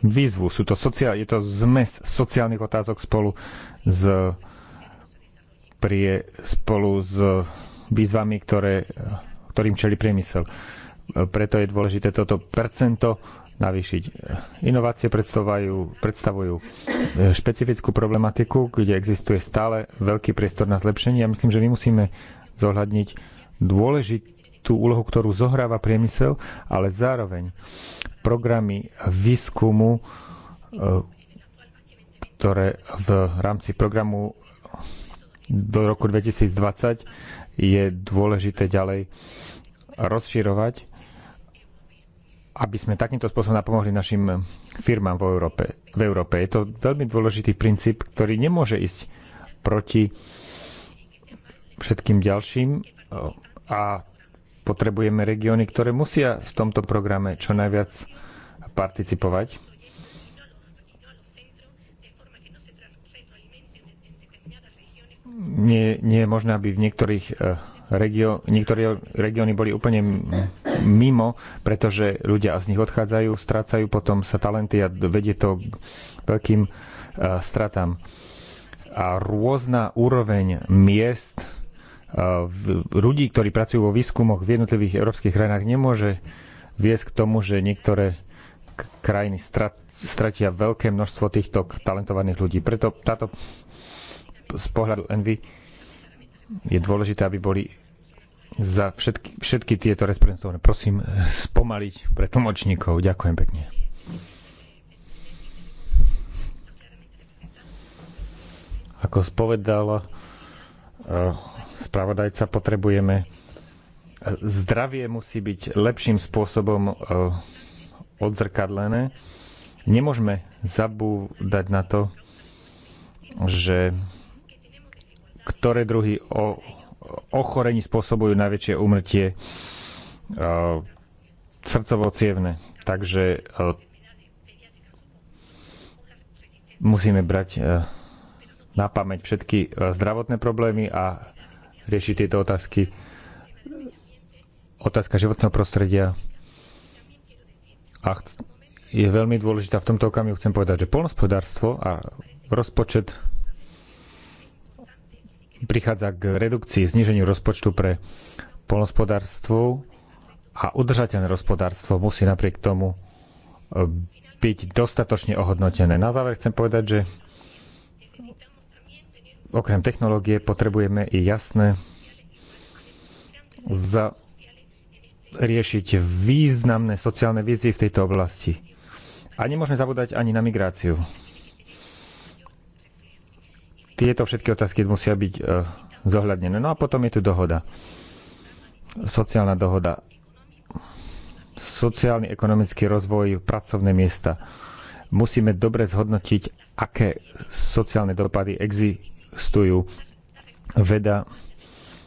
výzvu. Sú to sociál, je to zmes sociálnych otázok spolu s, prie, spolu s výzvami, ktoré, ktorým čeli priemysel. Preto je dôležité toto percento navýšiť. Inovácie predstavujú, predstavujú eh, špecifickú problematiku, kde existuje stále veľký priestor na zlepšenie. Ja myslím, že my musíme zohľadniť dôležitú úlohu, ktorú zohráva priemysel, ale zároveň programy výskumu, eh, ktoré v rámci programu do roku 2020 je dôležité ďalej rozširovať aby sme takýmto spôsobom napomohli našim firmám v Európe. V Európe. Je to veľmi dôležitý princíp, ktorý nemôže ísť proti všetkým ďalším a potrebujeme regióny, ktoré musia v tomto programe čo najviac participovať. Nie, nie je možné, aby v niektorých eh, regio- niektoré regióny boli úplne mimo, pretože ľudia z nich odchádzajú, strácajú potom sa talenty a vedie to k veľkým uh, stratám. A rôzna úroveň miest, uh, ľudí, ktorí pracujú vo výskumoch v jednotlivých európskych krajinách, nemôže viesť k tomu, že niektoré krajiny strat, stratia veľké množstvo týchto talentovaných ľudí. Preto táto z pohľadu Envy je dôležité, aby boli za všetky, všetky tieto reprezentované. Prosím eh, spomaliť pre tlmočníkov. Ďakujem pekne. Ako spovedala eh, spravodajca, potrebujeme eh, zdravie musí byť lepším spôsobom odzrkadlené. Nemôžeme zabúdať na to, že ktoré druhy o ochorení spôsobujú najväčšie umrtie e, srdcovo-cievne. Takže e, musíme brať e, na pamäť všetky zdravotné problémy a riešiť tieto otázky. Otázka životného prostredia a je veľmi dôležitá v tomto okamihu. Chcem povedať, že polnospodárstvo a rozpočet prichádza k redukcii, zniženiu rozpočtu pre polnospodárstvo a udržateľné hospodárstvo musí napriek tomu e, byť dostatočne ohodnotené. Na záver chcem povedať, že okrem technológie potrebujeme i jasné za riešiť významné sociálne vízie v tejto oblasti. A nemôžeme zabúdať ani na migráciu tieto všetky otázky musia byť e, zohľadnené. No a potom je tu dohoda. Sociálna dohoda. Sociálny, ekonomický rozvoj, pracovné miesta. Musíme dobre zhodnotiť, aké sociálne dopady existujú. Veda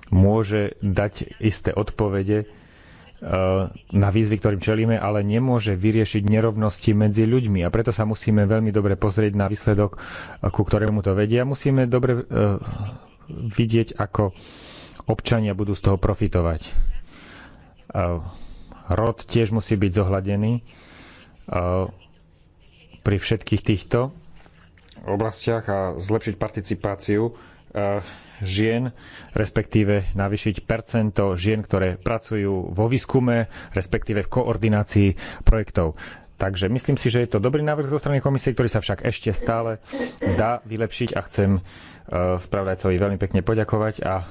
môže dať isté odpovede, E, na výzvy, ktorým čelíme, ale nemôže vyriešiť nerovnosti medzi ľuďmi. A preto sa musíme veľmi dobre pozrieť na výsledok, e, ku ktorému to vedia. Musíme dobre e, vidieť, ako občania budú z toho profitovať. Rod tiež musí byť zohľadený pri všetkých týchto oblastiach a zlepšiť participáciu žien, respektíve navyšiť percento žien, ktoré pracujú vo výskume, respektíve v koordinácii projektov. Takže myslím si, že je to dobrý návrh zo strany komisie, ktorý sa však ešte stále dá vylepšiť a chcem e, spravodajcovi veľmi pekne poďakovať a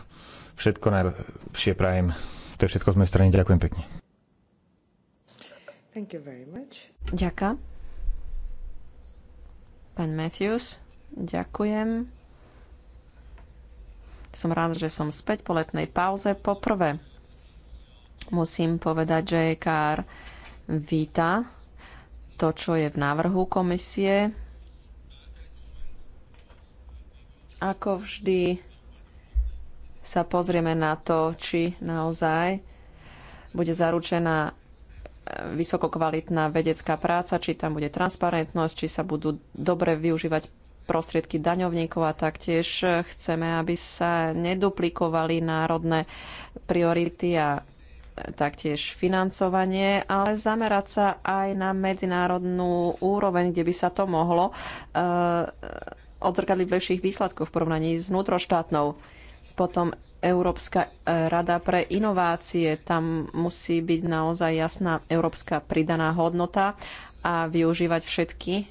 všetko najlepšie prajem. To je všetko z mojej strany. Ďakujem pekne. Thank you very much. Ďakujem. Pán Matthews, ďakujem. Som rád, že som späť po letnej pauze. Poprvé musím povedať, že EKR víta to, čo je v návrhu komisie. Ako vždy sa pozrieme na to, či naozaj bude zaručená vysokokvalitná vedecká práca, či tam bude transparentnosť, či sa budú dobre využívať prostriedky daňovníkov a taktiež chceme, aby sa neduplikovali národné priority a taktiež financovanie, ale zamerať sa aj na medzinárodnú úroveň, kde by sa to mohlo uh, odzrkadliť v lepších výsledkoch v porovnaní s vnútroštátnou. Potom Európska e, rada pre inovácie, tam musí byť naozaj jasná európska pridaná hodnota a využívať všetky e,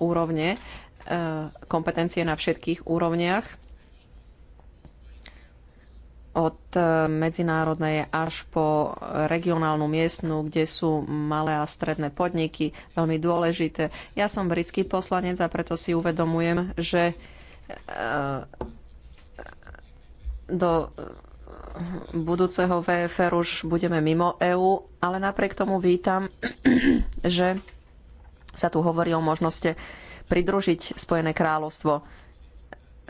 úrovne Eh, kompetencie na všetkých úrovniach od eh, medzinárodnej až po regionálnu miestnu, kde sú malé a stredné podniky, veľmi dôležité. Ja som britský poslanec a preto si uvedomujem, že eh, do budúceho VFR už budeme mimo EÚ, ale napriek tomu vítam, <clears throat> že sa tu hovorí o možnosti pridružiť Spojené kráľovstvo.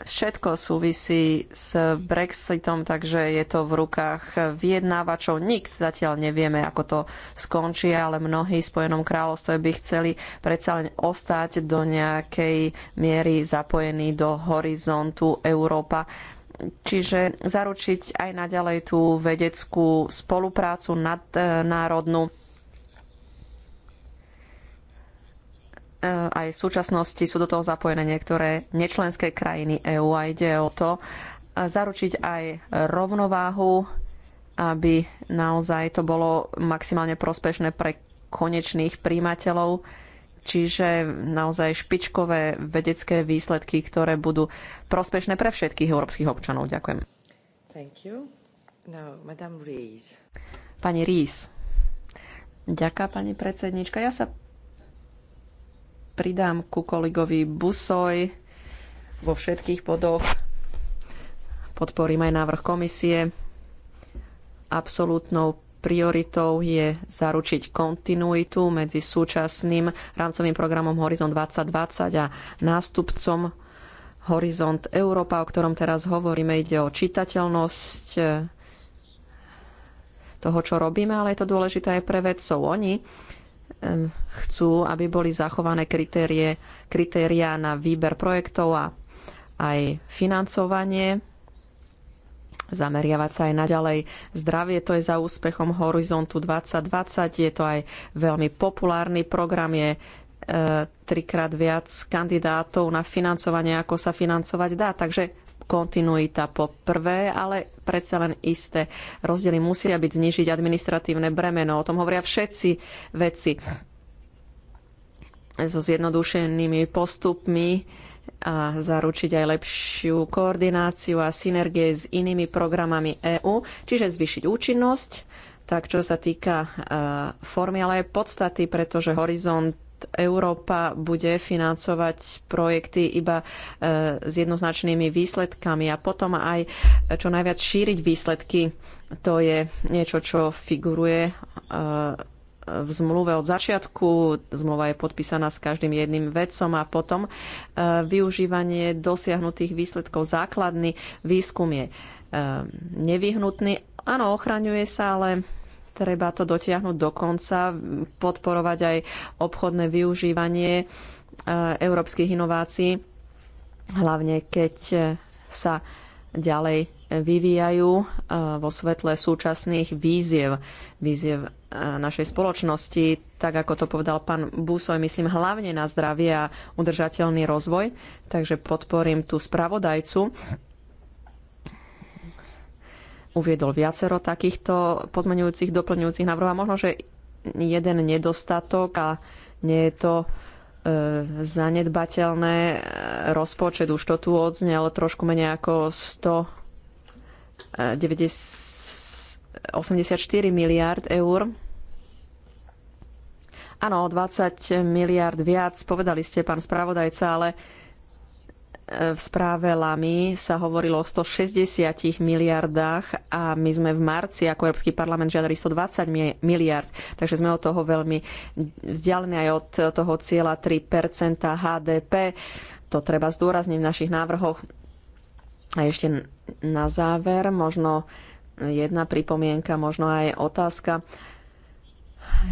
Všetko súvisí s Brexitom, takže je to v rukách vyjednávačov. Nik zatiaľ nevieme, ako to skončí, ale mnohí v Spojenom kráľovstve by chceli predsa len ostať do nejakej miery zapojení do horizontu Európa čiže zaručiť aj naďalej tú vedeckú spoluprácu nadnárodnú Eh, aj v súčasnosti sú do toho zapojené niektoré nečlenské krajiny EÚ a ide o to eh, zaručiť aj rovnováhu, aby naozaj to bolo maximálne prospešné pre konečných príjimateľov, čiže naozaj špičkové vedecké výsledky, ktoré budú prospešné pre všetkých európskych občanov. Ďakujem. Thank you. Now, Madame Rees. Pani Rees. Ďaká, pani predsednička. Ja sa pridám ku kolegovi Busoj vo všetkých bodoch. Podporím aj návrh komisie. Absolútnou prioritou je zaručiť kontinuitu medzi súčasným rámcovým programom Horizont 2020 a nástupcom Horizont Európa, o ktorom teraz hovoríme. Ide o čitateľnosť toho, čo robíme, ale je to dôležité aj pre vedcov. Oni chcú, aby boli zachované kritérie, kritéria na výber projektov a aj financovanie. Zameriavať sa aj naďalej. Zdravie to je za úspechom Horizontu 2020. Je to aj veľmi populárny program. Je e, trikrát viac kandidátov na financovanie, ako sa financovať dá. Takže kontinuita po prvé, ale predsa len isté rozdiely musia byť znižiť administratívne bremeno. O tom hovoria všetci veci so zjednodušenými postupmi a zaručiť aj lepšiu koordináciu a synergie s inými programami EÚ, čiže zvyšiť účinnosť, tak čo sa týka e, formy, ale aj podstaty, pretože Horizont Európa bude financovať projekty iba e, s jednoznačnými výsledkami a potom aj e, čo najviac šíriť výsledky. To je niečo, čo figuruje e, v zmluve od začiatku. Zmluva je podpísaná s každým jedným vedcom a potom využívanie dosiahnutých výsledkov. Základný výskum je nevyhnutný. Áno, ochraňuje sa, ale Treba to dotiahnuť do konca, podporovať aj obchodné využívanie e, európskych inovácií, hlavne keď sa ďalej vyvíjajú e, vo svetle súčasných víziev, víziev e, našej spoločnosti, tak ako to povedal pán Busoj, myslím hlavne na zdravie a udržateľný rozvoj. Takže podporím tú spravodajcu uviedol viacero takýchto pozmeňujúcich, doplňujúcich návrhov a možno, že jeden nedostatok a nie je to e, zanedbateľné. Rozpočet už to tu ale trošku menej ako 184 e, miliard eur. Áno, 20 miliard viac, povedali ste, pán spravodajca, ale v správe Lamy sa hovorilo o 160 miliardách a my sme v marci ako Európsky parlament žiadali 120 miliard, takže sme od toho veľmi vzdialení aj od toho cieľa 3 HDP. To treba zdôrazniť v našich návrhoch. A ešte na záver možno jedna pripomienka, možno aj otázka.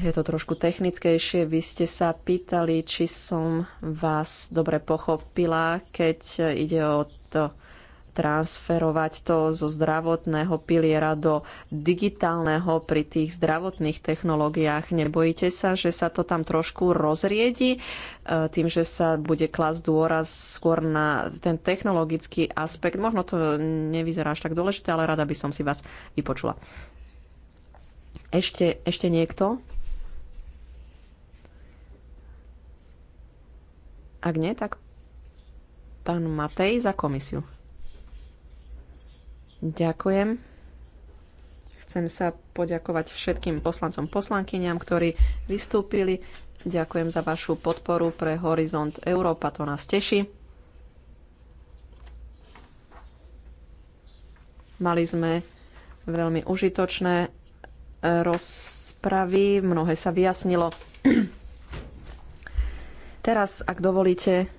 Je to trošku technickejšie. Vy ste sa pýtali, či som vás dobre pochopila, keď ide o to transferovať to zo zdravotného piliera do digitálneho pri tých zdravotných technológiách. Nebojíte sa, že sa to tam trošku rozriedi e, tým, že sa bude klasť dôraz skôr na ten technologický aspekt? Možno to nevyzerá až tak dôležité, ale rada by som si vás vypočula. Ešte, ešte niekto? Ak nie, tak pán Matej za komisiu. Ďakujem. Chcem sa poďakovať všetkým poslancom, poslankyňam, ktorí vystúpili. Ďakujem za vašu podporu pre Horizont Európa, to nás teší. Mali sme veľmi užitočné rozpravy. Mnohé sa vyjasnilo. Teraz, ak dovolíte,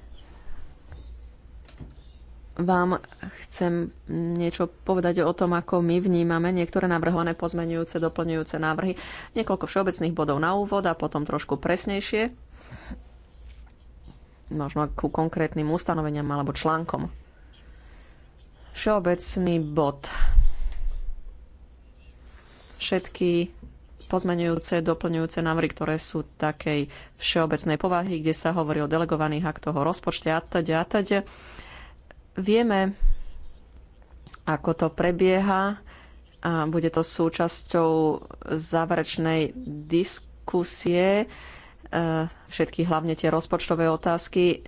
vám chcem niečo povedať o tom, ako my vnímame niektoré navrhované pozmenujúce, doplňujúce návrhy. Niekoľko všeobecných bodov na úvod a potom trošku presnejšie. Možno ku konkrétnym ustanoveniam alebo článkom. Všeobecný bod všetky pozmenujúce, doplňujúce návrhy, ktoré sú takej všeobecnej povahy, kde sa hovorí o delegovaných aktoch, o rozpočte a teď teda, a teď. Teda. Vieme, ako to prebieha a bude to súčasťou záverečnej diskusie eh, všetky hlavne tie rozpočtové otázky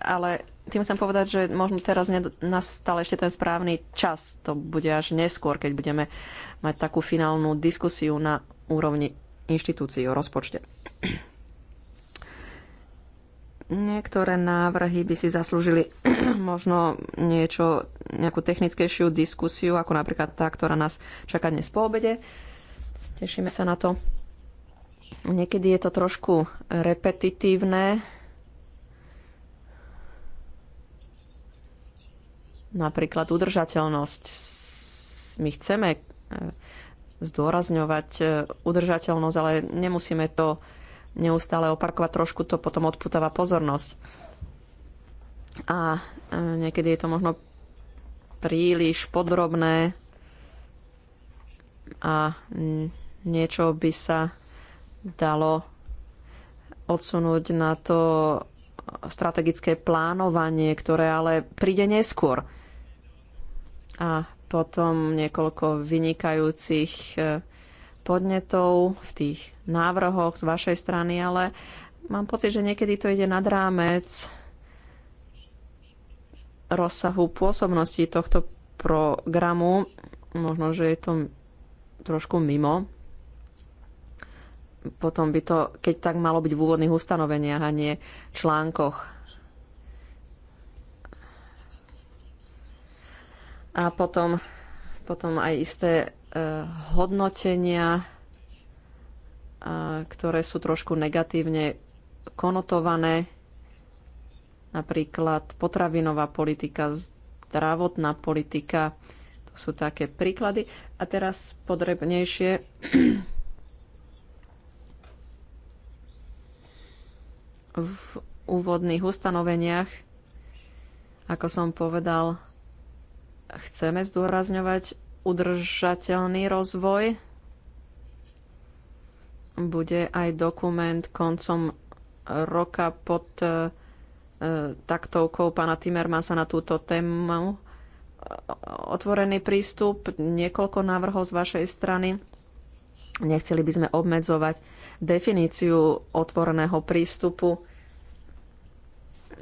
ale tým chcem povedať, že možno teraz nastal ešte ten správny čas. To bude až neskôr, keď budeme mať takú finálnu diskusiu na úrovni inštitúcií o rozpočte. Niektoré návrhy by si zaslúžili <clears throat> možno niečo, nejakú technickejšiu diskusiu, ako napríklad tá, ktorá nás čaká dnes po obede. Tešíme sa na to. Niekedy je to trošku repetitívne, Napríklad udržateľnosť. My chceme e, zdôrazňovať e, udržateľnosť, ale nemusíme to neustále opakovať, trošku to potom odputáva pozornosť. A e, niekedy je to možno príliš podrobné a niečo by sa dalo odsunúť na to strategické plánovanie, ktoré ale príde neskôr a potom niekoľko vynikajúcich e, podnetov v tých návrhoch z vašej strany, ale mám pocit, že niekedy to ide nad rámec rozsahu pôsobnosti tohto programu. Možno, že je to trošku mimo. Potom by to, keď tak malo byť v úvodných ustanoveniach a nie článkoch a potom, potom aj isté e, hodnotenia, e, ktoré sú trošku negatívne konotované, napríklad potravinová politika, zdravotná politika, to sú také príklady. A teraz podrebnejšie v úvodných ustanoveniach, ako som povedal, Chceme zdôrazňovať udržateľný rozvoj. Bude aj dokument koncom roka pod e, taktovkou pána Timmermansa na túto tému. Otvorený prístup, niekoľko návrhov z vašej strany. Nechceli by sme obmedzovať definíciu otvoreného prístupu.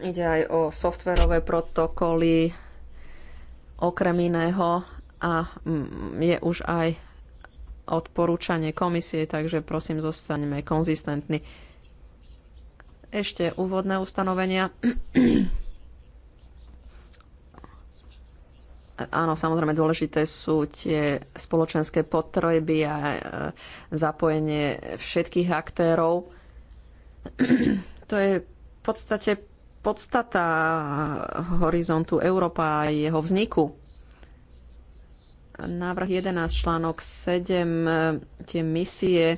Ide aj o softverové protokoly, okrem iného a mm, je už aj odporúčanie komisie, takže prosím, zostaneme konzistentní. Ešte úvodné ustanovenia. <clears throat> Áno, samozrejme dôležité sú tie spoločenské potreby a e, zapojenie všetkých aktérov. <clears throat> To je v podstate podstata horizontu Európa a jeho vzniku. Návrh 11, článok 7, tie misie,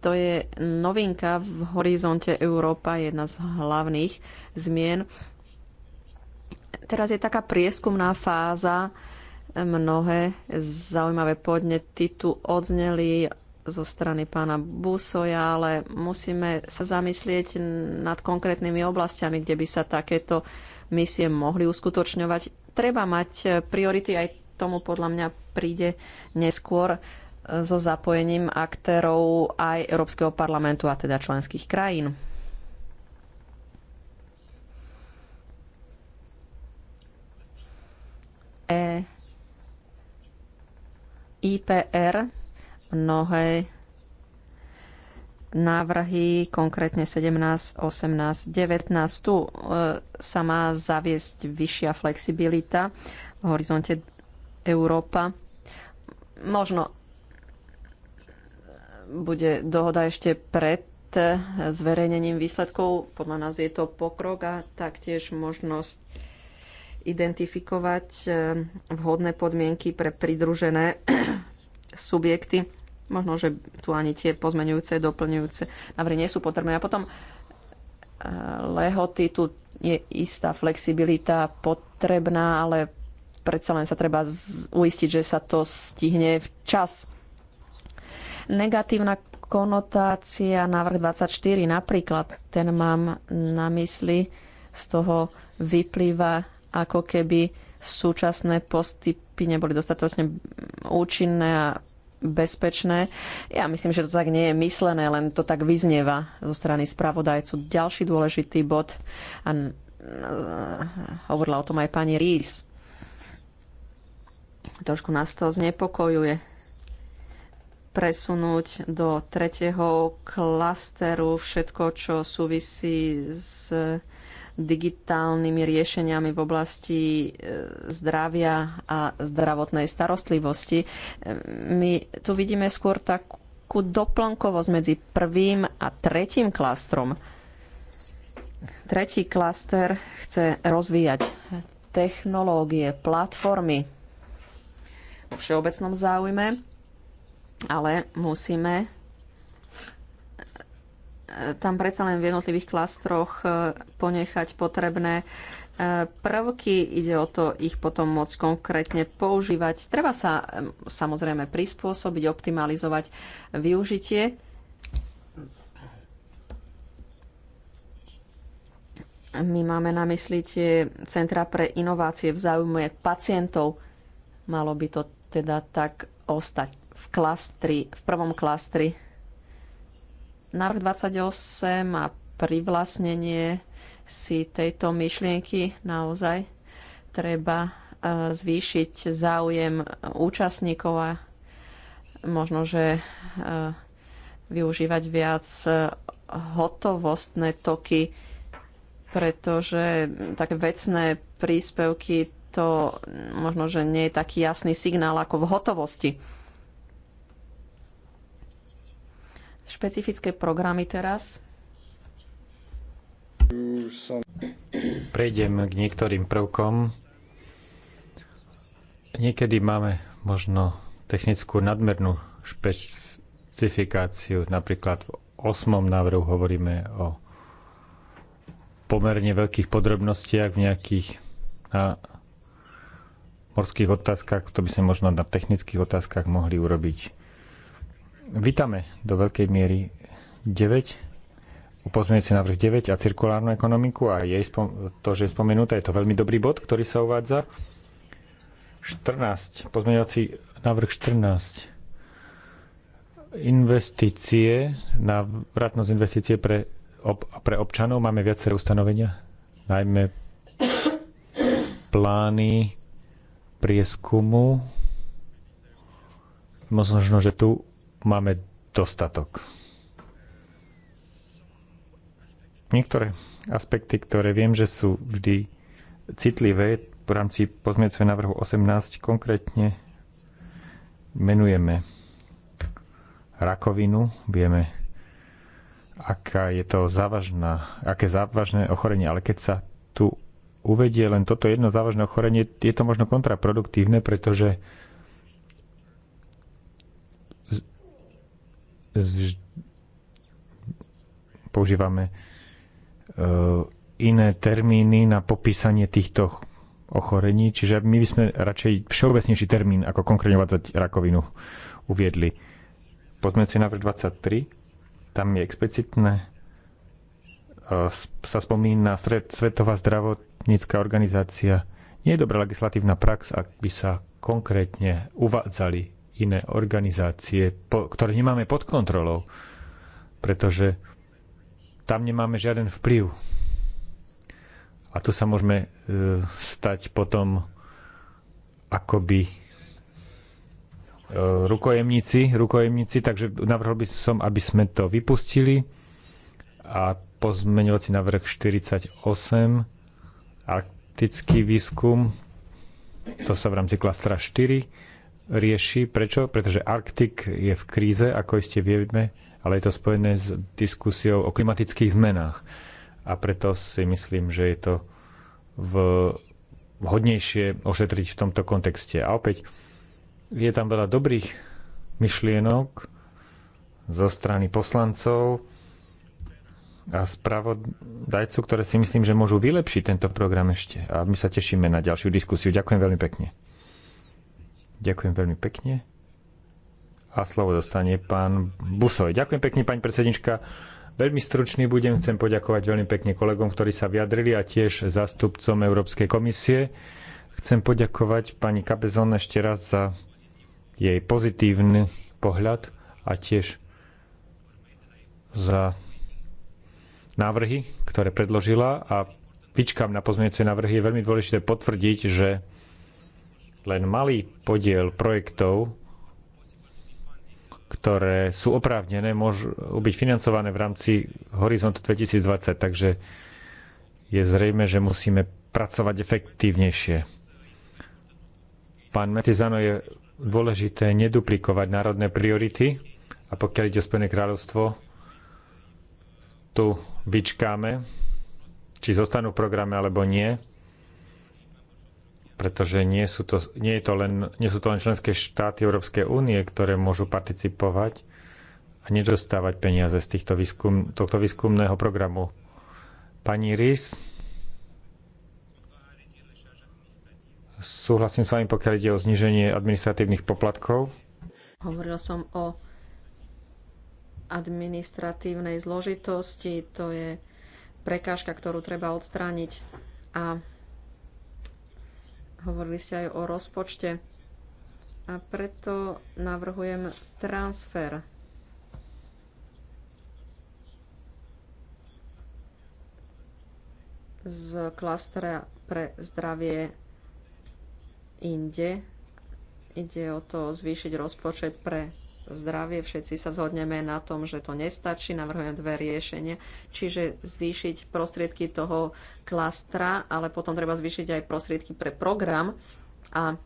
to je novinka v horizonte Európa, jedna z hlavných zmien. Teraz je taká prieskumná fáza, mnohé zaujímavé podnety tu odzneli zo strany pána Busoja, ale musíme sa zamyslieť nad konkrétnymi oblastiami, kde by sa takéto misie mohli uskutočňovať. Treba mať priority, aj tomu podľa mňa príde neskôr so zapojením aktérov aj Európskeho parlamentu a teda členských krajín. E IPR mnohé návrhy, konkrétne 17, 18, 19. Tu e, sa má zaviesť vyššia flexibilita v horizonte Európa. Možno bude dohoda ešte pred e, zverejnením výsledkov. Podľa nás je to pokrok a taktiež možnosť identifikovať e, vhodné podmienky pre pridružené subjekty. Možno, že tu ani tie pozmenujúce, doplňujúce návrhy nie sú potrebné. A potom eh, lehoty, tu je istá flexibilita potrebná, ale predsa len sa treba uistiť, že sa to stihne včas. Negatívna konotácia návrh 24 napríklad, ten mám na mysli, z toho vyplýva ako keby súčasné posty postupy neboli dostatočne účinné a bezpečné. Ja myslím, že to tak nie je myslené, len to tak vyznieva zo strany spravodajcu. Ďalší dôležitý bod, a hovorila o tom aj pani Rís, trošku nás to znepokojuje presunúť do tretieho klasteru všetko, čo súvisí s digitálnymi riešeniami v oblasti e, zdravia a zdravotnej starostlivosti. E, my tu vidíme skôr takú doplnkovosť medzi prvým a tretím klastrom. Tretí klaster chce rozvíjať technológie, platformy vo všeobecnom záujme, ale musíme tam predsa len v jednotlivých klastroch e, ponechať potrebné e, prvky, ide o to ich potom môcť konkrétne používať. Treba sa samozrejme prispôsobiť, optimalizovať využitie. My máme na mysli tie centra pre inovácie v záujme pacientov. Malo by to teda tak ostať v klastri, v prvom klastri Návrh 28 a privlastnenie si tejto myšlienky naozaj treba e, zvýšiť záujem účastníkov a možno, že e, využívať viac e, hotovostné toky, pretože také vecné príspevky to možno, že nie je taký jasný signál ako v hotovosti. špecifické programy teraz? Prejdem k niektorým prvkom. Niekedy máme možno technickú nadmernú špecifikáciu. Napríklad v osmom návrhu hovoríme o pomerne veľkých podrobnostiach v nejakých na morských otázkach. To by sme možno na technických otázkach mohli urobiť Vítame do veľkej miery 9, upozmeňujúci návrh 9 a cirkulárnu ekonomiku a jej, to, že je spomenuté, je to veľmi dobrý bod, ktorý sa uvádza. 14, pozmeňovací návrh 14. Investície, na vratnosť investície pre, ob, pre občanov máme viaceré ustanovenia, najmä plány prieskumu. Možno, že tu máme dostatok. Niektoré aspekty, ktoré viem, že sú vždy citlivé, v rámci pozmeňovacieho návrhu 18 konkrétne menujeme rakovinu, vieme, aká je to závažná, aké závažné ochorenie, ale keď sa tu uvedie len toto jedno závažné ochorenie, je to možno kontraproduktívne, pretože používame e, iné termíny na popísanie týchto ochorení, čiže my by sme radšej všeobecnejší termín, ako konkrétne rakovinu, uviedli. si návrh 23, tam je explicitné, e, sa spomína Svetová zdravotnícká organizácia. Nie je dobrá legislatívna prax, ak by sa konkrétne uvádzali iné organizácie, po, ktoré nemáme pod kontrolou, pretože tam nemáme žiaden vplyv. A tu sa môžeme e, stať potom akoby e, rukojemníci, rukojemníci, takže navrhol by som, aby sme to vypustili a pozmeňovací návrh 48 arktický výskum, to sa v rámci klastra 4 rieši. Prečo? Pretože Arktik je v kríze, ako iste vieme, ale je to spojené s diskusiou o klimatických zmenách. A preto si myslím, že je to v hodnejšie ošetriť v tomto kontexte. A opäť je tam veľa dobrých myšlienok zo strany poslancov a spravodajcu, ktoré si myslím, že môžu vylepšiť tento program ešte. A my sa tešíme na ďalšiu diskusiu. Ďakujem veľmi pekne. Ďakujem veľmi pekne. A slovo dostane pán Busoj. Ďakujem pekne, pani predsednička. Veľmi stručný budem, chcem poďakovať veľmi pekne kolegom, ktorí sa vyjadrili a tiež zástupcom Európskej komisie. Chcem poďakovať pani Kapezon ešte raz za jej pozitívny pohľad a tiež za návrhy, ktoré predložila a vyčkám na pozmeňujúce návrhy. Je veľmi dôležité potvrdiť, že len malý podiel projektov, ktoré sú oprávnené, môžu byť financované v rámci Horizontu 2020. Takže je zrejme, že musíme pracovať efektívnejšie. Pán Metizano, je dôležité neduplikovať národné priority a pokiaľ ide o Spojené kráľovstvo, tu vyčkáme, či zostanú v programe alebo nie pretože nie sú to, nie je to len, nie sú to len členské štáty Európskej únie, ktoré môžu participovať a nedostávať peniaze z týchto výskum, tohto výskumného programu. Pani Rís, súhlasím s vami, pokiaľ ide o zniženie administratívnych poplatkov. Hovoril som o administratívnej zložitosti, to je prekážka, ktorú treba odstrániť a Hovorili ste aj o rozpočte. A preto navrhujem transfer. z klastra pre zdravie inde. Ide o to zvýšiť rozpočet pre zdravie. Všetci sa zhodneme na tom, že to nestačí. Navrhujem dve riešenia. Čiže zvýšiť prostriedky toho klastra, ale potom treba zvýšiť aj prostriedky pre program. A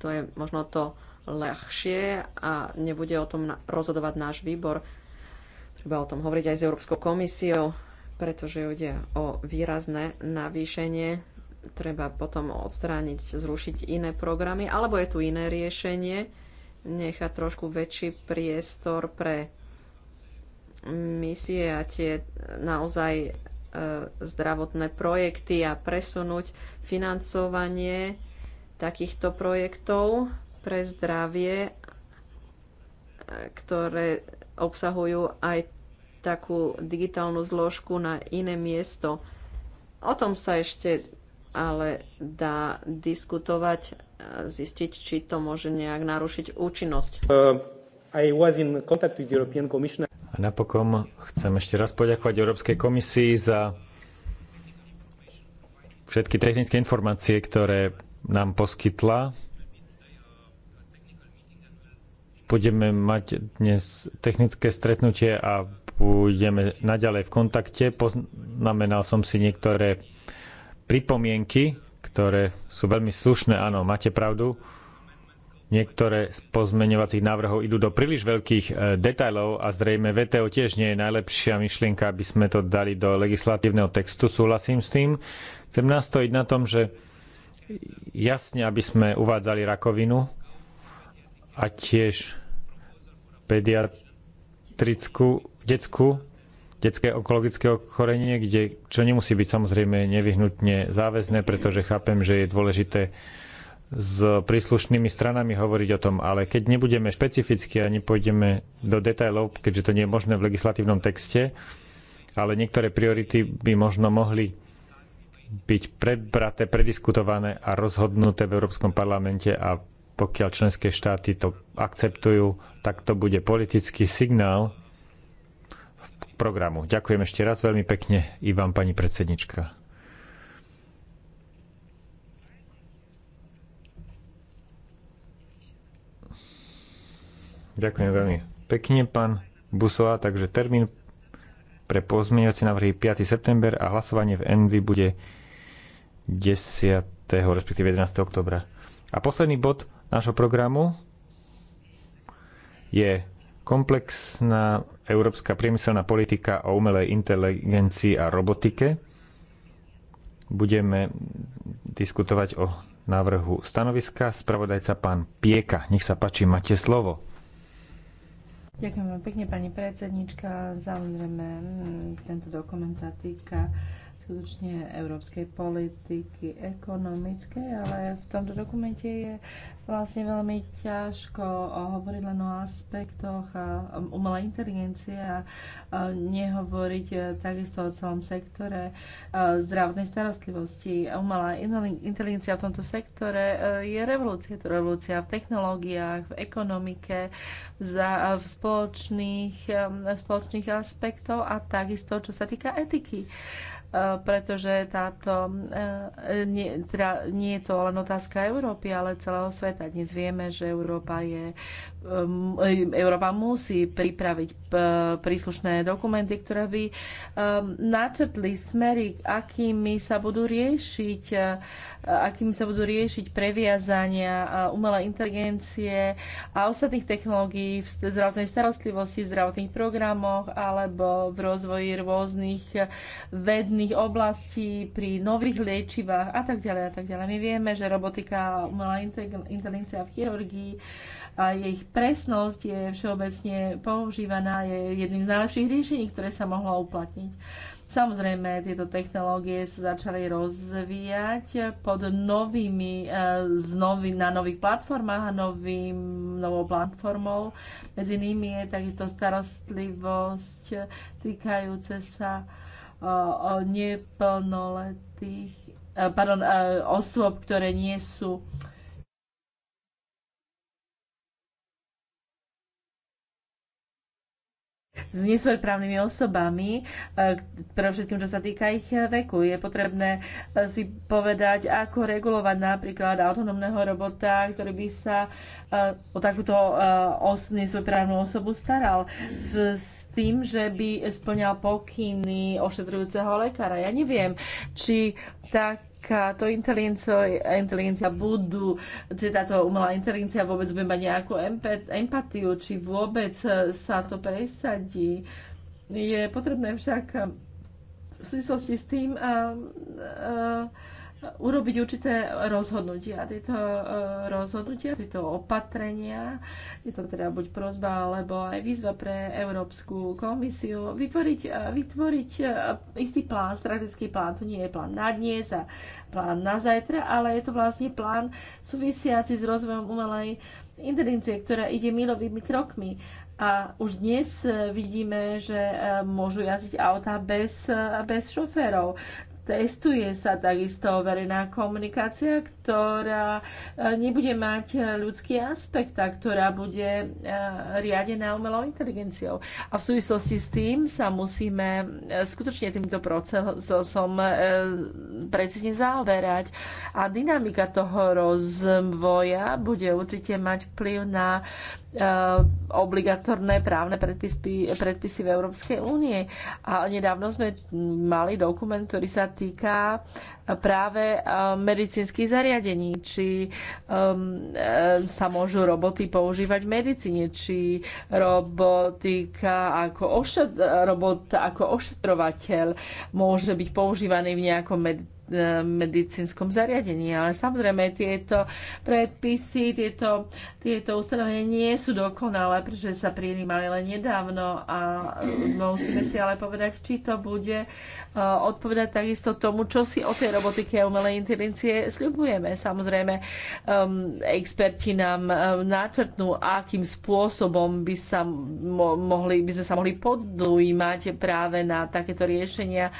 to je možno to ľahšie a nebude o tom rozhodovať náš výbor. Treba o tom hovoriť aj s Európskou komisiou, pretože ide o výrazné navýšenie. Treba potom odstrániť, zrušiť iné programy, alebo je tu iné riešenie nechá trošku väčší priestor pre misie a tie naozaj e, zdravotné projekty a presunúť financovanie takýchto projektov pre zdravie, e, ktoré obsahujú aj takú digitálnu zložku na iné miesto. O tom sa ešte ale dá diskutovať zistiť, či to môže nejak narušiť účinnosť. Uh, a napokon chcem ešte raz poďakovať Európskej komisii za všetky technické informácie, ktoré nám poskytla. Budeme mať dnes technické stretnutie a budeme naďalej v kontakte. Poznamenal som si niektoré pripomienky, ktoré sú veľmi slušné, áno, máte pravdu. Niektoré z pozmeňovacích návrhov idú do príliš veľkých e, detajlov a zrejme VTO tiež nie je najlepšia myšlienka, aby sme to dali do legislatívneho textu. Súhlasím s tým. Chcem nastojiť na tom, že jasne, aby sme uvádzali rakovinu a tiež pediatrickú, detskú detské ekologické ochorenie, kde, čo nemusí byť samozrejme nevyhnutne záväzné, pretože chápem, že je dôležité s príslušnými stranami hovoriť o tom, ale keď nebudeme špecificky a nepôjdeme do detajlov, keďže to nie je možné v legislatívnom texte, ale niektoré priority by možno mohli byť prebraté, prediskutované a rozhodnuté v Európskom parlamente a pokiaľ členské štáty to akceptujú, tak to bude politický signál programu. Ďakujem ešte raz veľmi pekne i vám, pani predsednička. Ďakujem veľmi pekne, pán Busová. Takže termín pre pozmeňovacie návrhy 5. september a hlasovanie v Envy bude 10. respektíve 11. oktobra. A posledný bod nášho programu je Komplexná európska priemyselná politika o umelej inteligencii a robotike. Budeme diskutovať o návrhu stanoviska. Spravodajca pán Pieka. Nech sa páči, máte slovo. Ďakujem pekne, pani predsednička. Samozrejme, tento dokument sa týka skutočne európskej politiky ekonomickej, ale v tomto dokumente je vlastne veľmi ťažko hovoriť len o aspektoch a umelej inteligencie a nehovoriť e, takisto o celom sektore e, zdravotnej starostlivosti. Umelá inteligencia v tomto sektore e, je revolúcia. Je to revolúcia v technológiách, v ekonomike, v spoločných, v spoločných aspektoch a takisto, čo sa týka etiky pretože táto, eh, nie, teda nie je to len otázka Európy, ale celého sveta. Dnes vieme, že Európa je Ehm, e, Európa musí pripraviť príslušné dokumenty, ktoré by ehm, načrtli smery, akými sa budú riešiť, e, akými sa budú riešiť previazania umelej inteligencie a ostatných technológií v zdravotnej starostlivosti, v zdravotných programoch alebo v rozvoji rôznych e, vedných oblastí pri nových liečivách a tak ďalej a tak ďalej. My vieme, že robotika a umelá inteligencia v chirurgii a ich presnosť je všeobecne používaná, je jedným z najlepších riešení, ktoré sa mohlo uplatniť. Samozrejme, tieto technológie sa začali rozvíjať pod novými, eh, z nový, na nových platformách a novým, novou platformou. Medzi nimi je takisto starostlivosť týkajúce sa eh, o neplnoletých, eh, pardon, osôb, ktoré nie sú s nesvojprávnymi osobami, e, pre všetkým, čo sa týka ich veku. Je potrebné e, si povedať, ako regulovať napríklad autonómneho robota, ktorý by sa e, o takúto nesvojprávnu osobu staral v, s tým, že by splňal pokyny ošetrujúceho lekára. Ja neviem, či tak takáto inteligencia budú, či táto umelá inteligencia vôbec bude mať nejakú empatiu, či vôbec e, sa to presadí. Je potrebné však v súvislosti s tým uh, uh, urobiť určité rozhodnutia. Tieto e, rozhodnutia, tieto opatrenia, je to teda buď prozba alebo aj výzva pre Európsku komisiu, vytvoriť, e, vytvoriť e, istý plán, strategický plán. To nie je plán na dnes a plán na zajtra, ale je to vlastne plán súvisiaci s rozvojom umelej inteligencie, ktorá ide milovými krokmi. A už dnes vidíme, že môžu jazdiť auta bez, bez šoférov. Testuje sa takisto verejná komunikácia, ktorá e, nebude mať e, ľudský aspekt a ktorá bude e, riadená umelou inteligenciou. A v súvislosti s tým sa musíme skutočne týmto procesom precízne zaoberať. A dynamika toho rozvoja bude určite mať vplyv na Eh, obligatorné právne predpisy, predpisy v Európskej únie. A nedávno sme mali dokument, ktorý sa týka eh, práve eh, medicínskych zariadení, či um, sa môžu roboty používať v medicíne, či robotika ako ošet, robot ako ošetrovateľ môže byť používaný v nejakom medicíne medicínskom zariadení. Ale samozrejme tieto predpisy, tieto, tieto ustanovenia nie sú dokonalé, pretože sa prijímali len nedávno a musíme si ale povedať, či to bude e, odpovedať takisto tomu, čo si o tej robotike a umelej inteligencie sľubujeme. Samozrejme, um, experti nám um, načrtnú, akým spôsobom by, sa mo- mohli, by sme sa mohli podujímať práve na takéto riešenia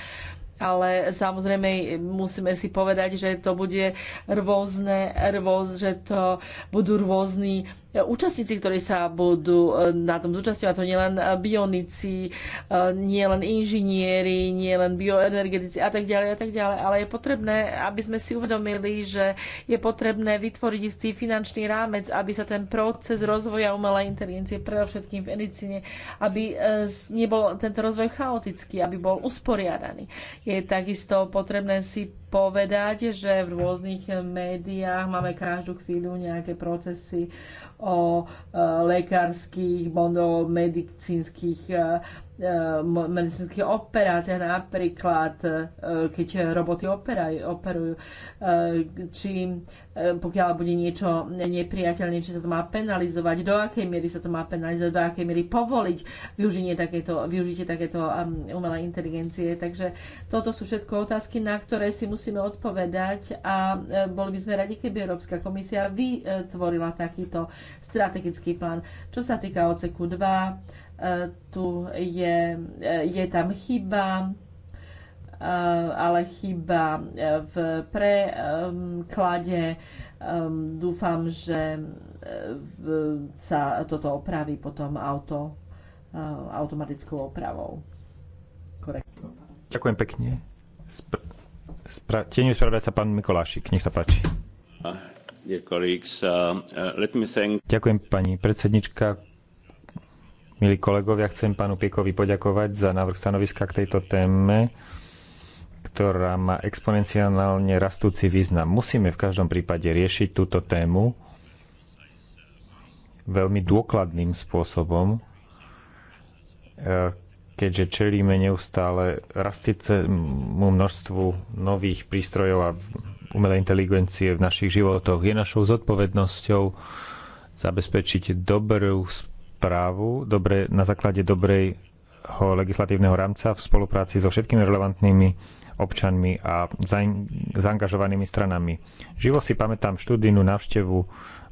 ale samozrejme musíme si povedať, že to bude rôzne, rôz, že to budú rôzni E, účastníci, ktorí sa budú e, na tom zúčastňovať, to nielen e, bionici, nielen inžinieri, nielen bioenergetici a tak ďalej a tak ďalej, ale je potrebné, aby sme si uvedomili, že je potrebné vytvoriť istý finančný rámec, aby sa ten proces rozvoja umelej inteligencie predovšetkým v medicíne, aby nebol tento rozvoj chaotický, aby bol usporiadaný. Je takisto potrebné si povedať, že v rôznych médiách máme každú chvíľu nejaké procesy o e, lekárskych bondov, medicínskych e, Eh, medicínskych operáciách, napríklad eh, keď roboty operaj, operujú, eh, či pokiaľ bude niečo nepriateľné, či sa to má penalizovať, do akej miery sa to má penalizovať, do akej miery povoliť využitie takéto, využitie takéto umelej inteligencie. Takže toto sú všetko otázky, na ktoré si musíme odpovedať a boli by sme radi, keby Európska komisia vytvorila takýto strategický plán. Čo sa týka oceku 2, tu je, je tam chyba, eh, ale chyba eh, v preklade. Ehm, dúfam, že eh, sa toto opraví potom auto, automatickou opravou. Korektne. Ďakujem pekne. Spr- spra- Tieňu sa pán Mikolášik, nech sa páči. Uh, uh, uh thank... Ďakujem pani predsednička, Milí kolegovia, chcem pánu Piekovi poďakovať za návrh stanoviska k tejto téme, ktorá má exponenciálne rastúci význam. Musíme v každom prípade riešiť túto tému veľmi dôkladným spôsobom, e, keďže čelíme neustále rastúcemu množstvu nových prístrojov a umelej inteligencie v našich životoch. Je našou zodpovednosťou zabezpečiť dobrú spoločnosť správu dobre, na základe dobrejho legislatívneho rámca v spolupráci so všetkými relevantnými občanmi a zaangažovanými stranami. Živo si pamätám študijnú návštevu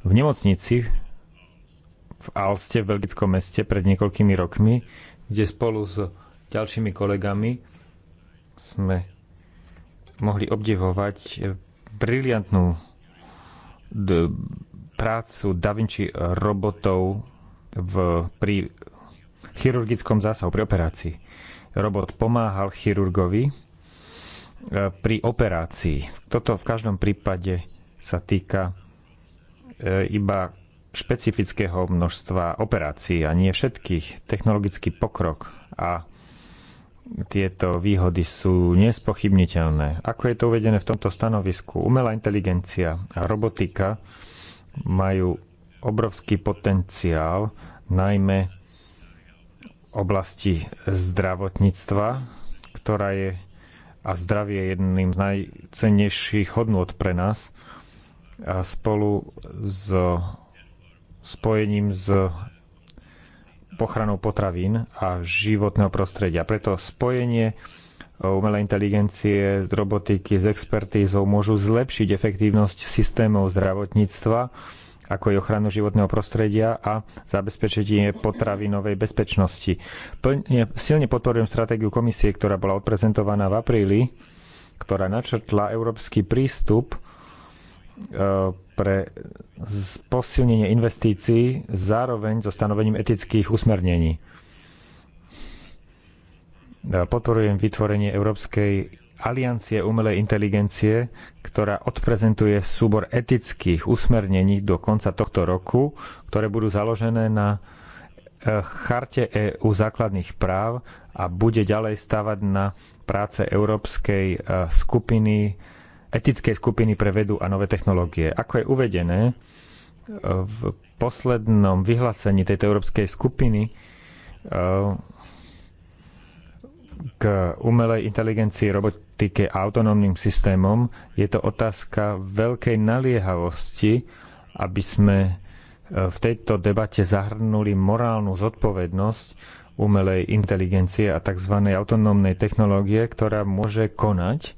v nemocnici v Alste v belgickom meste pred niekoľkými rokmi, kde spolu s ďalšími kolegami sme mohli obdivovať eh, briliantnú prácu Da Vinci robotov v, pri chirurgickom zásahu, pri operácii. Robot pomáhal chirurgovi e, pri operácii. Toto v každom prípade sa týka e, iba špecifického množstva operácií a nie všetkých. Technologický pokrok a tieto výhody sú nespochybniteľné. Ako je to uvedené v tomto stanovisku, umelá inteligencia a robotika majú obrovský potenciál, najmä v oblasti zdravotníctva, ktorá je a zdravie je jedným z najcennejších hodnôt pre nás a spolu s spojením s pochranou potravín a životného prostredia. Preto spojenie umelej inteligencie, z robotiky, s expertízou môžu zlepšiť efektívnosť systémov zdravotníctva ako je ochranu životného prostredia a zabezpečenie potravinovej bezpečnosti. Plne, silne podporujem stratégiu komisie, ktorá bola odprezentovaná v apríli, ktorá načrtla európsky prístup e, pre posilnenie investícií zároveň so stanovením etických usmernení. E, podporujem vytvorenie Európskej aliancie umelej inteligencie, ktorá odprezentuje súbor etických usmernení do konca tohto roku, ktoré budú založené na eh, charte EU základných práv a bude ďalej stavať na práce Európskej eh, skupiny, etickej skupiny pre vedu a nové technológie. Ako je uvedené eh, v poslednom vyhlásení tejto Európskej skupiny, k umelej inteligencii, robot, politike a autonómnym systémom, je to otázka veľkej naliehavosti, aby sme e, v tejto debate zahrnuli morálnu zodpovednosť umelej inteligencie a tzv. autonómnej technológie, ktorá môže konať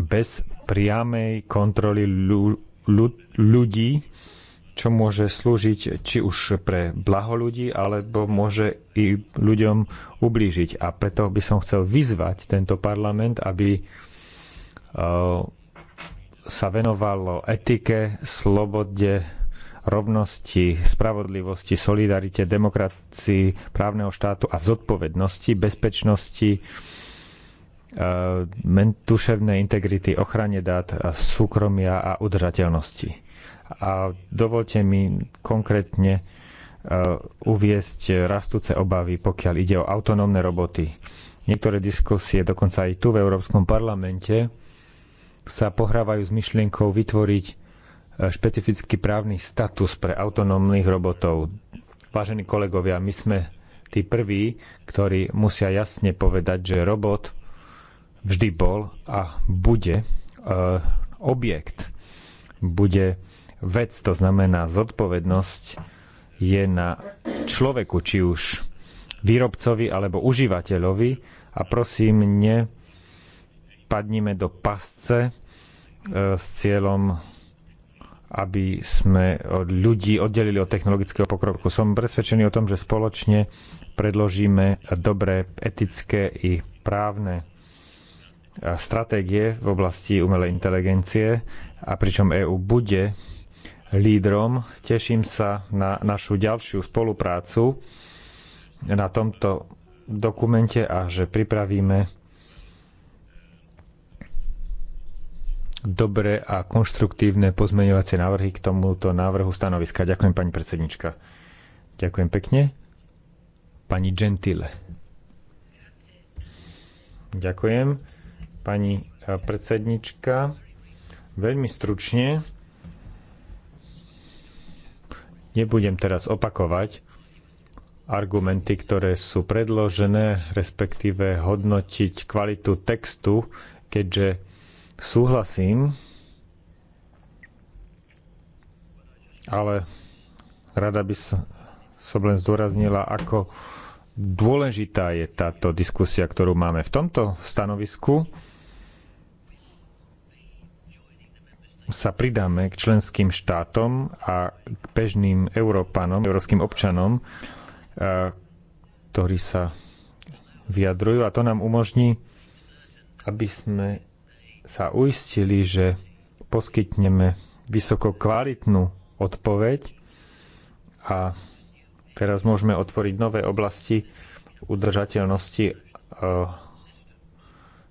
bez priamej kontroly ľudí čo môže slúžiť či už pre blaho ľudí, alebo môže i ľuďom ublížiť. A preto by som chcel vyzvať tento parlament, aby e, sa venovalo etike, slobode, rovnosti, spravodlivosti, solidarite, demokracii, právneho štátu a zodpovednosti, bezpečnosti, e, duševnej integrity, ochrane dát, súkromia a udržateľnosti. A dovolte mi konkrétne e, uviesť rastúce obavy, pokiaľ ide o autonómne roboty. Niektoré diskusie, dokonca aj tu v Európskom parlamente, sa pohrávajú s myšlienkou vytvoriť e, špecifický právny status pre autonómnych robotov. Vážení kolegovia, my sme tí prví, ktorí musia jasne povedať, že robot vždy bol a bude e, objekt, bude vec, to znamená zodpovednosť, je na človeku, či už výrobcovi alebo užívateľovi a prosím, nepadnime do pasce e, s cieľom, aby sme od ľudí oddelili od technologického pokroku. Som presvedčený o tom, že spoločne predložíme dobré etické i právne e, stratégie v oblasti umelej inteligencie a pričom EÚ bude lídrom. Teším sa na našu ďalšiu spoluprácu na tomto dokumente a že pripravíme dobré a konštruktívne pozmeňovacie návrhy k tomuto návrhu stanoviska. Ďakujem pani predsednička. Ďakujem pekne. Pani Gentile. Ďakujem. Pani eh, predsednička. Veľmi stručne Nebudem teraz opakovať argumenty, ktoré sú predložené, respektíve hodnotiť kvalitu textu, keďže súhlasím, ale rada by som, som len zdôraznila, ako dôležitá je táto diskusia, ktorú máme v tomto stanovisku sa pridáme k členským štátom a k bežným Európanom, európskym občanom, e, ktorí sa vyjadrujú a to nám umožní, aby sme sa uistili, že poskytneme vysoko kvalitnú odpoveď a teraz môžeme otvoriť nové oblasti udržateľnosti e,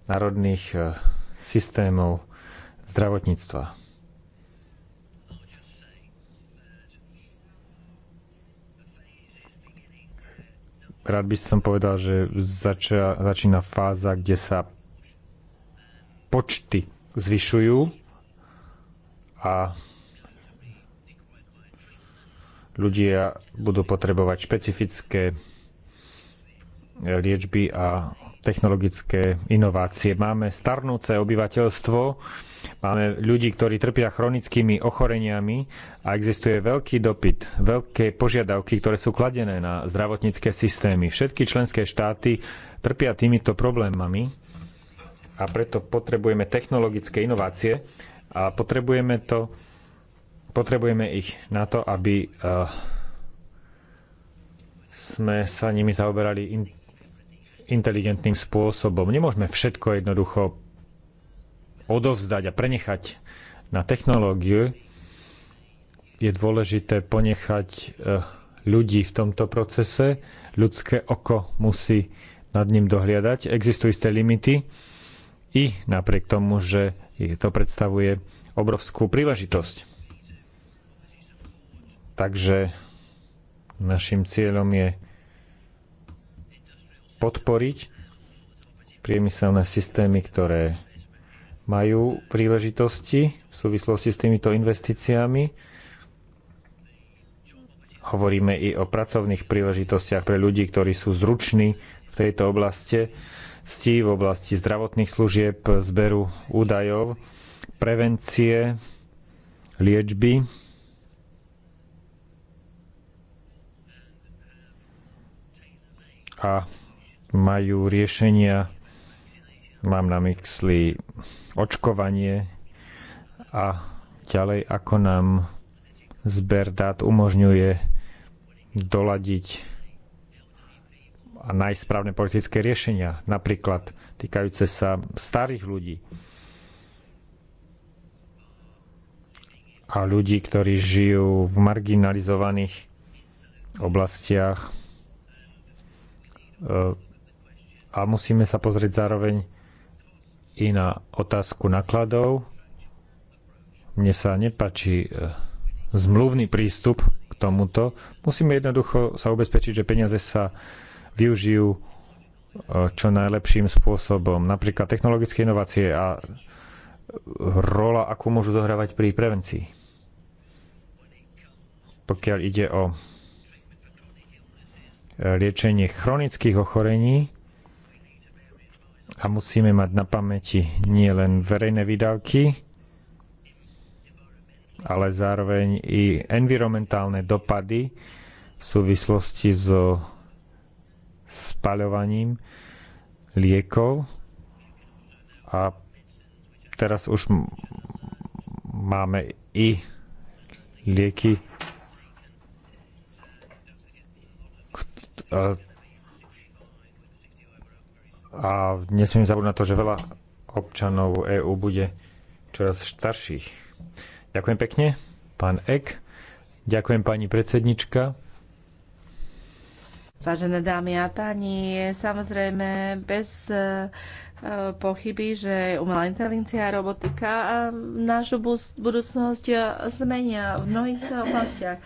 národných e, systémov zdravotníctva. rád by som povedal, že zača, začína fáza, kde sa počty zvyšujú a ľudia budú potrebovať špecifické liečby a technologické inovácie. Máme starnúce obyvateľstvo, Máme ľudí, ktorí trpia chronickými ochoreniami a existuje veľký dopyt, veľké požiadavky, ktoré sú kladené na zdravotnícke systémy. Všetky členské štáty trpia týmito problémami a preto potrebujeme technologické inovácie a potrebujeme to potrebujeme ich na to, aby eh, sme sa nimi zaoberali in, inteligentným spôsobom. Nemôžeme všetko jednoducho odovzdať a prenechať na technológiu, je dôležité ponechať eh, ľudí v tomto procese. Ľudské oko musí nad ním dohliadať. Existujú isté limity i napriek tomu, že to predstavuje obrovskú príležitosť. Takže našim cieľom je podporiť priemyselné systémy, ktoré majú príležitosti v súvislosti s týmito investíciami. Hovoríme i o pracovných príležitostiach pre ľudí, ktorí sú zruční v tejto oblasti, v oblasti zdravotných služieb, zberu údajov, prevencie, liečby. A majú riešenia Mám na mysli očkovanie a ďalej, ako nám zber dát umožňuje doladiť a nájsť správne politické riešenia, napríklad týkajúce sa starých ľudí a ľudí, ktorí žijú v marginalizovaných oblastiach. E, a musíme sa pozrieť zároveň i na otázku nakladov. Mne sa nepačí e, zmluvný prístup k tomuto. Musíme jednoducho sa ubezpečiť, že peniaze sa využijú e, čo najlepším spôsobom. Napríklad technologické inovácie a e, rola, akú môžu zohrávať pri prevencii. Pokiaľ ide o liečenie chronických ochorení, a musíme mať na pamäti nie len verejné výdavky, ale zároveň i environmentálne dopady v súvislosti so spaľovaním liekov. A teraz už máme i lieky, a nesmím zabúdať na to, že veľa občanov EÚ bude čoraz starších. Ďakujem pekne, pán Ek. Ďakujem pani predsednička. Vážené dámy a páni, samozrejme bez pochyby, že umelá inteligencia a robotika našu budúcnosť zmenia v mnohých oblastiach.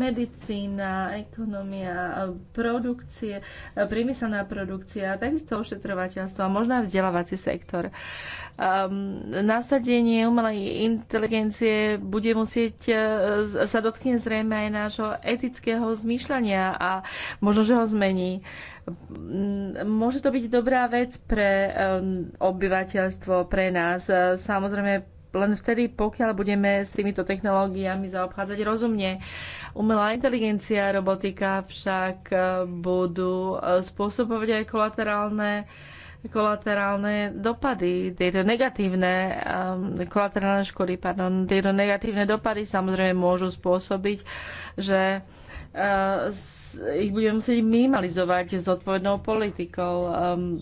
Medicína, ekonomia, produkcie, priemyselná produkcia, takisto ošetrovateľstvo a možno aj vzdelávací sektor. Nasadenie umelej inteligencie bude musieť e, sa dotkne zrejme aj nášho etického zmýšľania a možno, že ho zmení Mm, môže to byť dobrá vec pre obyvateľstvo, pre nás. E, samozrejme, len vtedy, pokiaľ budeme s týmito technológiami zaobchádzať rozumne. Umelá inteligencia, robotika však e, budú e, spôsobovať aj kolaterálne kolaterálne dopady, tieto negatívne um, kolaterálne škody, pardon, tieto negatívne dopady samozrejme môžu spôsobiť, že uh, ich budeme musieť minimalizovať s odpovednou politikou. Um,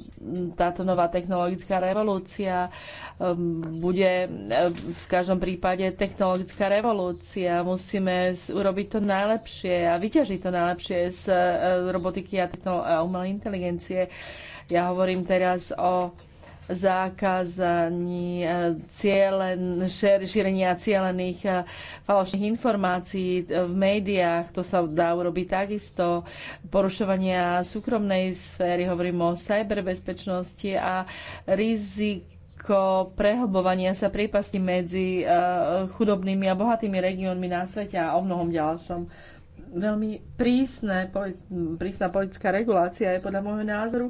táto nová technologická revolúcia um, bude um, v každom prípade technologická revolúcia. Musíme urobiť to najlepšie a vyťažiť to najlepšie z uh, robotiky a, a umelej inteligencie. Ja hovorím teraz o zákazaní eh, šírenia cielených eh, falošných informácií eh, v médiách, to sa dá urobiť takisto, porušovania súkromnej sféry, hovorím o cyberbezpečnosti a rizik ako prehlbovania sa priepasti medzi chudobnými a bohatými regiónmi na svete a o mnohom ďalšom veľmi prísne, prísna politická regulácia je podľa môjho názoru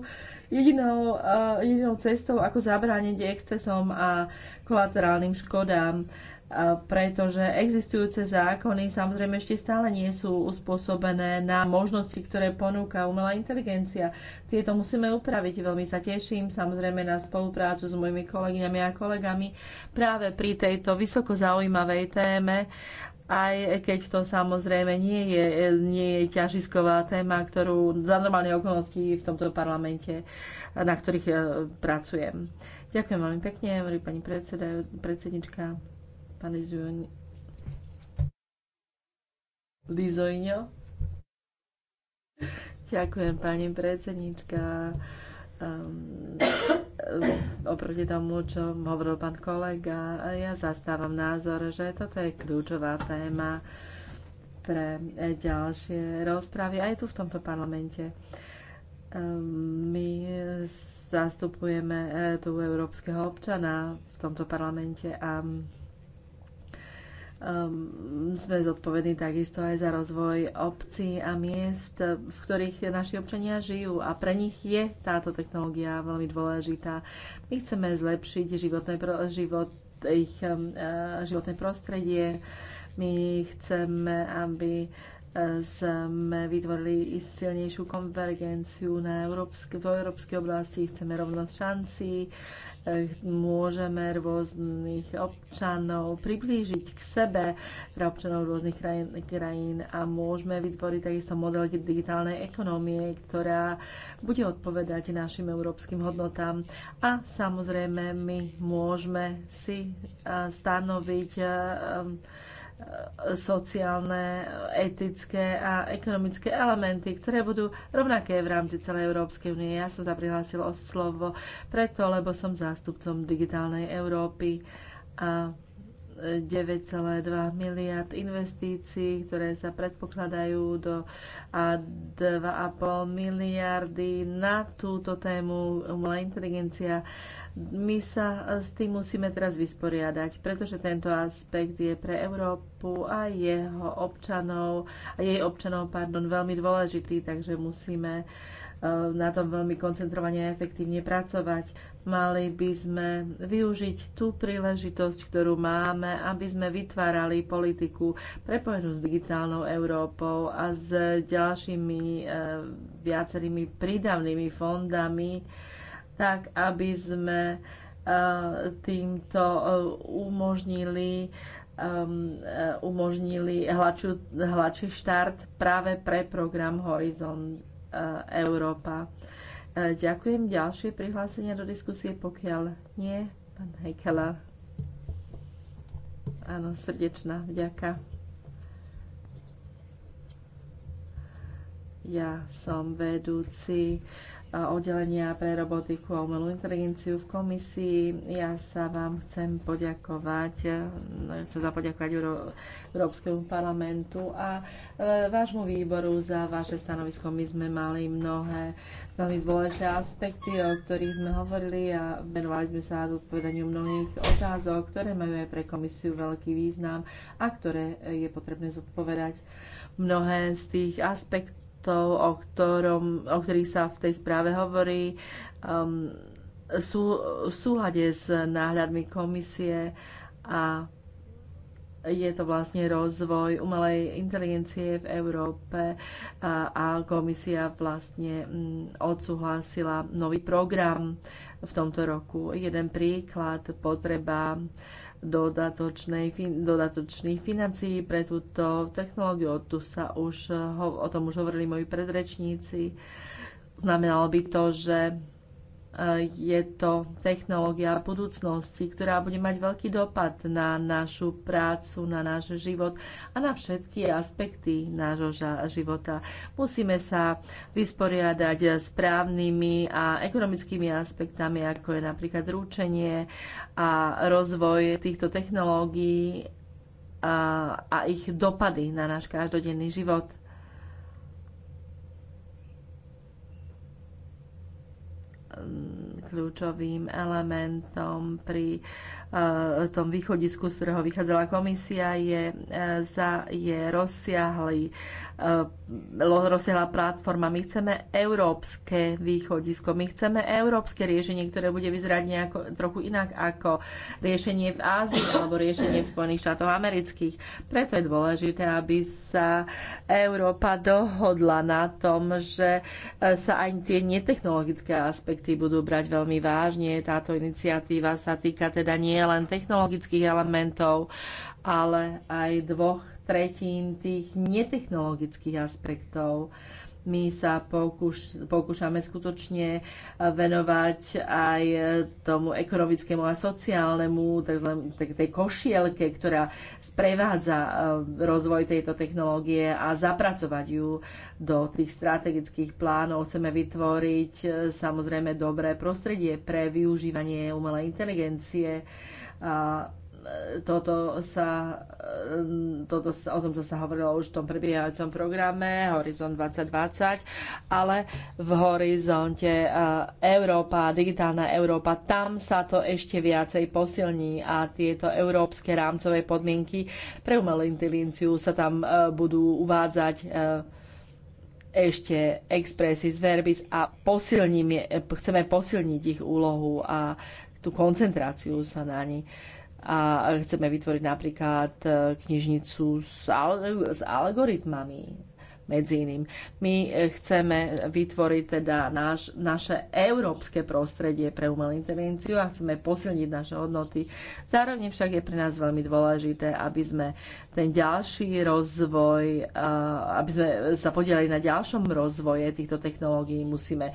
jedinou, eh, jedinou cestou, ako zabrániť excesom a kolaterálnym škodám eh, pretože existujúce zákony samozrejme ešte stále nie sú uspôsobené na možnosti, ktoré ponúka umelá inteligencia. Tieto musíme upraviť. Veľmi sa teším samozrejme na spoluprácu s mojimi kolegyňami a kolegami práve pri tejto vysoko zaujímavej téme aj keď to samozrejme nie je, nie je ťažisková téma, ktorú za normálne okolnosti v tomto parlamente, na ktorých ja e, pracujem. Ďakujem veľmi pekne, hovorí pani predseda, predsednička, pán Lizoňo. Ďakujem, pani predsednička um, <coughs> oproti tomu, čo hovoril pán kolega, ja zastávam názor, že toto je kľúčová téma pre ďalšie rozpravy aj tu v tomto parlamente. Um, my zastupujeme eh, tu európskeho občana v tomto parlamente a um, sme zodpovední takisto aj za rozvoj obcí a miest, v ktorých naši občania žijú a pre nich je táto technológia veľmi dôležitá. My chceme zlepšiť životné, život, ich ehm, eh, životné prostredie, my chceme, aby eh, sme vytvorili silnejšiu konvergenciu na európske, v európskej oblasti, chceme rovnosť šancí, Eh, môžeme rôznych občanov priblížiť k sebe, teda občanov rôznych krajín, krajín a môžeme vytvoriť takisto model digitálnej ekonomie, ktorá bude odpovedať našim európskym hodnotám. A samozrejme my môžeme si eh, stanoviť eh, E, sociálne, e, etické a ekonomické elementy, ktoré budú rovnaké v rámci celej Európskej únie. Ja som sa prihlásila o slovo preto, lebo som zástupcom digitálnej Európy a 9,2 miliard investícií, ktoré sa predpokladajú do 2,5 miliardy na túto tému umelá inteligencia. My sa s tým musíme teraz vysporiadať, pretože tento aspekt je pre Európu a jeho občanov, a jej občanov, pardon, veľmi dôležitý, takže musíme uh, Eh, na tom veľmi koncentrovane a efektívne pracovať. Mali by sme využiť tú príležitosť, ktorú máme, aby sme vytvárali politiku prepojenú s digitálnou Európou a s ďalšími eh, viacerými prídavnými fondami, tak aby sme eh, týmto umožnili ehm, umožnili hladšiu, hladší štart práve pre program Horizon Eh, Európa. Eh, ďakujem. Ďalšie prihlásenie do diskusie, pokiaľ nie, pán Hekela. Áno, srdečná vďaka. Ja som vedúci uh, oddelenia pre robotiku a umelú inteligenciu v komisii. Ja sa vám chcem poďakovať, chcem sa poďakovať Európskemu parlamentu a e, vášmu výboru za vaše stanovisko. My sme mali mnohé veľmi dôležité aspekty, o ktorých sme hovorili a venovali sme sa zodpovedaniu mnohých otázok, ktoré majú aj pre komisiu veľký význam a ktoré je potrebné zodpovedať. Mnohé z tých aspektov projektov, o, ktorom, o ktorých sa v tej správe hovorí, um, sú v súlade s náhľadmi komisie a je to vlastne rozvoj umelej inteligencie v Európe a komisia vlastne mm, odsúhlasila nový program v tomto roku. Jeden príklad, potreba fin, dodatočných financií pre túto technológiu. Tu sa už, ho, o tom už hovorili moji predrečníci. Znamenalo by to, že je to technológia budúcnosti, ktorá bude mať veľký dopad na našu prácu, na náš život a na všetky aspekty nášho života. Musíme sa vysporiadať s právnymi a ekonomickými aspektami, ako je napríklad rúčenie a rozvoj týchto technológií a, a ich dopady na náš každodenný život. kľúčovým elementom pri E, tom východisku, z ktorého vychádzala komisia, je, e, za, je rozsiahlý, e, rozsiahla platforma. My chceme európske východisko, my chceme európske riešenie, ktoré bude vyzerať nejako, trochu inak ako riešenie v Ázii alebo riešenie v Spojených štátoch amerických. Preto je dôležité, aby sa Európa dohodla na tom, že sa aj tie netechnologické aspekty budú brať veľmi vážne. Táto iniciatíva sa týka teda nie nielen technologických elementov, ale aj dvoch tretín tých netechnologických aspektov. Uh, my sa pokuš, pokúšame skutočne eh, venovať aj eh, tomu ekonomickému a sociálnemu, tak tej košielke, ktorá sprevádza eh, rozvoj tejto technológie a zapracovať ju do tých strategických plánov. Chceme vytvoriť samozrejme dobré prostredie pre využívanie umelej inteligencie a toto sa, e, toto sa, o tomto sa hovorilo už v tom prebiehajúcom programe Horizon 2020, ale v horizonte e, Európa, digitálna Európa, tam sa to ešte viacej posilní a tieto európske rámcové podmienky pre umelú inteligenciu sa tam e, budú uvádzať ešte expressis verbis a posilní chceme posilniť ich úlohu a tú koncentráciu sa na nich a chceme vytvoriť napríklad e, knižnicu s, s algoritmami, medzi iným. My e, chceme vytvoriť teda náš, naše európske prostredie pre umelú inteligenciu a chceme posilniť naše hodnoty. Zároveň však je pre nás veľmi dôležité, aby sme ten ďalší rozvoj, e, aby sme sa podielali na ďalšom rozvoje týchto technológií, musíme e,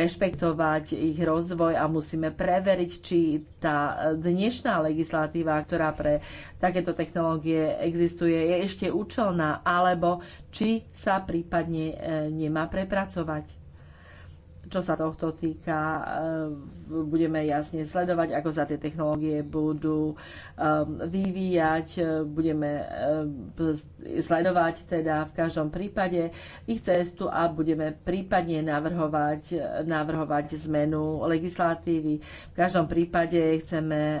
rešpektovať ich rozvoj a musíme preveriť, či tá dnešná legislatíva, ktorá pre takéto technológie existuje, je ešte účelná, alebo či sa prípadne e, nemá prepracovať čo sa tohto týka, e, budeme jasne sledovať, ako sa tie technológie budú e, vyvíjať, budeme sledovať teda v každom prípade ich cestu a budeme prípadne navrhovať, navrhovať zmenu legislatívy. V každom prípade chceme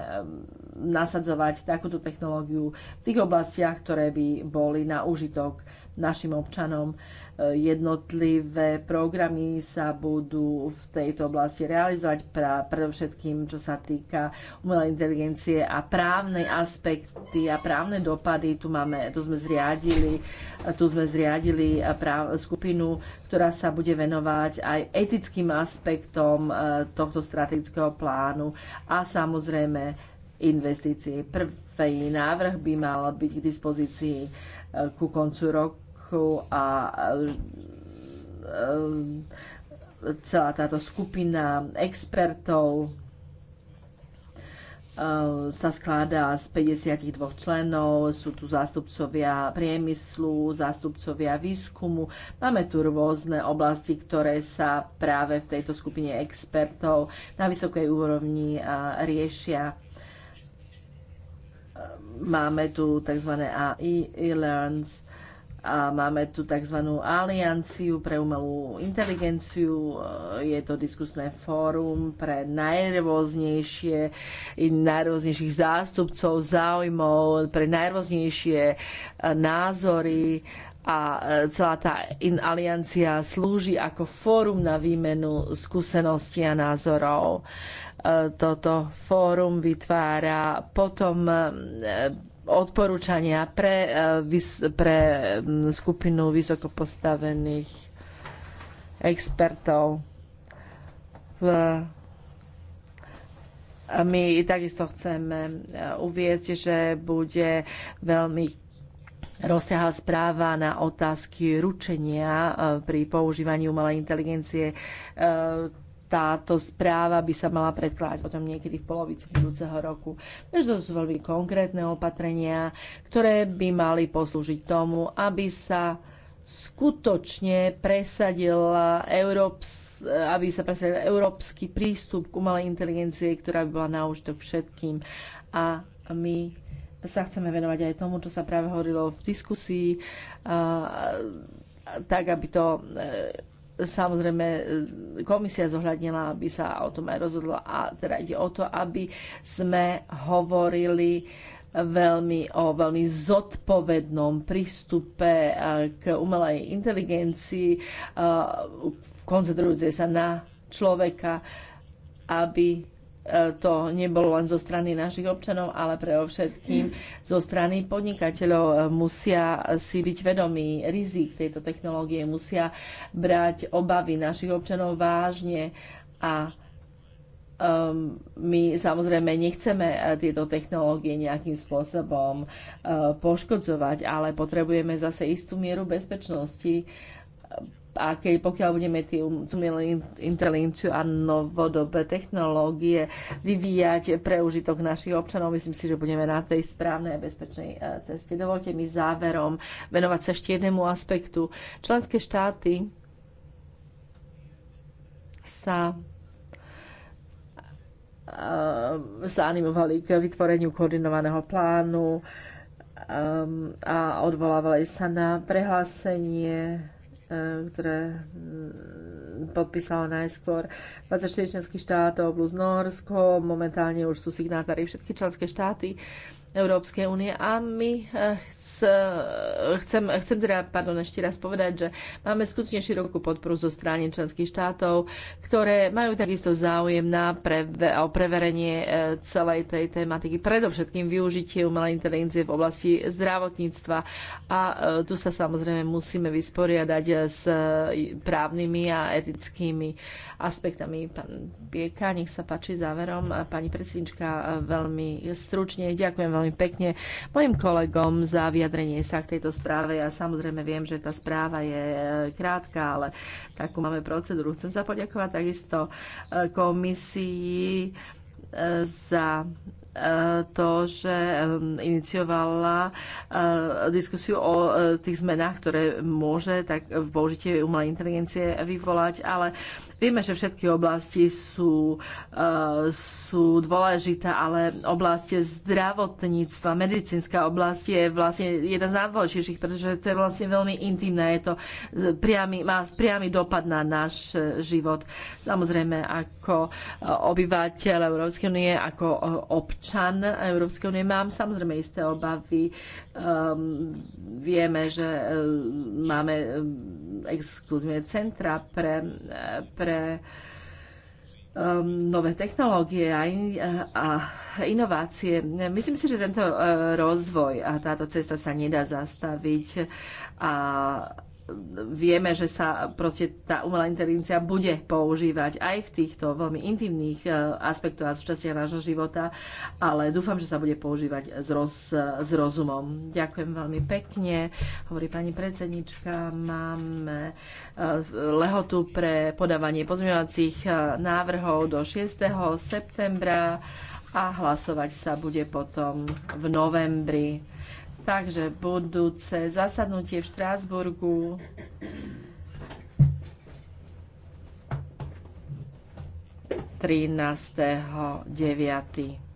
nasadzovať takúto technológiu v tých oblastiach, ktoré by boli na užitok našim občanom. E, jednotlivé programy sa budú v tejto oblasti realizovať, pra, predovšetkým čo sa týka umelej inteligencie a právne aspekty a právne dopady. Tu, máme, tu sme zriadili, tu sme zriadili e, práv, skupinu, ktorá sa bude venovať aj etickým aspektom e, tohto strategického plánu a samozrejme investície. Prvý návrh by mal byť k dispozícii ku koncu roku vzduchu a e, celá táto skupina expertov e, sa skládá z 52 členov, sú tu zástupcovia priemyslu, zástupcovia výskumu. Máme tu rôzne oblasti, ktoré sa práve v tejto skupine expertov na vysokej úrovni e, riešia. Máme tu tzv. AI e-learns, a máme tu tzv. alianciu pre umelú inteligenciu. E, je to diskusné fórum pre najrôznejšie, najrôznejších zástupcov záujmov, pre najrôznejšie e, názory a e, celá tá in aliancia slúži ako fórum na výmenu skúseností a názorov. Toto fórum vytvára potom odporúčania pre, e, pre skupinu vysokopostavených expertov. V my takisto chceme e, uvieť, že bude veľmi rozsiahla správa na otázky ručenia e, pri používaní umelej inteligencie táto správa by sa mala predkladať potom niekedy v polovici budúceho roku. Takže to sú veľmi konkrétne opatrenia, ktoré by mali poslúžiť tomu, aby sa skutočne presadil Európs, aby sa presadil európsky prístup k umelej inteligencie, ktorá by bola na úžitok všetkým. A my sa chceme venovať aj tomu, čo sa práve hovorilo v diskusii, tak aby to e, Samozrejme, e, komisia zohľadnila, aby sa o tom aj rozhodla a teda ide o to, aby sme hovorili veľmi, o veľmi zodpovednom prístupe e, k umelej inteligencii, e, koncentrujúcej sa na človeka, aby E, to nebolo len zo strany našich občanov, ale pre všetkým mm. zo strany podnikateľov. E, musia si byť vedomí rizik tejto technológie, musia brať obavy našich občanov vážne a Um, my samozrejme nechceme e, tieto technológie nejakým spôsobom uh, poškodzovať, ale potrebujeme zase istú mieru bezpečnosti a keď pokiaľ budeme um, tú inteligenciu a novodobé technológie vyvíjať pre užitok našich občanov, myslím si, že budeme na tej správnej a bezpečnej e, ceste. Dovolte mi záverom venovať sa ešte jednému aspektu. Členské štáty sa e, sa animovali k vytvoreniu koordinovaného plánu e, a odvolávali sa na prehlásenie E, ktoré e, podpísalo najskôr 24 členských štátov plus Norsko. Momentálne už sú signátári všetky členské štáty Európskej únie a my e, chcem, chcem teda, pardon, ešte raz povedať, že máme skutočne širokú podporu zo strany členských štátov, ktoré majú takisto záujem na pre, o preverenie e, celej tej tematiky, predovšetkým využitie umelej inteligencie v oblasti zdravotníctva a e, tu sa samozrejme musíme vysporiadať e, s právnymi a etickými aspektami. Pán Bieka, nech sa páči záverom. Pani predsednička, veľmi stručne ďakujem veľmi pekne mojim kolegom za vyjadrenie sa k tejto správe. Ja samozrejme viem, že tá správa je e, krátka, ale takú máme procedúru. Chcem sa poďakovať takisto e, komisii e, za to, že iniciovala diskusiu o tých zmenách, ktoré môže tak použitie umelej inteligencie vyvolať, ale Vieme, že všetky oblasti sú, eh, sú dôležité, ale oblasti zdravotníctva, medicínska oblasti je vlastne jeden z najdôležitejších, pretože to je vlastne veľmi intimné. Je to eh, priamy, má priamy dopad na náš eh, život. Samozrejme, ako obyvateľ Európskej únie, ako občan Európskej únie mám samozrejme isté obavy. Um, vieme, že máme exkluzívne centra pre, pre pre um, nové technológie a, in, a inovácie. Myslím si, že tento uh, rozvoj a táto cesta sa nedá zastaviť a vieme, že sa proste tá umelá inteligencia bude používať aj v týchto veľmi intimných e, aspektoch a súčastiach nášho života, ale dúfam, že sa bude používať s, roz, s rozumom. Ďakujem veľmi pekne. Hovorí pani predsednička, máme e, lehotu pre podávanie pozmeňovacích e, návrhov do 6. septembra a hlasovať sa bude potom v novembri Takže budúce zasadnutie v Štrásburgu trinásteho deviaty.